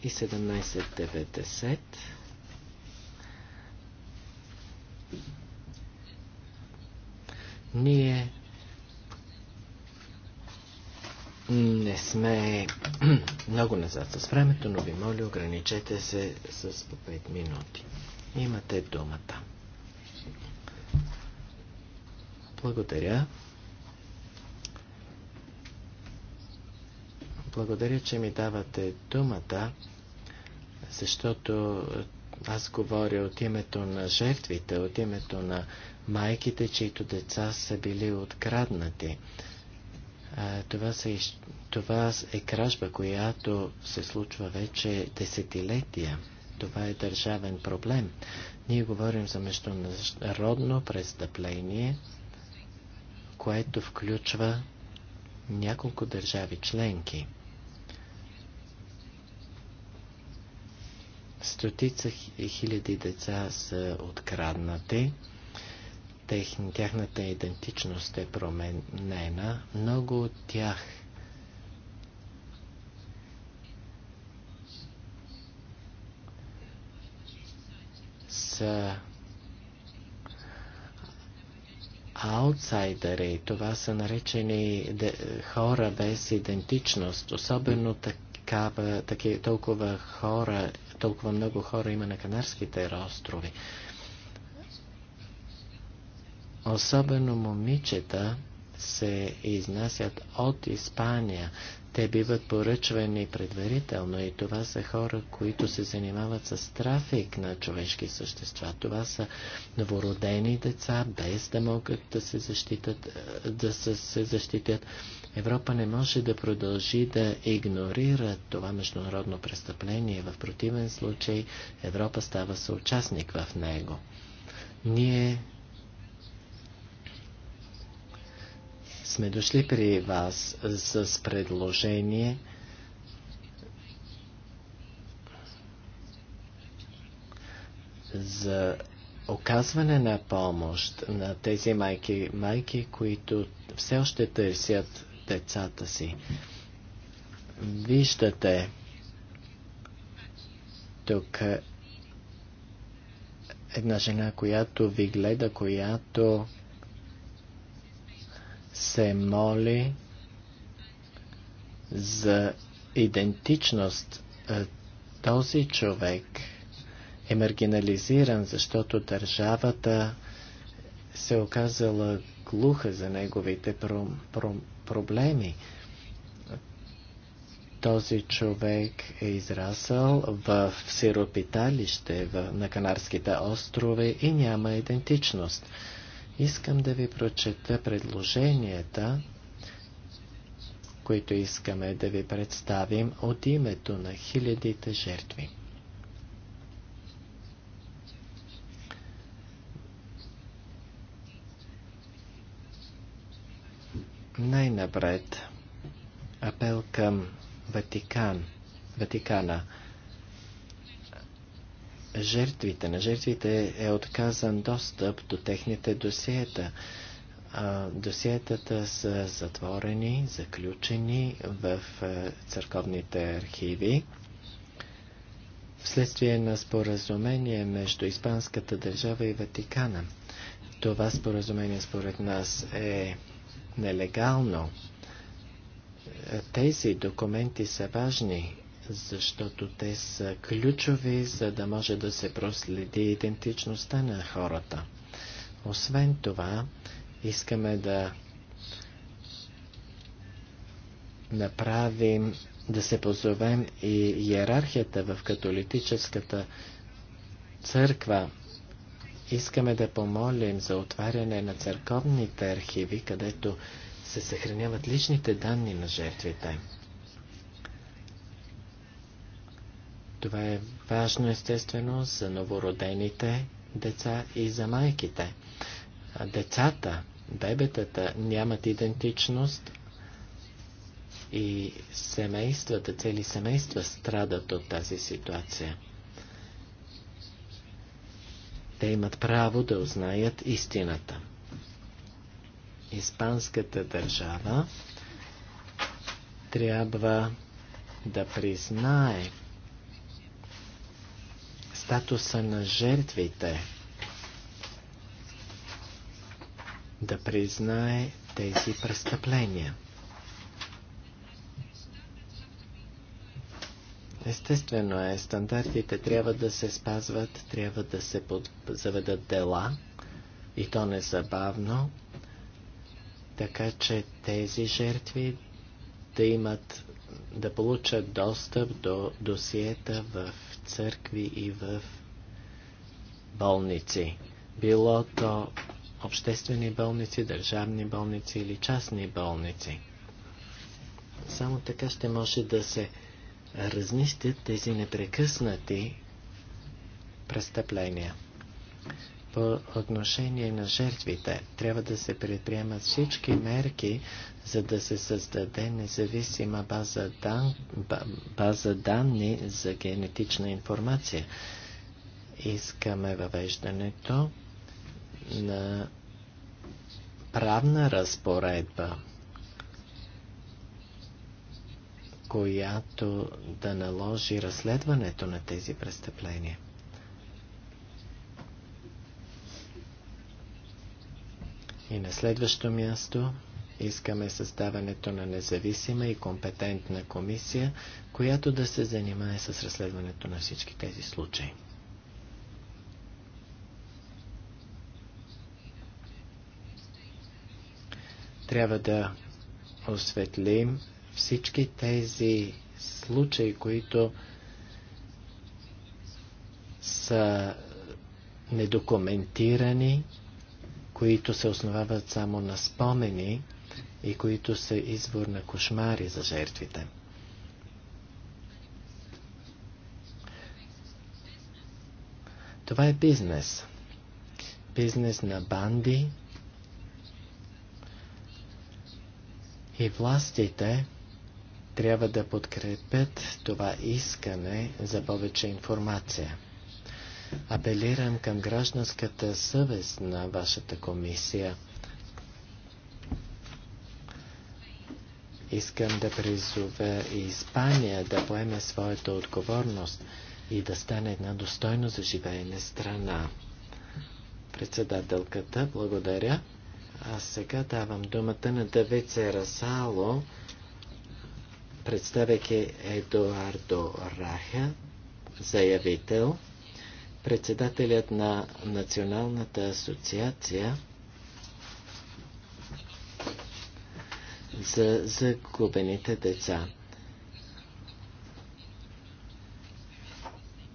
и 1790. Ние не сме (clears throat) много назад с времето, но ви моля, ограничете се с по 5 минути. Имате думата. Благодаря. Благодаря, че ми давате думата, защото аз говоря от името на жертвите, от името на майките, чието деца са били откраднати. А, това, са, това е кражба, която се случва вече десетилетия. Това е държавен проблем. Ние говорим за международно престъпление, което включва няколко държави членки. Стотица хиляди деца са откраднати. Тех, тяхната идентичност е променена. Много от тях са аутсайдери. Това са наречени хора без идентичност. Особено такава, таки, толкова хора толкова много хора има на Канарските острови. Особено момичета се изнасят от Испания. Те биват поръчвани предварително и това са хора, които се занимават с трафик на човешки същества. Това са новородени деца, без да могат да се защитят, да се защитят Европа не може да продължи да игнорира това международно престъпление. В противен случай Европа става съучастник в него. Ние сме дошли при вас с предложение за оказване на помощ на тези майки, майки, които все още търсят децата си. Виждате тук една жена, която ви гледа, която се моли за идентичност. Е, този човек е маргинализиран, защото държавата се оказала глуха за неговите пром, пром, проблеми. Този човек е израсъл в сиропиталище в, на Канарските острови и няма идентичност. Искам да ви прочета предложенията, които искаме да ви представим от името на хилядите жертви. Най-напред апел към Ватикан, Ватикана. Жертвите, на жертвите е отказан достъп до техните досиета. А, досиетата са затворени, заключени в църковните архиви. Вследствие на споразумение между Испанската държава и Ватикана. Това споразумение според нас е нелегално. Тези документи са важни, защото те са ключови, за да може да се проследи идентичността на хората. Освен това, искаме да направим, да се позовем и иерархията в католитическата църква. Искаме да помолим за отваряне на църковните архиви, където се съхраняват личните данни на жертвите. Това е важно естествено за новородените деца и за майките. Децата, бебетата нямат идентичност и семействата, цели семейства страдат от тази ситуация. Те имат право да узнаят истината. Испанската държава трябва да признае статуса на жертвите, да признае тези престъпления. Естествено е, стандартите трябва да се спазват, трябва да се под... заведат дела и то незабавно, така че тези жертви да имат, да получат достъп до досиета в църкви и в болници. Било то обществени болници, държавни болници или частни болници. Само така ще може да се размислят тези непрекъснати престъпления. По отношение на жертвите трябва да се предприемат всички мерки, за да се създаде независима база, дан... база данни за генетична информация. Искаме въвеждането на правна разпоредба която да наложи разследването на тези престъпления. И на следващо място искаме създаването на независима и компетентна комисия, която да се занимае с разследването на всички тези случаи. Трябва да осветлим всички тези случаи, които са недокументирани, които се основават само на спомени и които са извор на кошмари за жертвите. Това е бизнес. Бизнес на банди и властите трябва да подкрепят това искане за повече информация. Апелирам към гражданската съвест на вашата комисия. Искам да призове и Испания да поеме своята отговорност и да стане една достойно за живеене страна. Председателката, благодаря. А сега давам думата на Давид Серасало представяйки Едуардо Раха, заявител, председателят на Националната асоциация за загубените деца.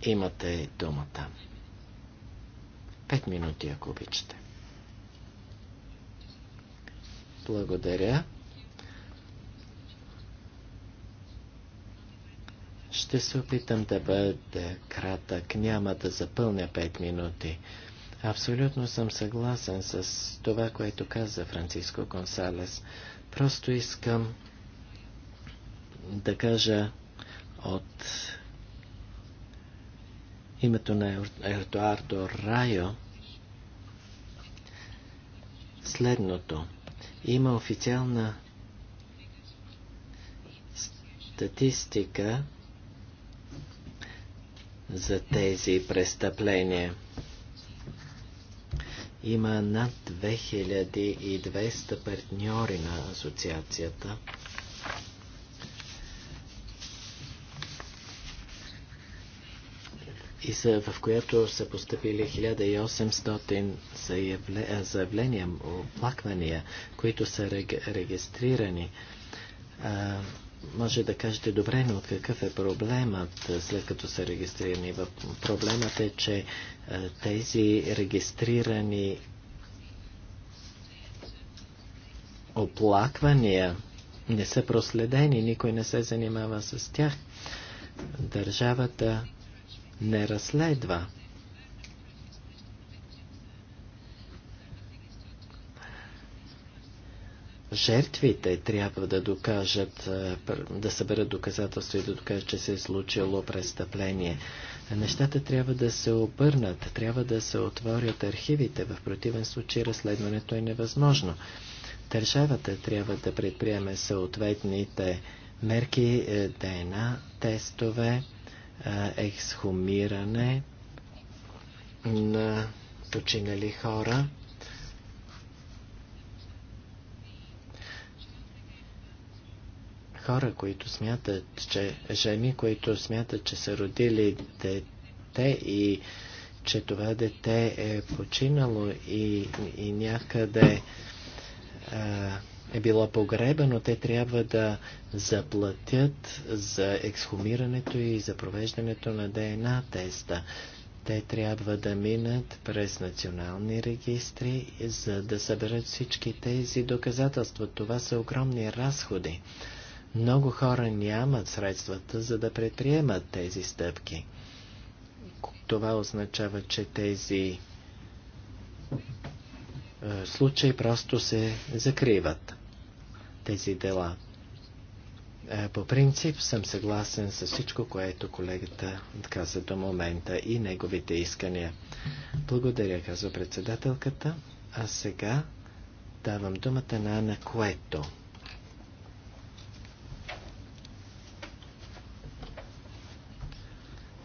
Имате думата. Пет минути, ако обичате. Благодаря. Ще се опитам да бъда кратък, няма да запълня 5 минути. Абсолютно съм съгласен с това, което каза Франциско Консалес. Просто искам да кажа от името на Ертуардо Райо следното. Има официална статистика за тези престъпления. Има над 2200 партньори на асоциацията. и са, в която са поступили 1800 заявления, оплаквания, които са регистрирани може да кажете, добре, но какъв е проблемът е, след като са регистрирани? Проблемът е, че е, тези регистрирани оплаквания не са проследени, никой не се занимава с тях. Държавата не разследва. жертвите трябва да докажат, е, да съберат доказателства и да докажат, че се е случило престъпление. Нещата трябва да се обърнат, трябва да се отворят архивите, в противен случай разследването е невъзможно. Държавата трябва да предприеме съответните мерки, е, ДНА, тестове, е, ексхумиране на починали хора. хора, които смятат, че жени, които смятат, че са родили дете и че това дете е починало и, и някъде а, е било погребано, те трябва да заплатят за ексхумирането и за провеждането на ДНА теста. Те трябва да минат през национални регистри, за да съберат всички тези доказателства. Това са огромни разходи. Много хора нямат средствата, за да предприемат тези стъпки. Това означава, че тези е, случаи просто се закриват тези дела. Е, по принцип съм съгласен с всичко, което колегата каза до момента и неговите искания. Благодаря, казва председателката. А сега давам думата на Ана Куето.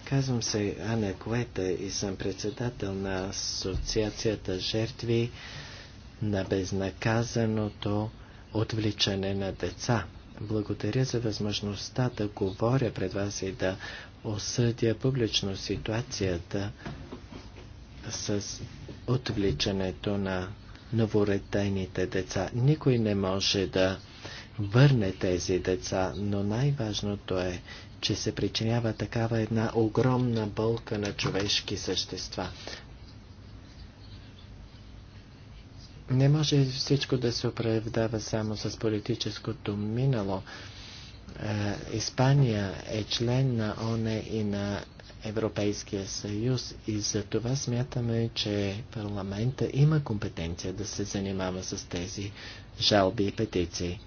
Казвам се Ана Куета и съм председател на Асоциацията жертви на безнаказаното отвличане на деца. Благодаря за възможността да говоря пред вас и да осъдя публично ситуацията с отвличането на новоретените деца. Никой не може да върне тези деца, но най-важното е, че се причинява такава една огромна болка на човешки същества. Не може всичко да се оправдава само с политическото минало. Е, Испания е член на ОНЕ и на Европейския съюз и за това смятаме, че парламента има компетенция да се занимава с тези жалби и петиции.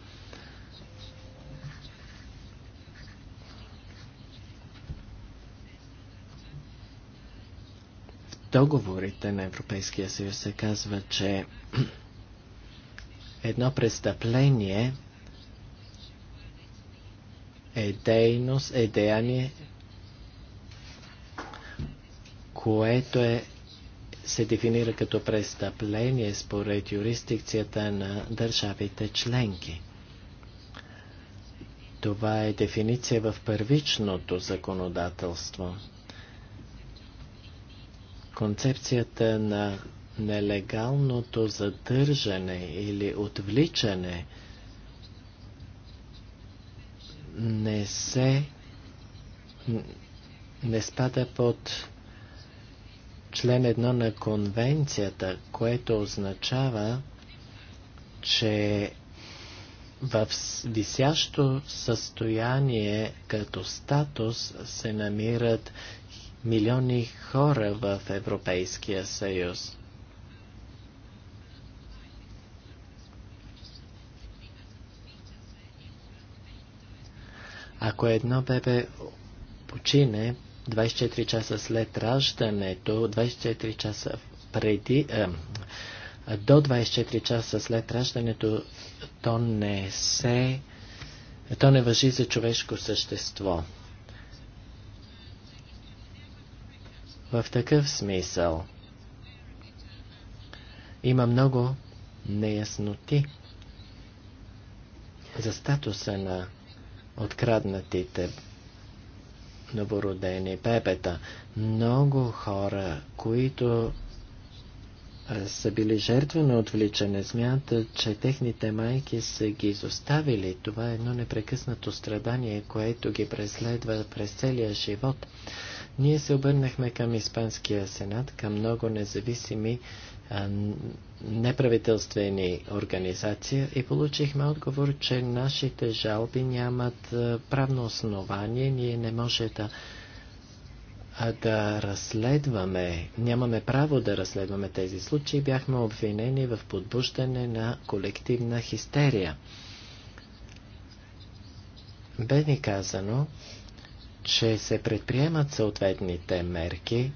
договорите на Европейския съюз се казва, че (clears throat) едно престъпление е дейност, е деяние, което е, се дефинира като престъпление според юрисдикцията на държавите членки. Това е дефиниция в първичното законодателство концепцията на нелегалното задържане или отвличане не се не спада под член едно на конвенцията, което означава, че в висящо състояние като статус се намират милиони хора в Европейския съюз. Ако едно бебе почине 24 часа след раждането, 24 часа преди, е, до 24 часа след раждането, то не се, то не въжи за човешко същество. В такъв смисъл има много неясноти за статуса на откраднатите новородени пепета. Много хора, които са били жертва на отвличане, смятат, че техните майки са ги изоставили. Това е едно непрекъснато страдание, което ги преследва през целия живот. Ние се обърнахме към Испанския сенат, към много независими неправителствени организации и получихме отговор, че нашите жалби нямат правно основание, ние не може да да разследваме, нямаме право да разследваме тези случаи, бяхме обвинени в подбуждане на колективна хистерия. Бе ни казано, че се предприемат съответните мерки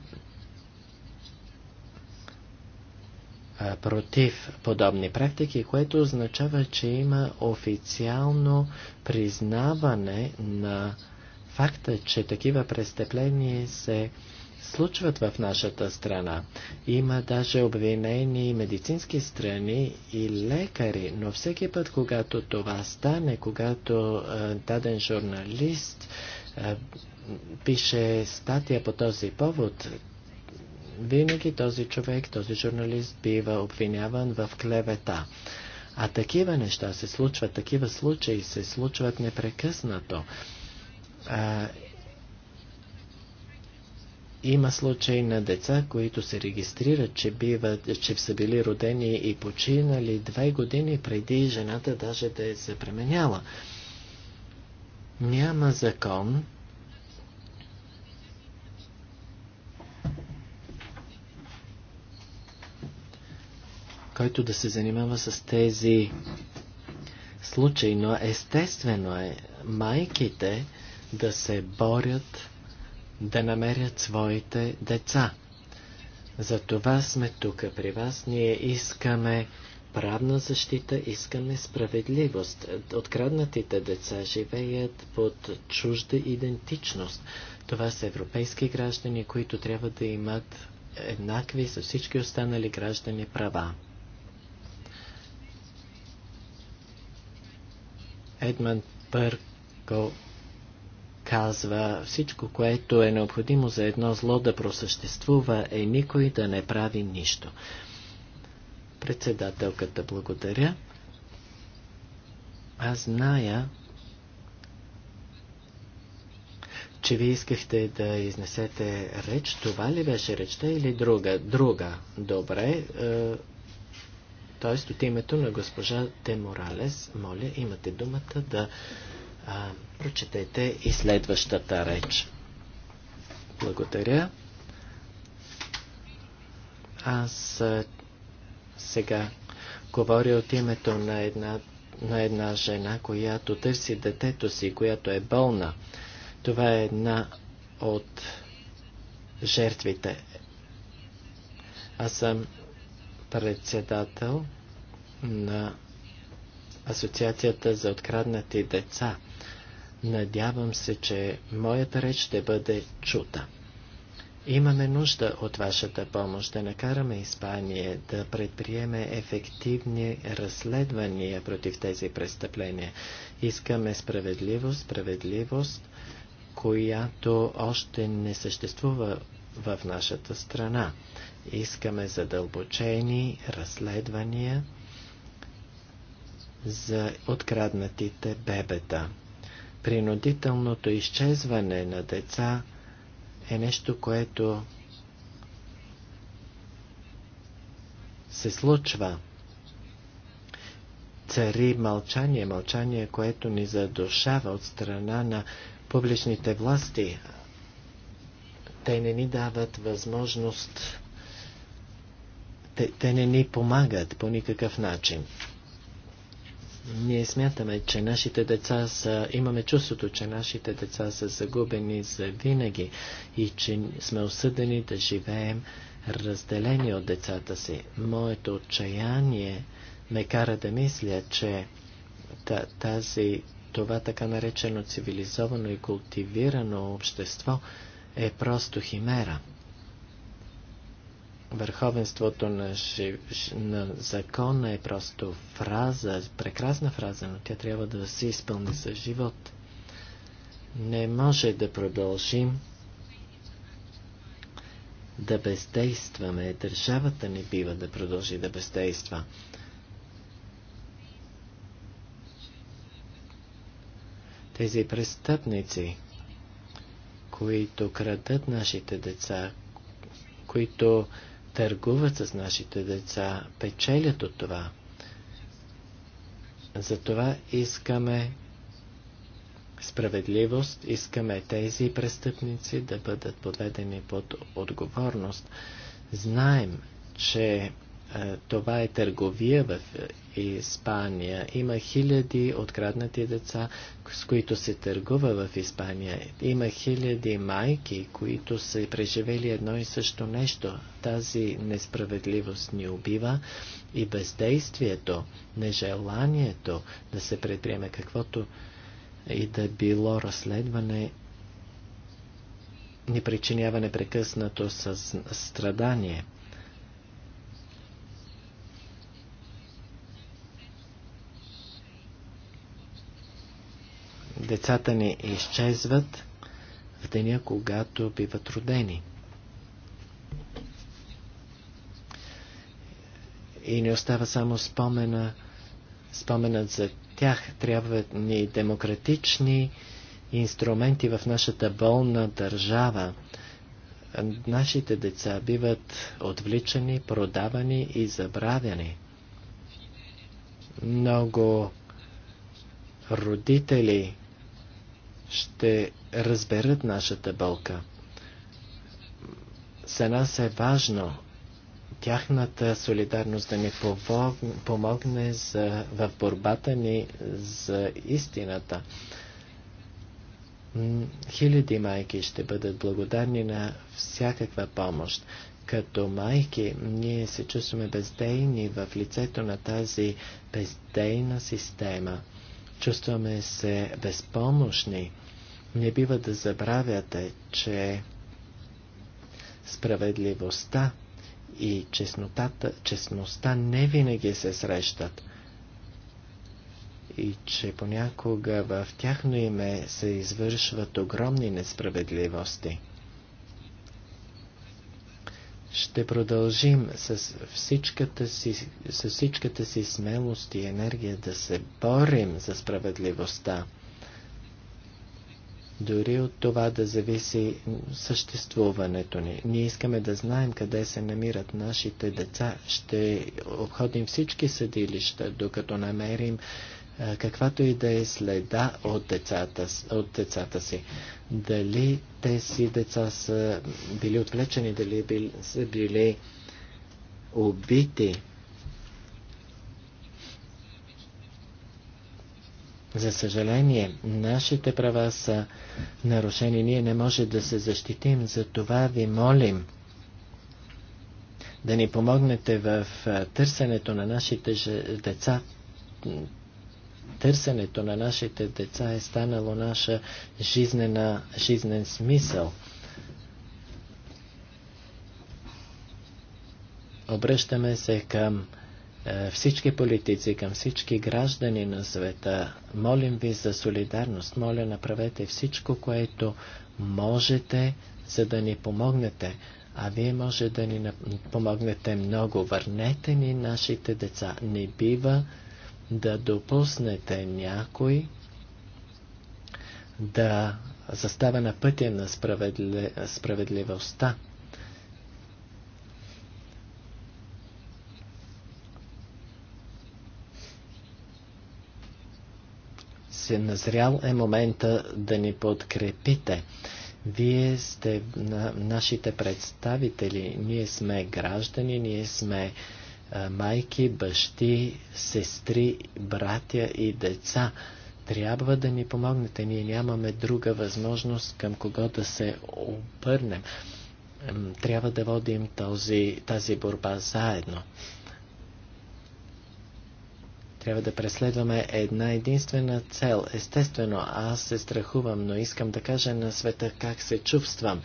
против подобни практики, което означава, че има официално признаване на факта, че такива престъпления се случват в нашата страна. Има даже обвинени медицински страни и лекари, но всеки път, когато това стане, когато даден журналист пише статия по този повод, винаги този човек, този журналист бива обвиняван в клевета. А такива неща се случват, такива случаи се случват непрекъснато. А, има случаи на деца, които се регистрират, че, биват, че са били родени и починали две години преди жената даже да е се пременяла. Няма закон, който да се занимава с тези случаи, но естествено е майките да се борят да намерят своите деца. За това сме тук при вас. Ние искаме правна защита, искаме справедливост. Откраднатите деца живеят под чужда идентичност. Това са европейски граждани, които трябва да имат еднакви за всички останали граждани права. Едман Пърко казва, всичко, което е необходимо за едно зло да просъществува, е никой да не прави нищо. Председателката благодаря. Аз зная, че ви искахте да изнесете реч. Това ли беше речта или друга? Друга. Добре. Е, тоест от името на госпожа Теморалес, Моралес, моля, имате думата да а, прочетете и следващата реч. Благодаря. Аз сега говоря от името на една, на една жена, която търси детето си, която е болна. Това е една от жертвите. Аз съм председател на Асоциацията за откраднати деца. Надявам се, че моята реч ще бъде чута. Имаме нужда от вашата помощ да накараме Испания да предприеме ефективни разследвания против тези престъпления. Искаме справедливост, справедливост, която още не съществува в нашата страна. Искаме задълбочени разследвания за откраднатите бебета. Принудителното изчезване на деца – е нещо, което се случва. Цари мълчание, мълчание, което ни задушава от страна на публичните власти. Те не ни дават възможност, те, те не ни помагат по никакъв начин. Ние смятаме, че нашите деца са, имаме чувството, че нашите деца са загубени за винаги и че сме осъдени да живеем разделени от децата си. Моето отчаяние ме кара да мисля, че тази, това така наречено цивилизовано и култивирано общество е просто химера. Върховенството на, на закона е просто фраза, прекрасна фраза, но тя трябва да се изпълни за живот. Не може да продължим да бездействаме. Държавата не бива да продължи да бездейства. Тези престъпници, които крадат нашите деца, които търгуват с нашите деца, печелят от това. Затова искаме справедливост, искаме тези престъпници да бъдат подведени под отговорност. Знаем, че е, това е търговия в Испания. Има хиляди откраднати деца, с които се търгува в Испания. Има хиляди майки, които са преживели едно и също нещо. Тази несправедливост ни убива и бездействието, нежеланието да се предприеме каквото и да било разследване ни причинява непрекъснато със страдание. Децата ни изчезват в деня, когато биват родени. И не остава само спомена, споменът за тях. Трябват ни демократични инструменти в нашата болна държава. Нашите деца биват отвличани, продавани и забравяни. Много родители ще разберат нашата болка. За нас е важно тяхната солидарност да ни помогне за, в борбата ни за истината. Хиляди майки ще бъдат благодарни на всякаква помощ. Като майки ние се чувстваме бездейни в лицето на тази бездейна система – Чувстваме се безпомощни. Не бива да забравяте, че справедливостта и честнотата, честността не винаги се срещат и че понякога в тяхно име се извършват огромни несправедливости ще продължим с всичката, си, с всичката си смелост и енергия да се борим за справедливостта. Дори от това да зависи съществуването ни. Ние искаме да знаем къде се намират нашите деца. Ще обходим всички съдилища, докато намерим каквато и да е следа от децата, от децата си дали тези деца са били отвлечени, дали били, са били убити. За съжаление, нашите права са нарушени. Ние не може да се защитим. За това ви молим да ни помогнете в търсенето на нашите деца търсенето на нашите деца е станало наша жизнена, жизнен смисъл. Обръщаме се към е, всички политици, към всички граждани на света. Молим ви за солидарност. Моля, направете всичко, което можете, за да ни помогнете. А вие може да ни помогнете много. Върнете ни нашите деца. Не бива да допуснете някой да застава на пътя на справедли... справедливостта. Се назрял е момента да ни подкрепите. Вие сте на нашите представители, ние сме граждани, ние сме майки, бащи, сестри, братя и деца. Трябва да ни помогнете. Ние нямаме друга възможност към кого да се обърнем. Трябва да водим този, тази борба заедно. Трябва да преследваме една единствена цел. Естествено, аз се страхувам, но искам да кажа на света как се чувствам.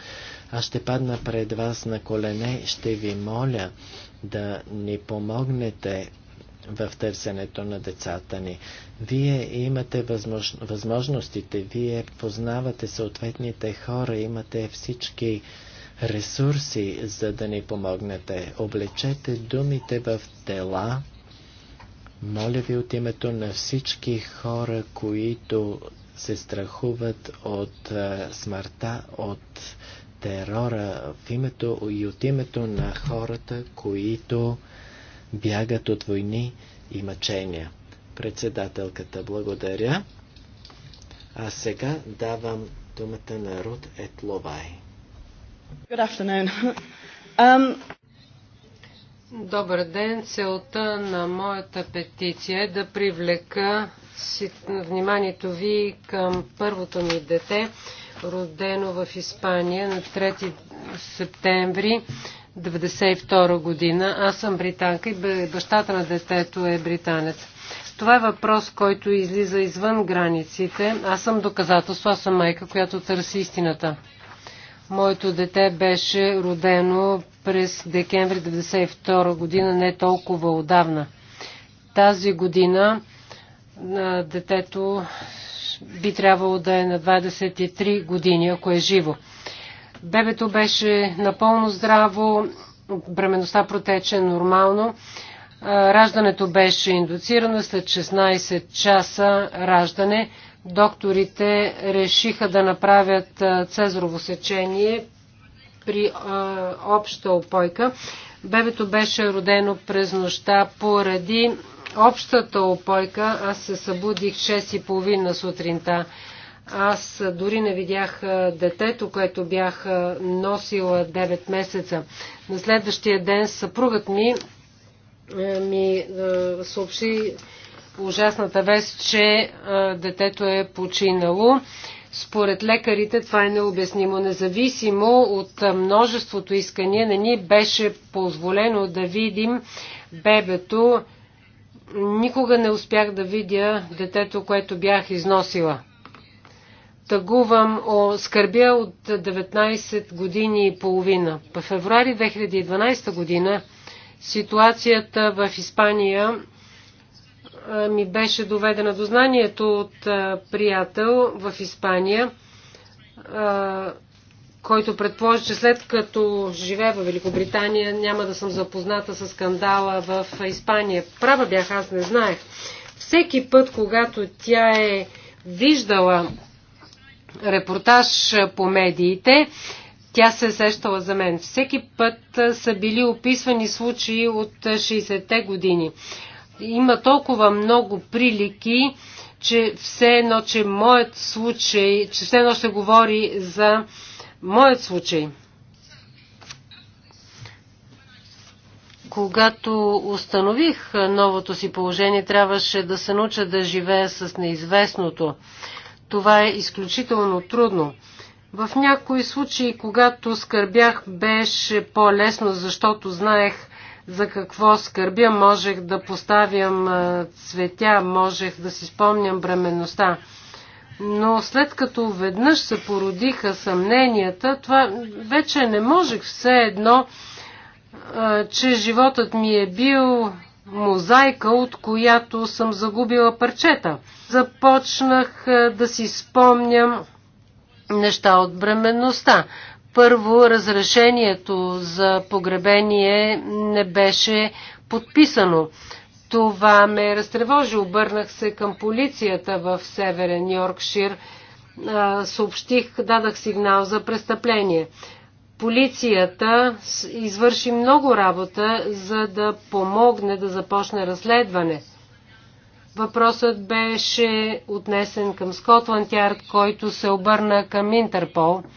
Аз ще падна пред вас на колене, ще ви моля да ни помогнете в търсенето на децата ни. Вие имате възмож... възможностите, вие познавате съответните хора, имате всички ресурси, за да ни помогнете. Облечете думите в тела. Моля ви от името на всички хора, които се страхуват от е, смъртта, от терора, в името и от името на хората, които бягат от войни и мъчения. Председателката, благодаря. А сега давам думата на Руд Етловай. Good afternoon. (laughs) Um... Добър ден! Целта на моята петиция е да привлека вниманието ви към първото ми дете, родено в Испания на 3 септември 1992 година. Аз съм британка и бащата на детето е британец. Това е въпрос, който излиза извън границите. Аз съм доказателство, аз съм майка, която търси истината. Моето дете беше родено през декември 1992 година, не толкова отдавна. Тази година на детето би трябвало да е на 23 години, ако е живо. Бебето беше напълно здраво, бременността протече нормално. Раждането беше индуцирано след 16 часа раждане докторите решиха да направят цезрово сечение при а, обща опойка. Бебето беше родено през нощта поради общата опойка. Аз се събудих 6.30 сутринта. Аз дори не видях детето, което бях носила 9 месеца. На следващия ден съпругът ми е, ми е, съобщи ужасната вест, че детето е починало. Според лекарите това е необяснимо. Независимо от множеството искания, не ни беше позволено да видим бебето. Никога не успях да видя детето, което бях износила. Тъгувам, о, скърбя от 19 години и половина. В февруари 2012 година ситуацията в Испания ми беше доведена до знанието от приятел в Испания, който предположи, че след като живея в Великобритания, няма да съм запозната с скандала в Испания. Права бях, аз не знаех. Всеки път, когато тя е виждала репортаж по медиите, тя се е сещала за мен. Всеки път са били описвани случаи от 60-те години има толкова много прилики, че все едно, че моят случай, че все едно ще говори за моят случай. Когато установих новото си положение, трябваше да се науча да живея с неизвестното. Това е изключително трудно. В някои случаи, когато скърбях, беше по-лесно, защото знаех за какво скърбя. Можех да поставям цветя, можех да си спомням бременността. Но след като веднъж се породиха съмненията, това вече не можех все едно, че животът ми е бил мозайка, от която съм загубила парчета. Започнах да си спомням неща от бременността. Първо, разрешението за погребение не беше подписано. Това ме разтревожи. Обърнах се към полицията в Северен Йоркшир. Съобщих, дадах сигнал за престъпление. Полицията извърши много работа, за да помогне да започне разследване. Въпросът беше отнесен към Скотланд Ярд, който се обърна към Интерпол –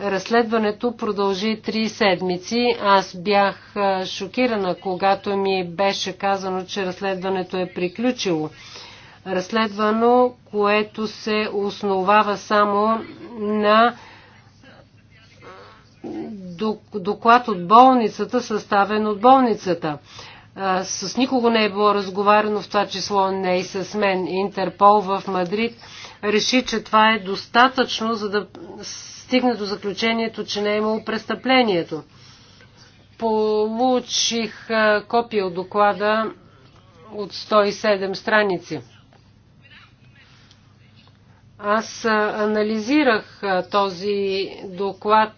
Разследването продължи три седмици. Аз бях шокирана, когато ми беше казано, че разследването е приключило. Разследвано, което се основава само на доклад от болницата, съставен от болницата. С никого не е било разговарено, в това число не и с мен. Интерпол в Мадрид реши, че това е достатъчно, за да стигне до заключението, че не е имало престъплението. Получих копия от доклада от 107 страници. Аз анализирах този доклад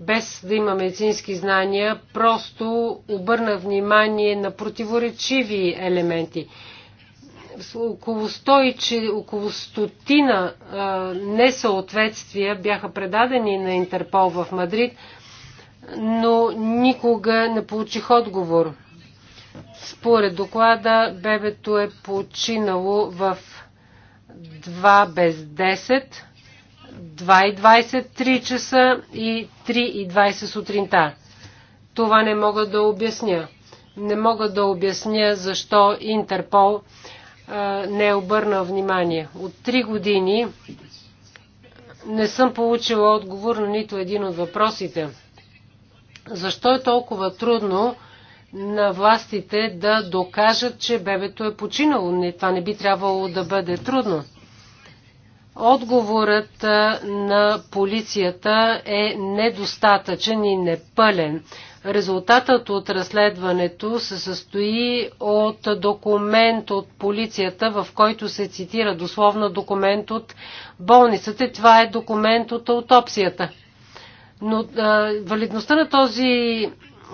без да има медицински знания, просто обърна внимание на противоречиви елементи около, 100, около стотина несъответствия бяха предадени на Интерпол в Мадрид, но никога не получих отговор. Според доклада, бебето е починало в 2 без 10, 2.20, часа и 3.20 сутринта. Това не мога да обясня. Не мога да обясня защо Интерпол не е обърнал внимание. От три години не съм получила отговор на нито един от въпросите. Защо е толкова трудно на властите да докажат, че бебето е починало? Това не би трябвало да бъде трудно. Отговорът на полицията е недостатъчен и непълен. Резултатът от разследването се състои от документ от полицията, в който се цитира дословно документ от болницата. Това е документ от аутопсията. Но а, валидността на този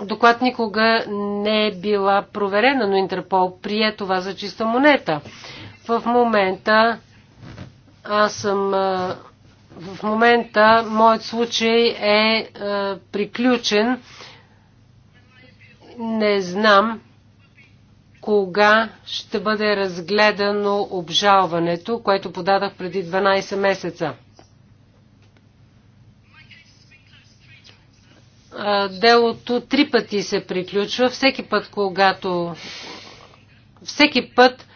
доклад никога не е била проверена, но Интерпол прие това за чиста монета. В момента аз съм. А, в момента моят случай е а, приключен не знам кога ще бъде разгледано обжалването, което подадах преди 12 месеца. Делото три пъти се приключва. Всеки път, когато... Всеки път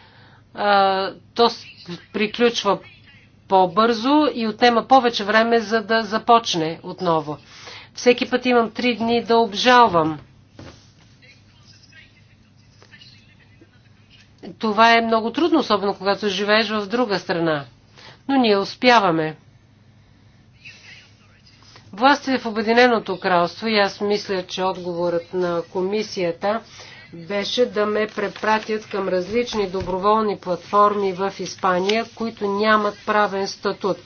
то приключва по-бързо и отнема повече време, за да започне отново. Всеки път имам три дни да обжалвам Това е много трудно, особено когато живееш в друга страна. Но ние успяваме. Властите в Обединеното кралство и аз мисля, че отговорът на комисията беше да ме препратят към различни доброволни платформи в Испания, които нямат правен статут.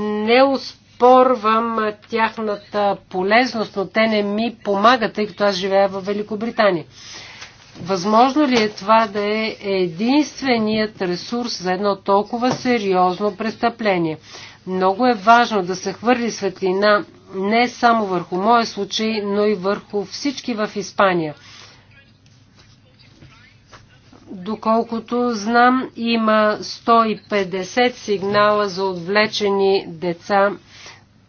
Не успорвам тяхната полезност, но те не ми помагат, тъй като аз живея в Великобритания. Възможно ли е това да е единственият ресурс за едно толкова сериозно престъпление? Много е важно да се хвърли светлина не само върху моя случай, но и върху всички в Испания. Доколкото знам, има 150 сигнала за отвлечени деца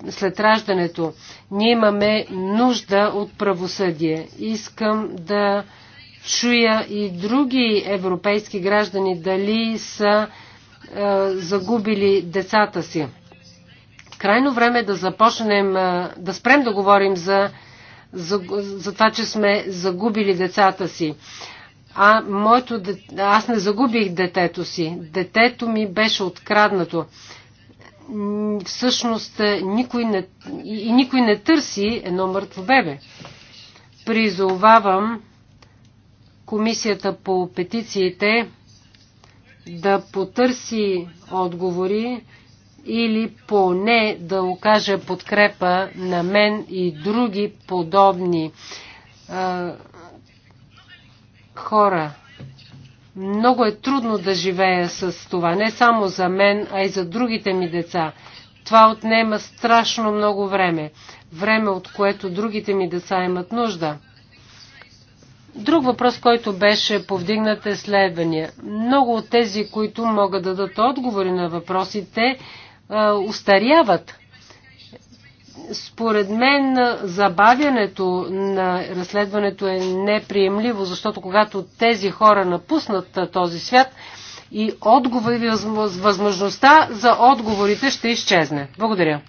след раждането. Ние имаме нужда от правосъдие. Искам да чуя и други европейски граждани дали са е, загубили децата си. Крайно време е да започнем, е, да спрем да говорим за, за, за това, че сме загубили децата си. А моето дете, аз не загубих детето си. Детето ми беше откраднато. Всъщност е, никой не, и никой не търси едно мъртво бебе. Призовавам Комисията по петициите да потърси отговори или поне да окаже подкрепа на мен и други подобни а, хора. Много е трудно да живея с това, не само за мен, а и за другите ми деца. Това отнема страшно много време. Време, от което другите ми деца имат нужда. Друг въпрос, който беше повдигнат е следвания. Много от тези, които могат да дадат отговори на въпросите, е, устаряват. Според мен забавянето на разследването е неприемливо, защото когато тези хора напуснат е, този свят и отговори, възможността за отговорите ще изчезне. Благодаря.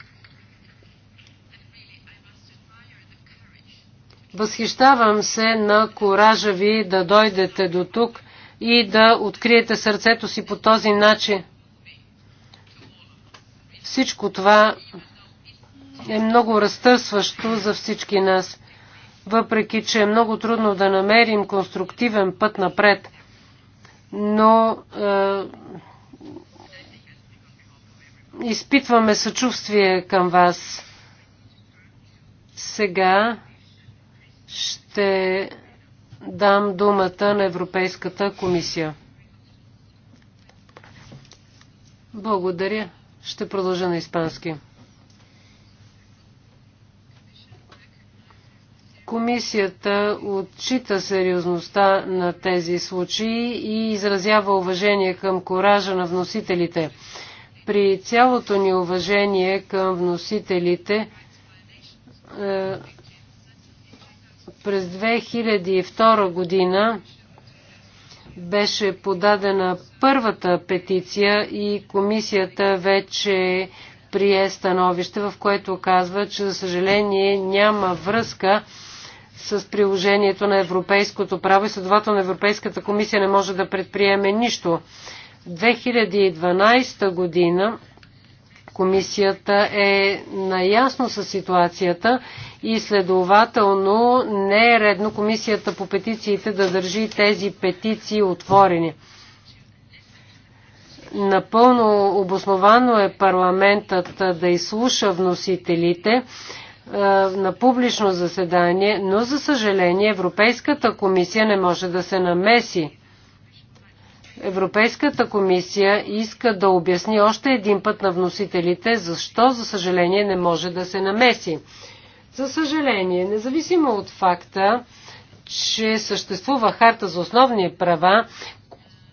Възхищавам се на коража ви да дойдете до тук и да откриете сърцето си по този начин. Всичко това е много разтърсващо за всички нас, въпреки че е много трудно да намерим конструктивен път напред. Но е, изпитваме съчувствие към вас. Сега ще дам думата на Европейската комисия. Благодаря. Ще продължа на испански. Комисията отчита сериозността на тези случаи и изразява уважение към коража на вносителите. При цялото ни уважение към вносителите, е, през 2002 година беше подадена първата петиция и комисията вече прие становище, в което казва, че за съжаление няма връзка с приложението на европейското право и следователно Европейската комисия не може да предприеме нищо. 2012 година комисията е наясно с ситуацията и следователно не е редно комисията по петициите да държи тези петиции отворени. Напълно обосновано е парламентът да изслуша вносителите е, на публично заседание, но за съжаление Европейската комисия не може да се намеси. Европейската комисия иска да обясни още един път на вносителите защо, за съжаление, не може да се намеси. За съжаление, независимо от факта, че съществува харта за основни права,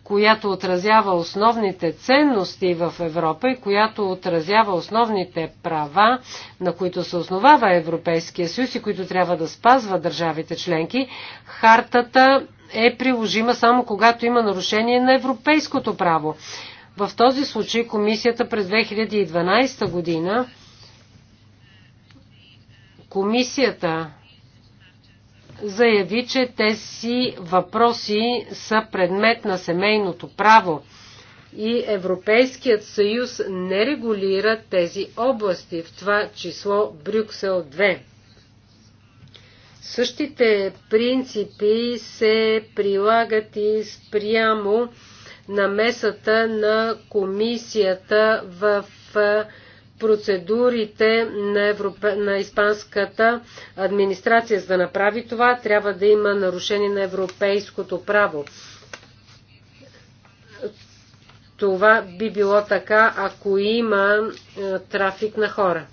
която отразява основните ценности в Европа и която отразява основните права, на които се основава Европейския съюз и които трябва да спазва държавите членки, хартата е приложима само когато има нарушение на европейското право. В този случай комисията през 2012 година Комисията заяви, че тези въпроси са предмет на семейното право и Европейският съюз не регулира тези области, в това число Брюксел 2. Същите принципи се прилагат и спрямо намесата на комисията в процедурите на, европе... на испанската администрация. За да направи това, трябва да има нарушение на европейското право. Това би било така, ако има е, трафик на хора.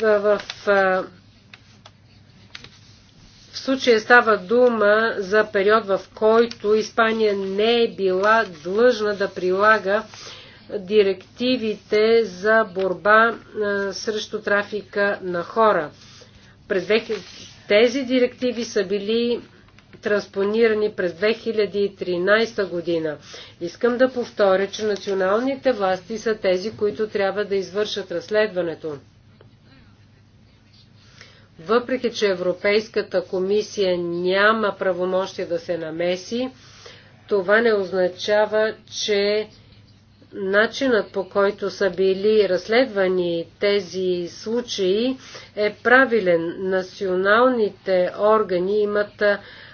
В, в, в, е, в случая става дума за период, в който Испания не е била длъжна да прилага директивите за борба срещу трафика на хора. През 2000... Тези директиви са били транспонирани през 2013 година. Искам да повторя, че националните власти са тези, които трябва да извършат разследването. Въпреки, че Европейската комисия няма правомощие да се намеси, това не означава, че начинът по който са били разследвани тези случаи е правилен. Националните органи имат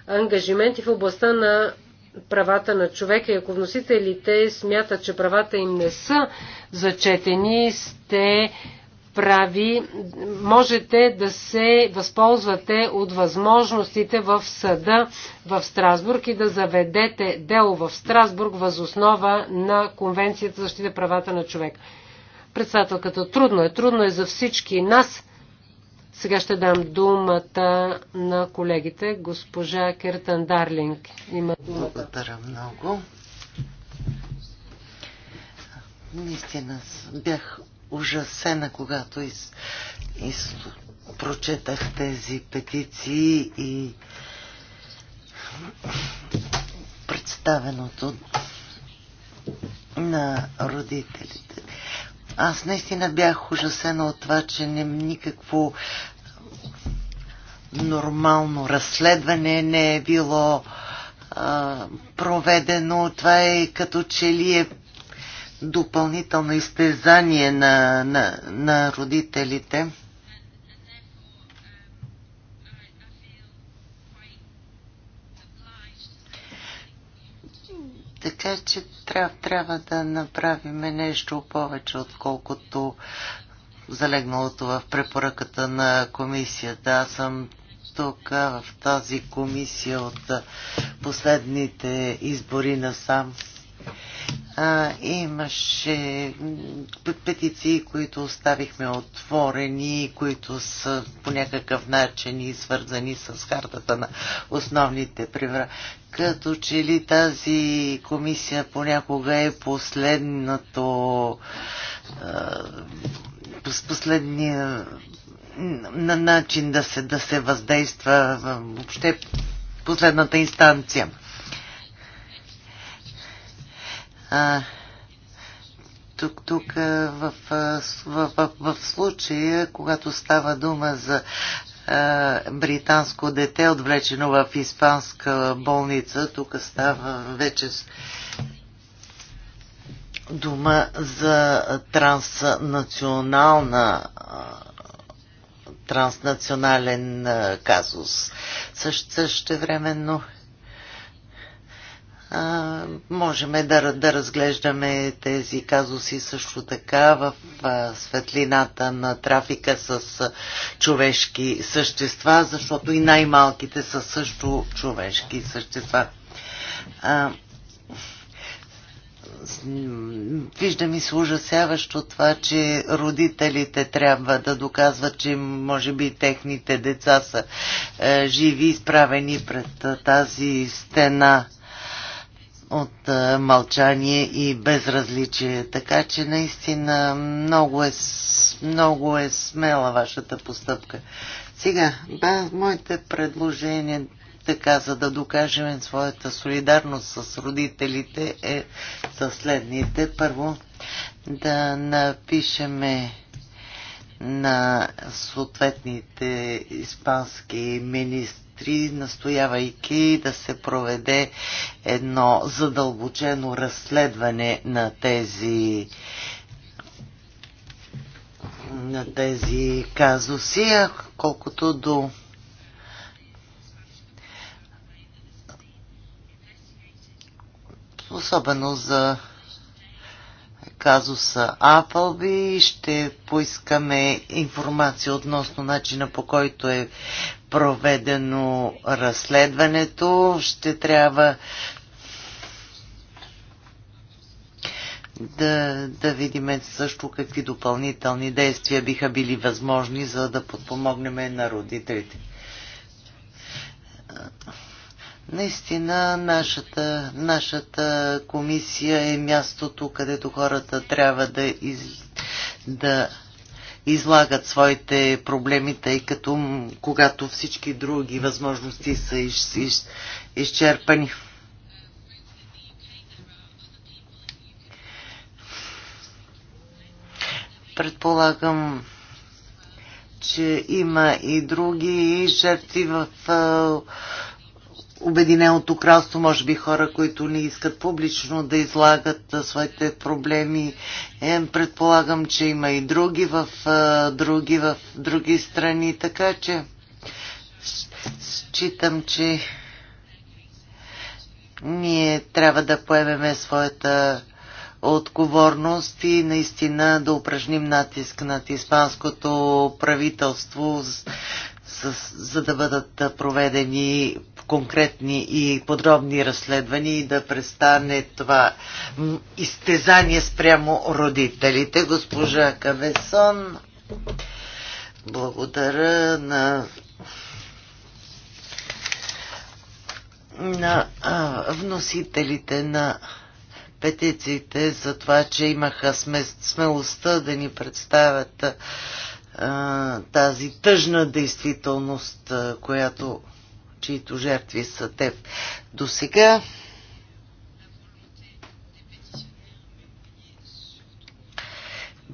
ангажименти в областта на правата на човека и ако вносителите смятат, че правата им не са зачетени, сте прави, можете да се възползвате от възможностите в съда в Страсбург и да заведете дело в Страсбург възоснова на Конвенцията за защита правата на човек. Председателката, трудно е, трудно е за всички нас. Сега ще дам думата на колегите. Госпожа Кертан Дарлинг има думата. Благодаря много. Наистина бях ужасена, когато из, из, прочетах тези петиции и представеното на родителите. Аз наистина бях ужасена от това, че не никакво нормално разследване не е било а, проведено. Това е като че ли е допълнително изтезание на, на, на родителите. Така че трябва, трябва да направим нещо повече, отколкото залегналото в препоръката на комисията. Аз съм тук в тази комисия от последните избори на сам а, имаше петиции, които оставихме отворени, които са по някакъв начин и свързани с хартата на основните превра. Като че ли тази комисия понякога е последното последния на начин да се, да се въздейства въобще последната инстанция. А, тук, тук в, в, в, в случая, когато става дума за а, британско дете, отвлечено в испанска болница, тук става вече дума за транснационална транснационален казус. Също, същевременно временно можем да, да разглеждаме тези казуси също така в а, светлината на трафика с а, човешки същества, защото и най-малките са също човешки същества. А, виждам и ужасяващо това, че родителите трябва да доказват, че може би техните деца са е, живи, изправени пред тази стена от мълчание и безразличие. Така че наистина много е, много е смела вашата постъпка. Сега, ба, моите предложения така, за да докажем своята солидарност с родителите е са следните. Първо, да напишеме на съответните испански министри сестри, настоявайки да се проведе едно задълбочено разследване на тези на тези казуси, колкото до особено за казуса Апълби. Ще поискаме информация относно начина по който е проведено разследването. Ще трябва да, да видим също какви допълнителни действия биха били възможни, за да подпомогнем на родителите. Наистина нашата, нашата комисия е мястото, където хората трябва да, из, да излагат своите проблеми, тъй като когато всички други възможности са из, из, изчерпани. Предполагам, че има и други жертви в Обединеното кралство, може би хора, които не искат публично да излагат своите проблеми. Е, предполагам, че има и други в, други в други страни, така че считам, че ние трябва да поемеме своята отговорност и наистина да упражним натиск над испанското правителство с, за да бъдат проведени конкретни и подробни разследвания и да престане това изтезание спрямо родителите. Госпожа Кавесон, благодаря на на а, вносителите на петициите за това, че имаха смелостта да ни представят тази тъжна действителност, която, чието жертви са теб. До сега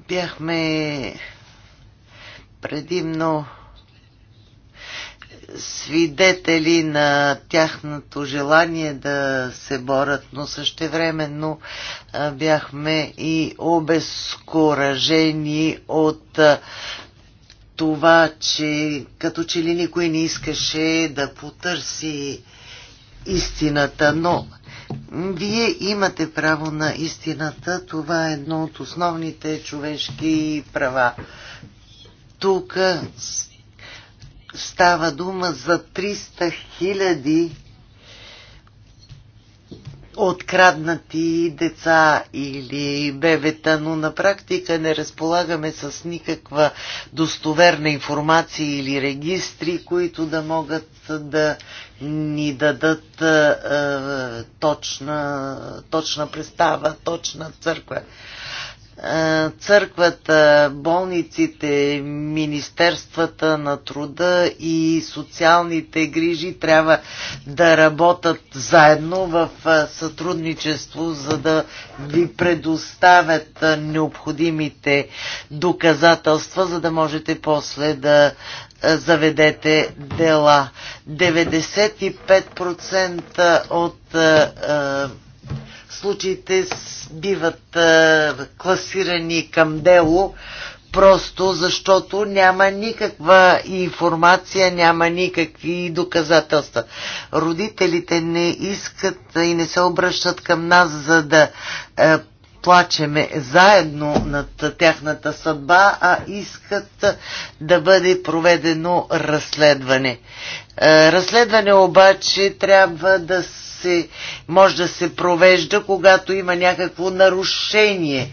бяхме предимно свидетели на тяхното желание да се борят, но същевременно бяхме и обезкуражени от това, че като че ли никой не искаше да потърси истината, но вие имате право на истината. Това е едно от основните човешки права. Тук става дума за 300 хиляди откраднати деца или бебета, но на практика не разполагаме с никаква достоверна информация или регистри, които да могат да ни дадат а, точна, точна представа, точна църква. Е, църквата, болниците, министерствата на труда и социалните грижи трябва да работят заедно в е, сътрудничество, за да ви предоставят е, необходимите доказателства, за да можете после да заведете дела. 95% от случаите биват класирани към дело, просто защото няма никаква информация, няма никакви доказателства. Родителите не искат и не се обръщат към нас, за да а, плачеме заедно над тяхната съдба, а искат да бъде проведено разследване. Разследване обаче трябва да се, може да се провежда, когато има някакво нарушение.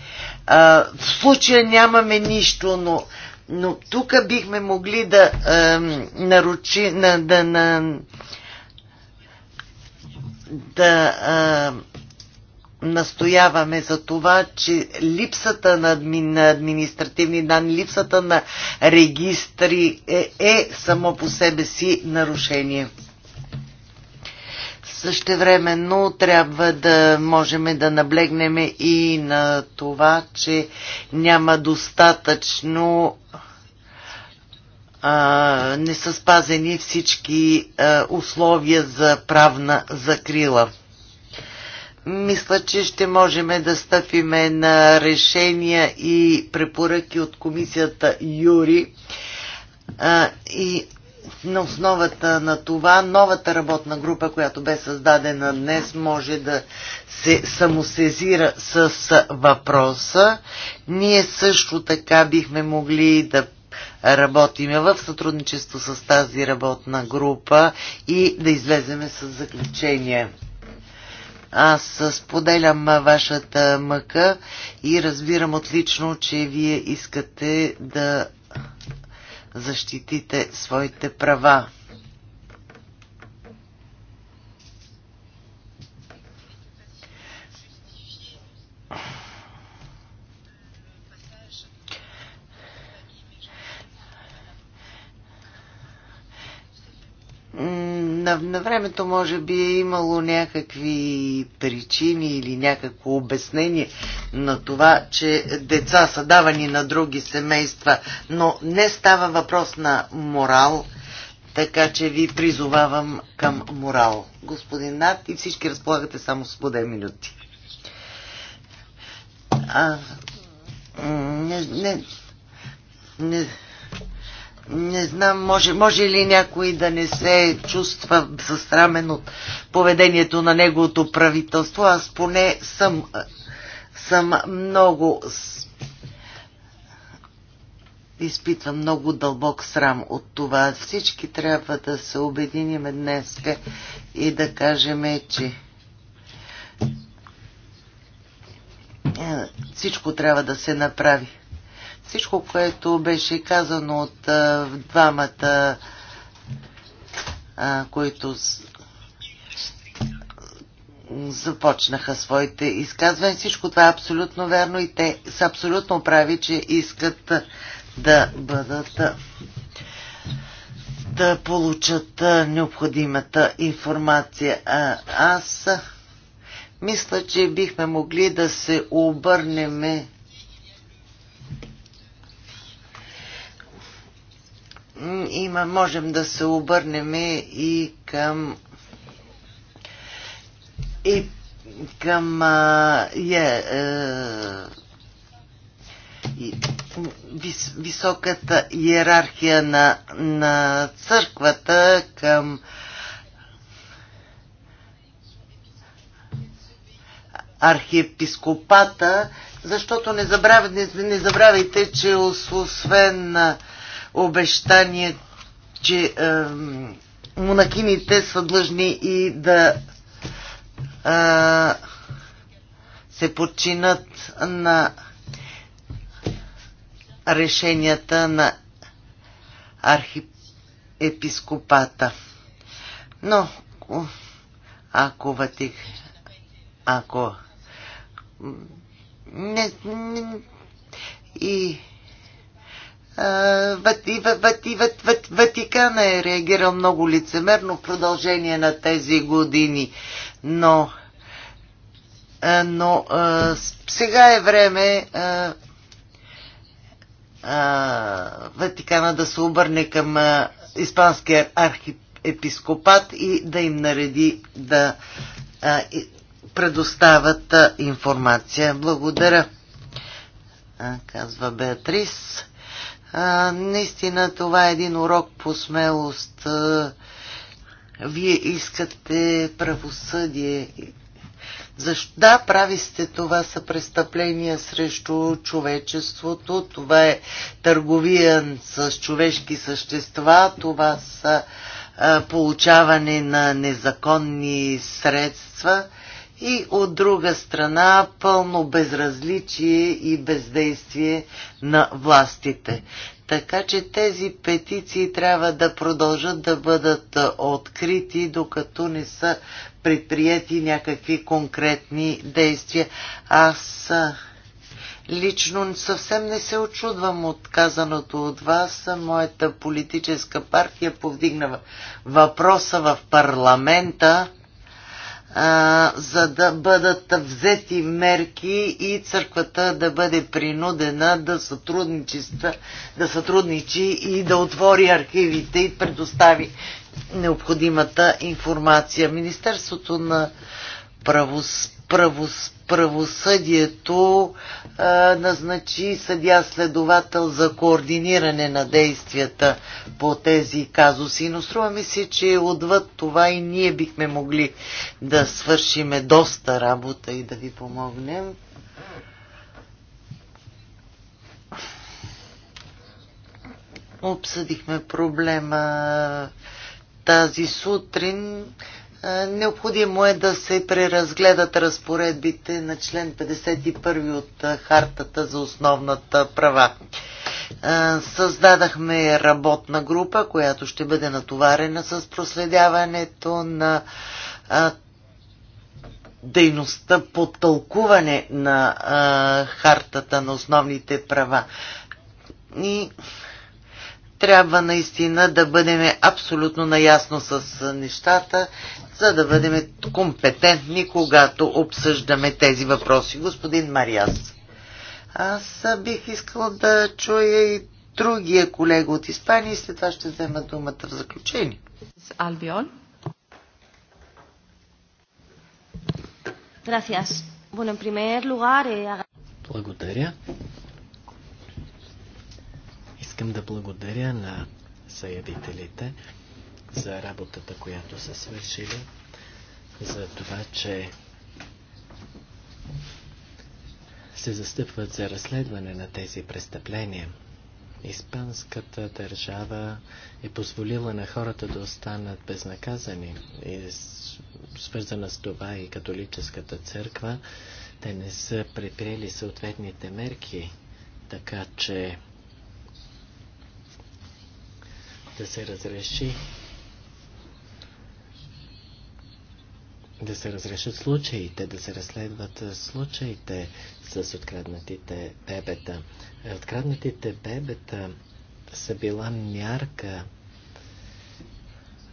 А, в случая нямаме нищо, но, но тук бихме могли да а, наручи, на, да, на, да а, настояваме за това, че липсата на, адми, на административни данни, липсата на регистри е, е само по себе си нарушение. Същевременно трябва да можем да наблегнем и на това, че няма достатъчно а, не са спазени всички а, условия за правна закрила. Мисля, че ще можем да стъпиме на решения и препоръки от комисията Юри а, и на основата на това новата работна група, която бе създадена днес, може да се самосезира с въпроса. Ние също така бихме могли да работиме в сътрудничество с тази работна група и да излеземе с заключение. Аз споделям вашата мъка и разбирам отлично, че вие искате да защитите своите права. на, на времето може би е имало някакви причини или някакво обяснение на това, че деца са давани на други семейства, но не става въпрос на морал, така че ви призовавам към морал. Господин Нат и всички разполагате само с по 2 минути. А, не, не, не не знам, може, може ли някой да не се чувства застрамен от поведението на неговото правителство. Аз поне съм, съм много... Изпитвам много дълбок срам от това. Всички трябва да се обединим днес и да кажем, че е, всичко трябва да се направи. Всичко, което беше казано от двамата, които започнаха своите изказвания. Всичко това е абсолютно вярно и те са абсолютно прави, че искат да бъдат да получат необходимата информация. А аз мисля, че бихме могли да се обърнем има, можем да се обърнем и към и към а, е, е, вис, високата иерархия на, на църквата, към архиепископата, защото не, забравяйте, не, не забравяйте че освен обещание, че а, монахините са длъжни и да а, се подчинат на решенията на архиепископата. Но ако Ватик, ако не, не, и Ватикан е реагирал много лицемерно в продължение на тези години, но, но сега е време Ватикана да се обърне към испанския архиепископат и да им нареди да предоставят информация. Благодаря, казва Беатрис. А, наистина това е един урок по смелост. А, вие искате правосъдие. Защо? Да, прави сте, това са престъпления срещу човечеството, това е търговия с човешки същества, това са а, получаване на незаконни средства – и от друга страна пълно безразличие и бездействие на властите. Така че тези петиции трябва да продължат да бъдат открити, докато не са предприяти някакви конкретни действия. Аз лично съвсем не се очудвам от казаното от вас. Моята политическа партия повдигна въпроса в парламента за да бъдат взети мерки и църквата да бъде принудена да, да сътрудничи и да отвори архивите и предостави необходимата информация. Министерството на правосъдието правос, правосъдието а, назначи съдя-следовател за координиране на действията по тези казуси. Но струва ми се, че отвъд това и ние бихме могли да свършиме доста работа и да ви помогнем. Обсъдихме проблема тази сутрин. Е, необходимо е да се преразгледат разпоредбите на член 51 от е, Хартата за основната права. Е, създадахме работна група, която ще бъде натоварена с проследяването на дейността по тълкуване на хартата на основните права. И трябва наистина да бъдем абсолютно наясно с нещата, за да бъдем компетентни, когато обсъждаме тези въпроси. Господин Мариас, аз бих искал да чуя и другия колега от Испания и след това ще взема думата в заключение. Албион. Eh, Благодаря. Искам да благодаря на заявителите за работата, която са свършили, за това, че се застъпват за разследване на тези престъпления. Испанската държава е позволила на хората да останат безнаказани. И свързана с това и католическата църква, те не са предприели съответните мерки, така че да се разреши да се разрешат случаите, да се разследват случаите с откраднатите бебета. Откраднатите бебета са била мярка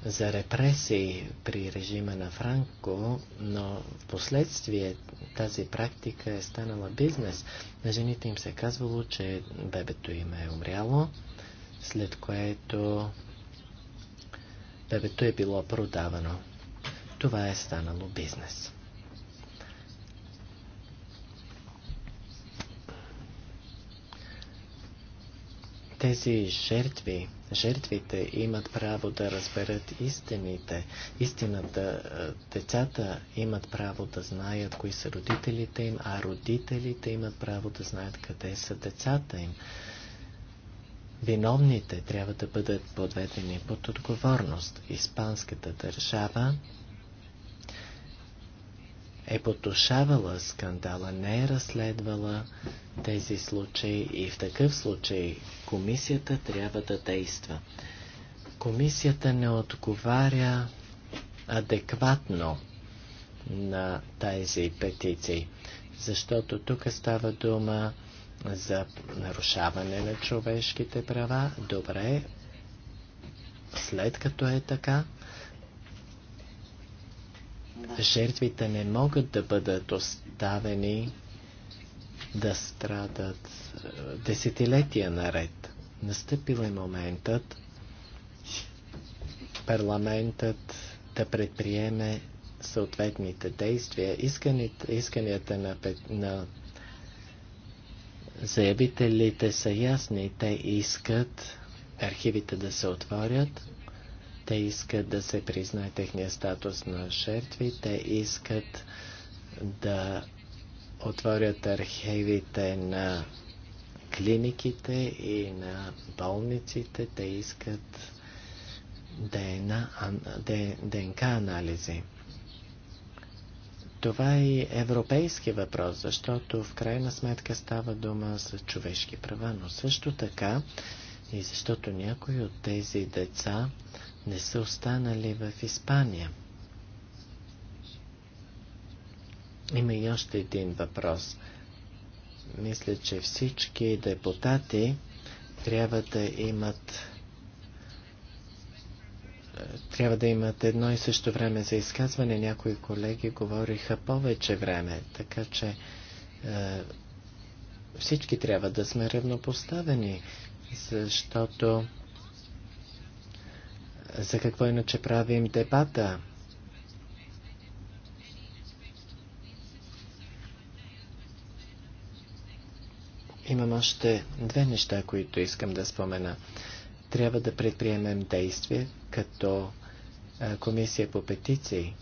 за репресии при режима на Франко, но в последствие тази практика е станала бизнес. На жените им се е казвало, че бебето им е умряло след което бебето е било продавано. Това е станало бизнес. Тези жертви, жертвите имат право да разберат истините, истината. Децата имат право да знаят кои са родителите им, а родителите имат право да знаят къде са децата им виновните трябва да бъдат подведени под отговорност. Испанската държава е потушавала скандала, не е разследвала тези случаи и в такъв случай комисията трябва да действа. Комисията не отговаря адекватно на тези петиции, защото тук става дума за нарушаване на човешките права. Добре, след като е така, жертвите не могат да бъдат оставени да страдат е, десетилетия наред. Настъпил е моментът парламентът да предприеме съответните действия. Исканията, на Заявителите са ясни. Те искат архивите да се отворят. Те искат да се признае техния статус на жертви. Те искат да отворят архивите на клиниките и на болниците. Те искат ДНК анализи. Това е европейски въпрос, защото в крайна сметка става дума за човешки права, но също така и защото някои от тези деца не са останали в Испания. Има и още един въпрос. Мисля, че всички депутати трябва да имат трябва да имат едно и също време за изказване. Някои колеги говориха повече време, така че е, всички трябва да сме равнопоставени, защото за какво иначе правим дебата? Имам още две неща, които искам да спомена. Трябва да предприемем действия като комисия по петиции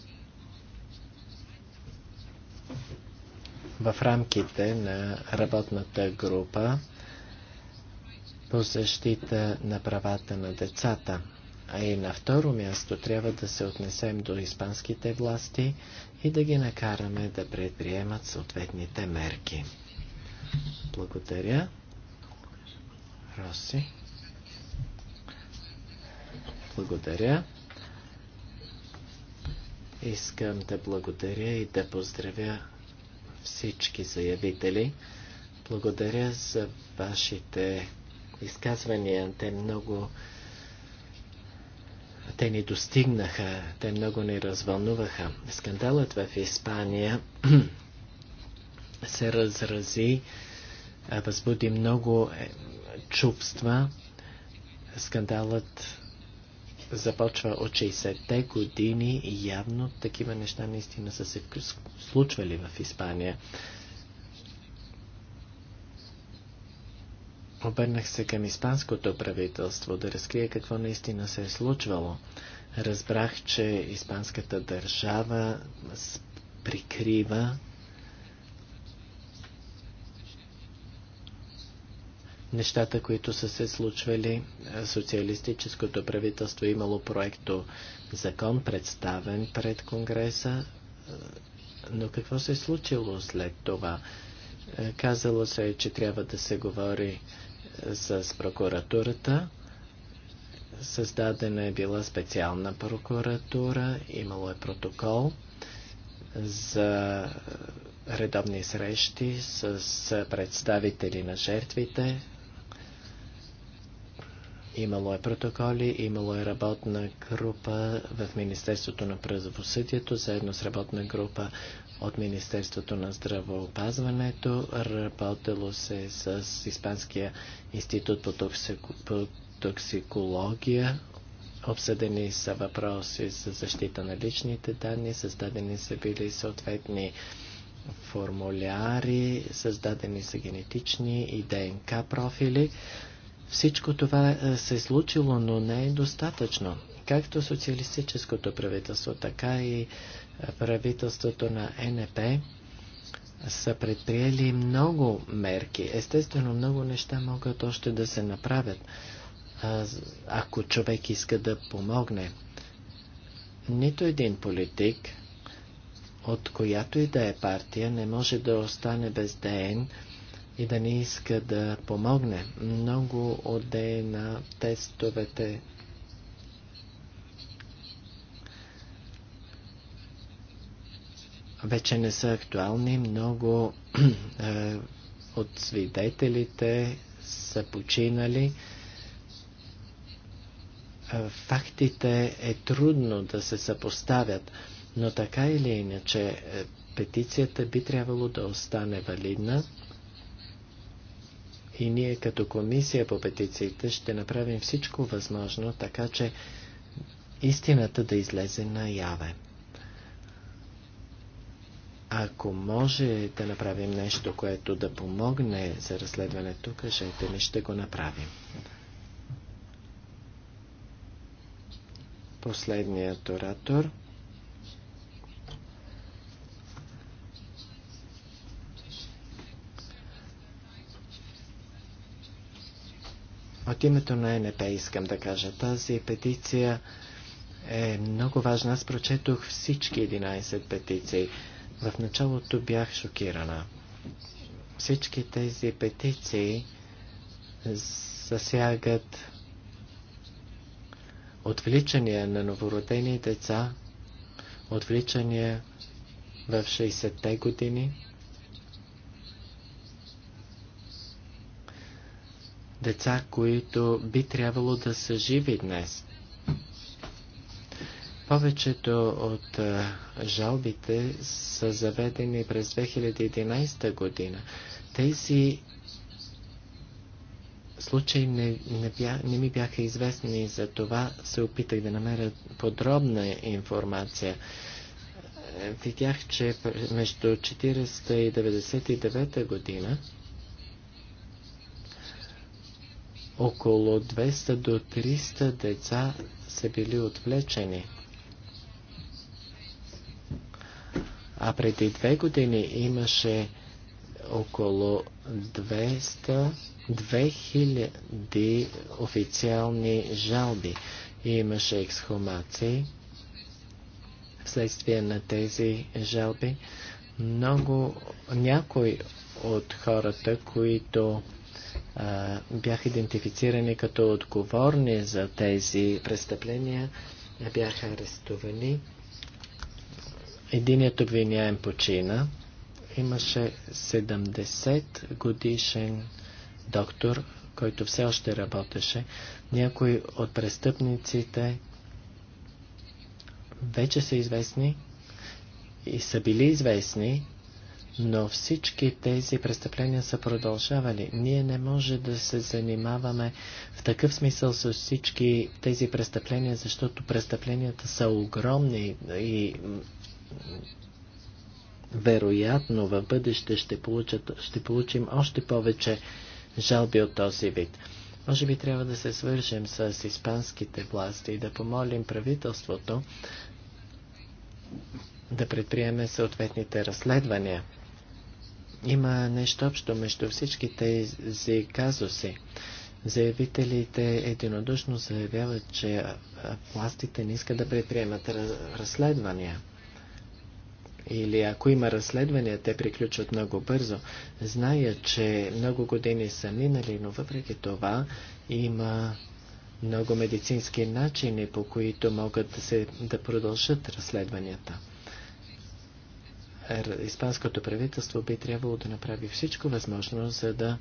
в рамките на работната група по защита на правата на децата. А и на второ място трябва да се отнесем до испанските власти и да ги накараме да предприемат съответните мерки. Благодаря. Роси. Благодаря. Искам да благодаря и да поздравя всички заявители. Благодаря за вашите изказвания. Те много те ни достигнаха, те много ни развълнуваха. Скандалът в Испания се разрази, възбуди много е, чувства. Скандалът започва от 60-те години и явно такива неща наистина са се случвали в Испания. Обърнах се към испанското правителство да разкрия какво наистина се е случвало. Разбрах, че испанската държава прикрива нещата, които са се случвали. Е, социалистическото правителство е имало проекто закон, представен пред Конгреса, е, но какво се е случило след това? Е, казало се, че трябва да се говори с прокуратурата. Създадена е била специална прокуратура, имало е протокол за редовни срещи с представители на жертвите, Имало е протоколи, имало е работна група в Министерството на правосъдието, заедно с работна група от Министерството на здравоопазването. Работело се с Испанския институт по, токсик... по токсикология. Обсъдени са въпроси за защита на личните данни, създадени са били съответни формуляри, създадени са генетични и ДНК профили. Всичко това е, се е случило, но не е достатъчно. Както социалистическото правителство, така и е, правителството на НП са предприели много мерки. Естествено, много неща могат още да се направят, ако човек иска да помогне. Нито един политик, от която и да е партия, не може да остане без ДН и да не иска да помогне. Много отдее на тестовете вече не са актуални. Много е, от свидетелите са починали. Е, фактите е трудно да се съпоставят, но така или иначе е, петицията би трябвало да остане валидна и ние като комисия по петициите ще направим всичко възможно, така че истината да излезе наяве. Ако може да направим нещо, което да помогне за разследването, кажете ми, ще го направим. Последният оратор – От името на НП искам да кажа, тази петиция е много важна. Аз прочетох всички 11 петиции. В началото бях шокирана. Всички тези петиции засягат отвличания на новородени деца, отвличания в 60-те години. деца, които би трябвало да са живи днес. Повечето от жалбите са заведени през 2011 година. Тези случаи не, не, бя, не ми бяха известни, за това се опитах да намеря подробна информация. Е, видях, че между 40 и 99 година около 200 до 300 деца са били отвлечени. А преди две години имаше около 200 2000 официални жалби. И имаше ексхумации вследствие на тези жалби. Много някои от хората, които бяха идентифицирани като отговорни за тези престъпления, бяха арестувани. Единият обвиняем почина. Имаше 70 годишен доктор, който все още работеше. Някои от престъпниците вече са известни и са били известни но всички тези престъпления са продължавали. Ние не може да се занимаваме в такъв смисъл с всички тези престъпления, защото престъпленията са огромни и вероятно в бъдеще ще, получат, ще получим още повече жалби от този вид. Може би трябва да се свържем с испанските власти и да помолим правителството да предприеме съответните разследвания. Има нещо общо между всички тези казуси. Заявителите единодушно заявяват, че властите не искат да предприемат разследвания. Или ако има разследвания, те приключват много бързо. Зная, че много години са минали, но въпреки това има много медицински начини, по които могат да, се, да продължат разследванията испанското правителство би трябвало да направи всичко възможно, за да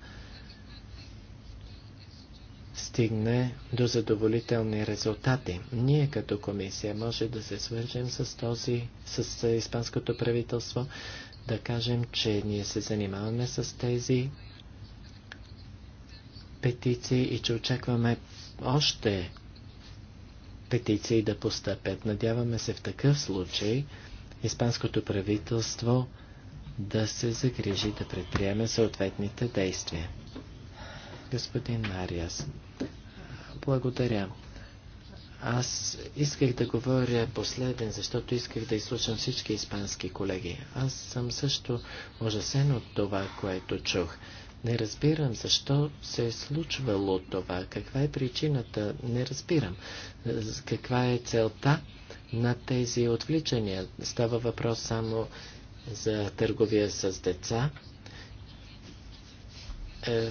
стигне до задоволителни резултати. Ние като комисия може да се свържем с този, с испанското правителство, да кажем, че ние се занимаваме с тези петиции и че очакваме още петиции да постъпят. Надяваме се в такъв случай испанското правителство да се загрижи да предприеме съответните действия. Господин Мариас, благодаря. Аз исках да говоря последен, защото исках да изслушам всички испански колеги. Аз съм също ужасен от това, което чух. Не разбирам защо се е случвало това, каква е причината, не разбирам. Каква е целта на тези отвличания. Става въпрос само за търговия с деца. Е,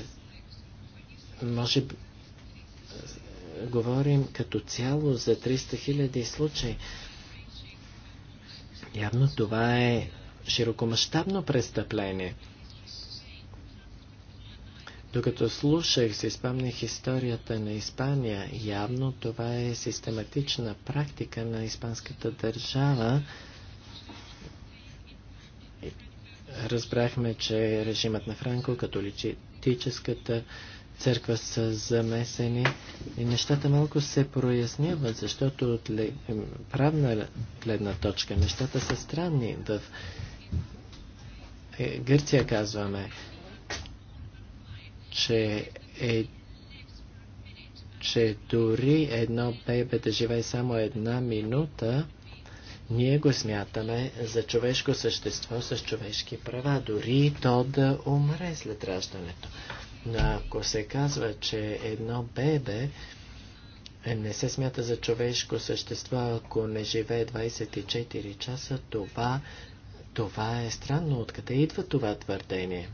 може би е, говорим като цяло за 300 хиляди случаи. Явно това е широкомащабно престъпление. Докато слушах, си спомних историята на Испания. Явно това е систематична практика на испанската държава. Разбрахме, че режимът на Франко, католическата църква са замесени и нещата малко се проясняват, защото от правна гледна точка нещата са странни. В е, Гърция казваме, че е че дори едно бебе да живее само една минута, ние го смятаме за човешко същество с човешки права, дори то да умре след раждането. Но ако се казва, че едно бебе не се смята за човешко същество, ако не живее 24 часа, това, това е странно. Откъде идва това твърдение?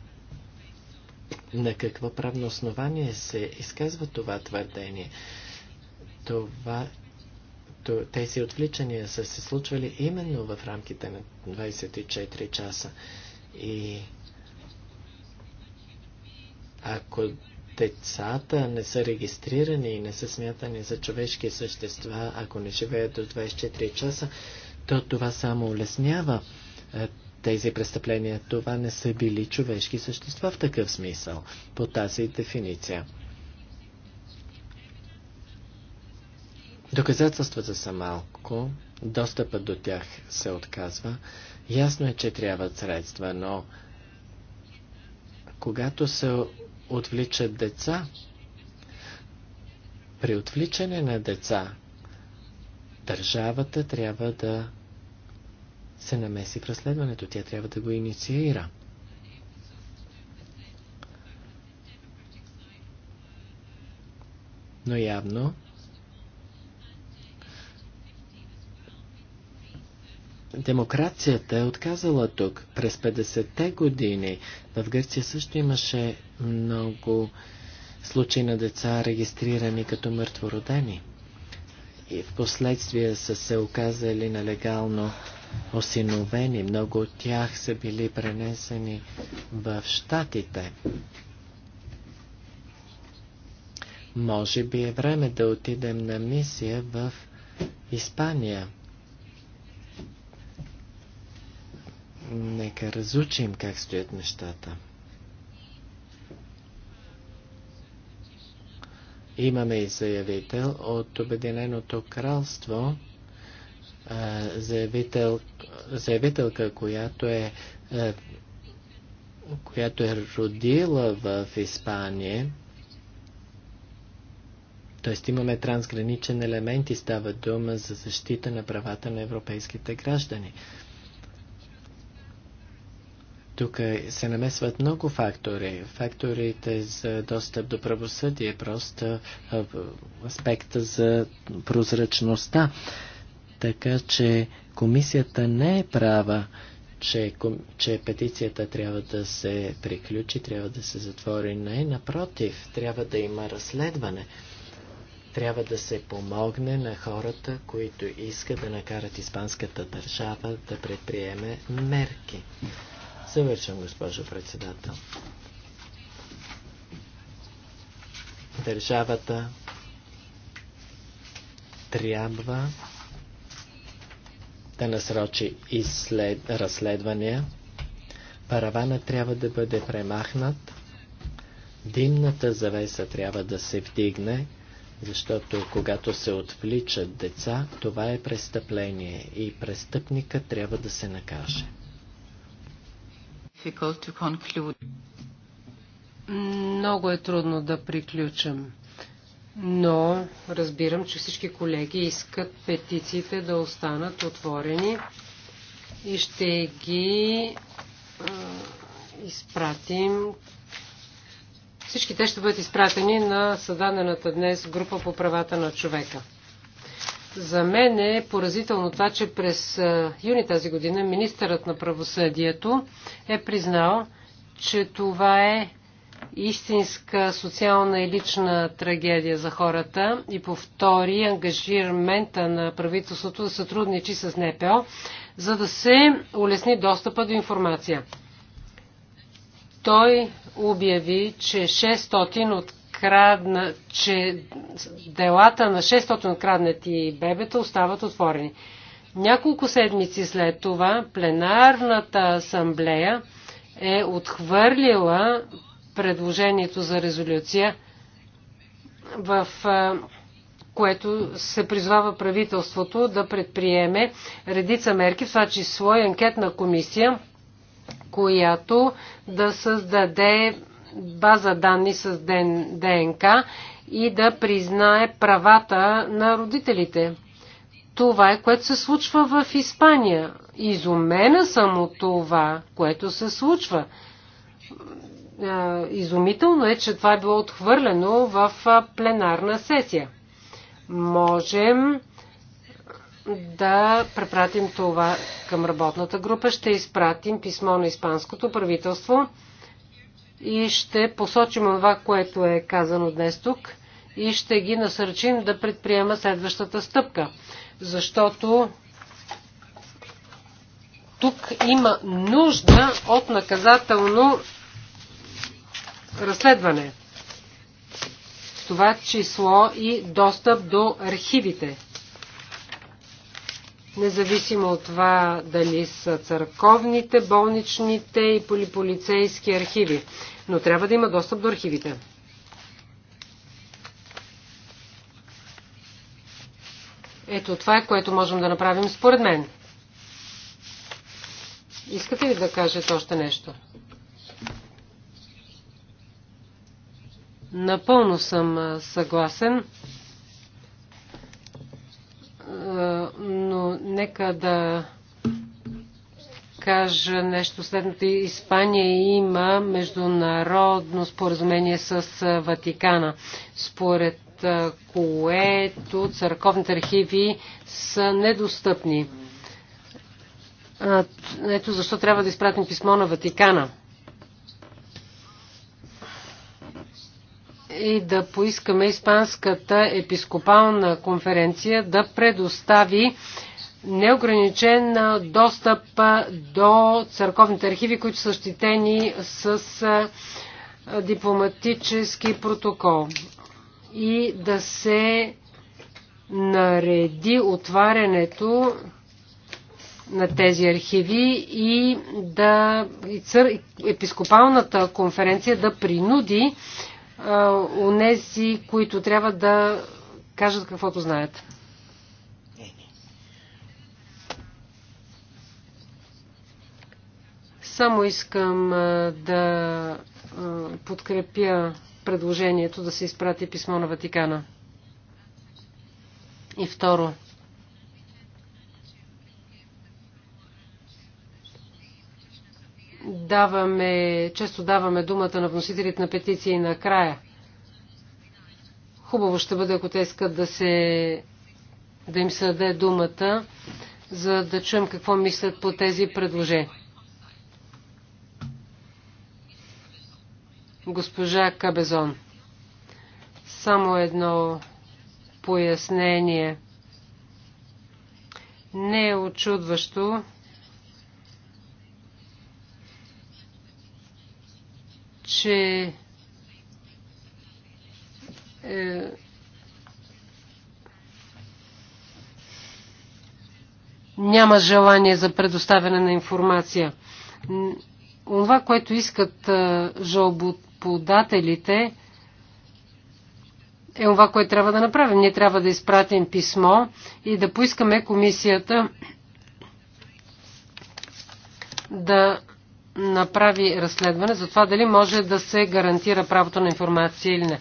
на какво правно основание се изказва това твърдение. Това, то, тези отвличания са се случвали именно в рамките на 24 часа. И ако децата не са регистрирани и не са смятани за човешки същества, ако не живеят до 24 часа, то това само улеснява тези престъпления. Това не са били човешки същества в такъв смисъл, по тази дефиниция. Доказателствата са малко, достъпът до тях се отказва. Ясно е, че трябват средства, но когато се отвличат деца, при отвличане на деца, държавата трябва да се намеси в разследването. Тя трябва да го инициира. Но явно демокрацията е отказала тук. През 50-те години в Гърция също имаше много случаи на деца, регистрирани като мъртвородени. И в последствие са се оказали нелегално осиновени. Много от тях са били пренесени в Штатите. Може би е време да отидем на мисия в Испания. Нека разучим как стоят нещата. Имаме и заявител от Обединеното кралство, заявител, заявителка, която е, която е родила в Испания, т.е. имаме трансграничен елемент и става дума за защита на правата на европейските граждани. Тук се намесват много фактори. Факторите за достъп до правосъдие, просто аспекта за прозрачността. Така че комисията не е права, че, че петицията трябва да се приключи, трябва да се затвори. Не, напротив, трябва да има разследване. Трябва да се помогне на хората, които искат да накарат испанската държава да предприеме мерки. Съвършвам, госпожо председател. Държавата трябва да насрочи изслед... разследвания. Паравана трябва да бъде премахнат. Димната завеса трябва да се вдигне, защото когато се отвличат деца, това е престъпление и престъпника трябва да се накаже. Много е трудно да приключим но разбирам, че всички колеги искат петициите да останат отворени и ще ги а, изпратим. Всички те ще бъдат изпратени на създадената днес група по правата на човека. За мен е поразително това, че през юни тази година министърът на правосъдието е признал, че това е истинска социална и лична трагедия за хората и повтори ангажирамента ангажирмента на правителството да сътрудничи с НПО, за да се улесни достъпа до информация. Той обяви, че 600 от крадна, че делата на 600 откраднати бебета остават отворени. Няколко седмици след това пленарната асамблея е отхвърлила предложението за резолюция, в което се призвава правителството да предприеме редица мерки, в това число и анкетна комисия, която да създаде база данни с ДНК и да признае правата на родителите. Това е което се случва в Испания. Изумена съм от това, което се случва. Е, изумително е, че това е било отхвърлено в пленарна сесия. Можем да препратим това към работната група. Ще изпратим писмо на Испанското правителство и ще посочим това, което е казано днес тук и ще ги насърчим да предприема следващата стъпка. Защото тук има нужда от наказателно разследване. това число и достъп до архивите. Независимо от това дали са църковните, болничните и полицейски архиви. Но трябва да има достъп до архивите. Ето това е, което можем да направим според мен. Искате ли да кажете още нещо? Напълно съм съгласен, но нека да кажа нещо следното. Испания има международно споразумение с Ватикана, според което църковните архиви са недостъпни. Ето защо трябва да изпратим писмо на Ватикана – и да поискаме Испанската епископална конференция да предостави неограничен достъп до църковните архиви, които са щитени с дипломатически протокол и да се нареди отварянето на тези архиви и да и епископалната конференция да принуди Онези, които трябва да кажат каквото знаят. Само искам да подкрепя предложението да се изпрати писмо на Ватикана. И второ, даваме, често даваме думата на вносителите на петиции накрая. Хубаво ще бъде, ако те искат да, се, да им се даде думата, за да чуем какво мислят по тези предложения. Госпожа Кабезон, само едно пояснение. Не е очудващо, че е, няма желание за предоставяне на информация. Това, което искат е, жалбоподателите, е това, което трябва да направим. Ние трябва да изпратим писмо и да поискаме комисията да направи разследване за това дали може да се гарантира правото на информация или не.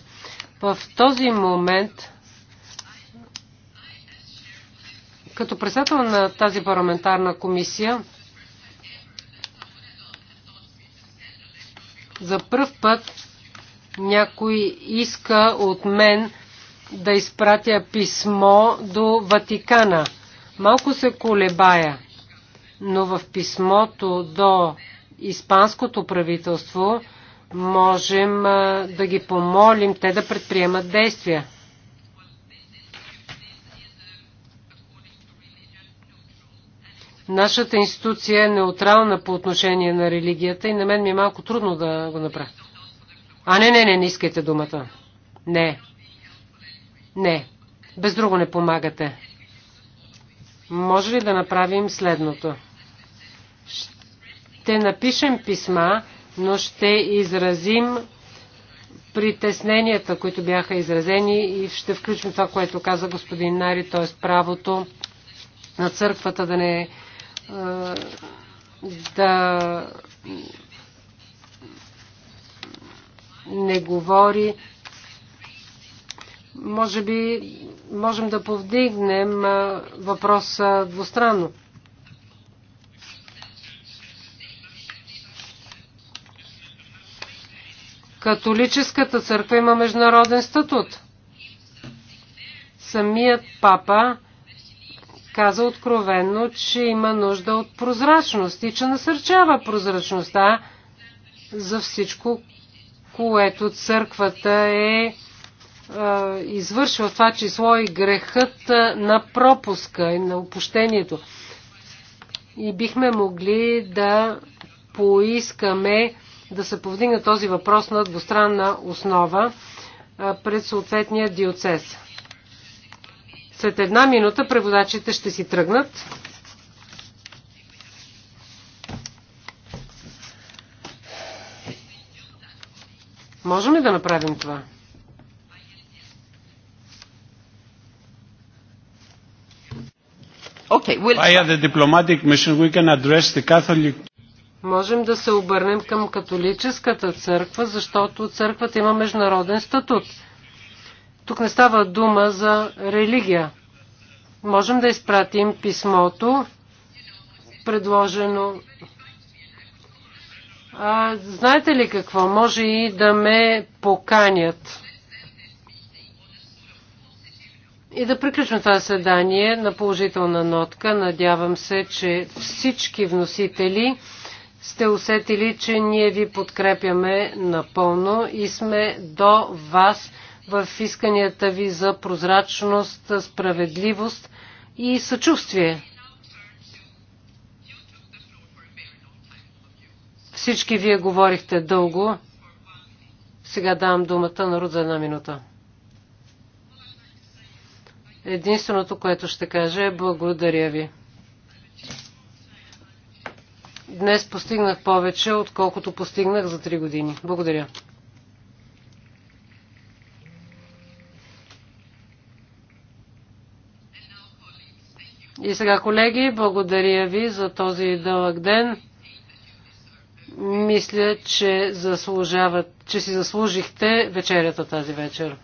В този момент, като председател на тази парламентарна комисия, за първ път някой иска от мен да изпратя писмо до Ватикана. Малко се колебая, но в писмото до испанското правителство, можем да ги помолим те да предприемат действия. Нашата институция е неутрална по отношение на религията и на мен ми е малко трудно да го направя. А, не, не, не, не искайте думата. Не. Не. Без друго не помагате. Може ли да направим следното? Ще напишем писма, но ще изразим притесненията, които бяха изразени и ще включим това, което каза господин Нари, т.е. правото на църквата да не да не говори. Може би можем да повдигнем въпроса двустранно. Католическата църква има международен статут. Самият папа каза откровенно, че има нужда от прозрачност и че насърчава прозрачността за всичко, което църквата е, е извършва, това число и грехът е, на пропуска и на опущението. И бихме могли да поискаме да се повдигне този въпрос на двустранна основа пред съответния диоцес. След една минута преводачите ще си тръгнат. Можем ли да направим това? Okay, we'll... Via the diplomatic mission we can address the Catholic Можем да се обърнем към католическата църква, защото църквата има международен статут. Тук не става дума за религия. Можем да изпратим писмото, предложено. А, знаете ли какво? Може и да ме поканят. И да приключим това седание на положителна нотка. Надявам се, че всички вносители сте усетили, че ние ви подкрепяме напълно и сме до вас в исканията ви за прозрачност, справедливост и съчувствие. Всички вие говорихте дълго. Сега давам думата на Руд за една минута. Единственото, което ще кажа е благодаря ви. Днес постигнах повече, отколкото постигнах за 3 години. Благодаря. И сега, колеги, благодаря ви за този дълъг ден. Мисля, че, заслужават, че си заслужихте вечерята тази вечер.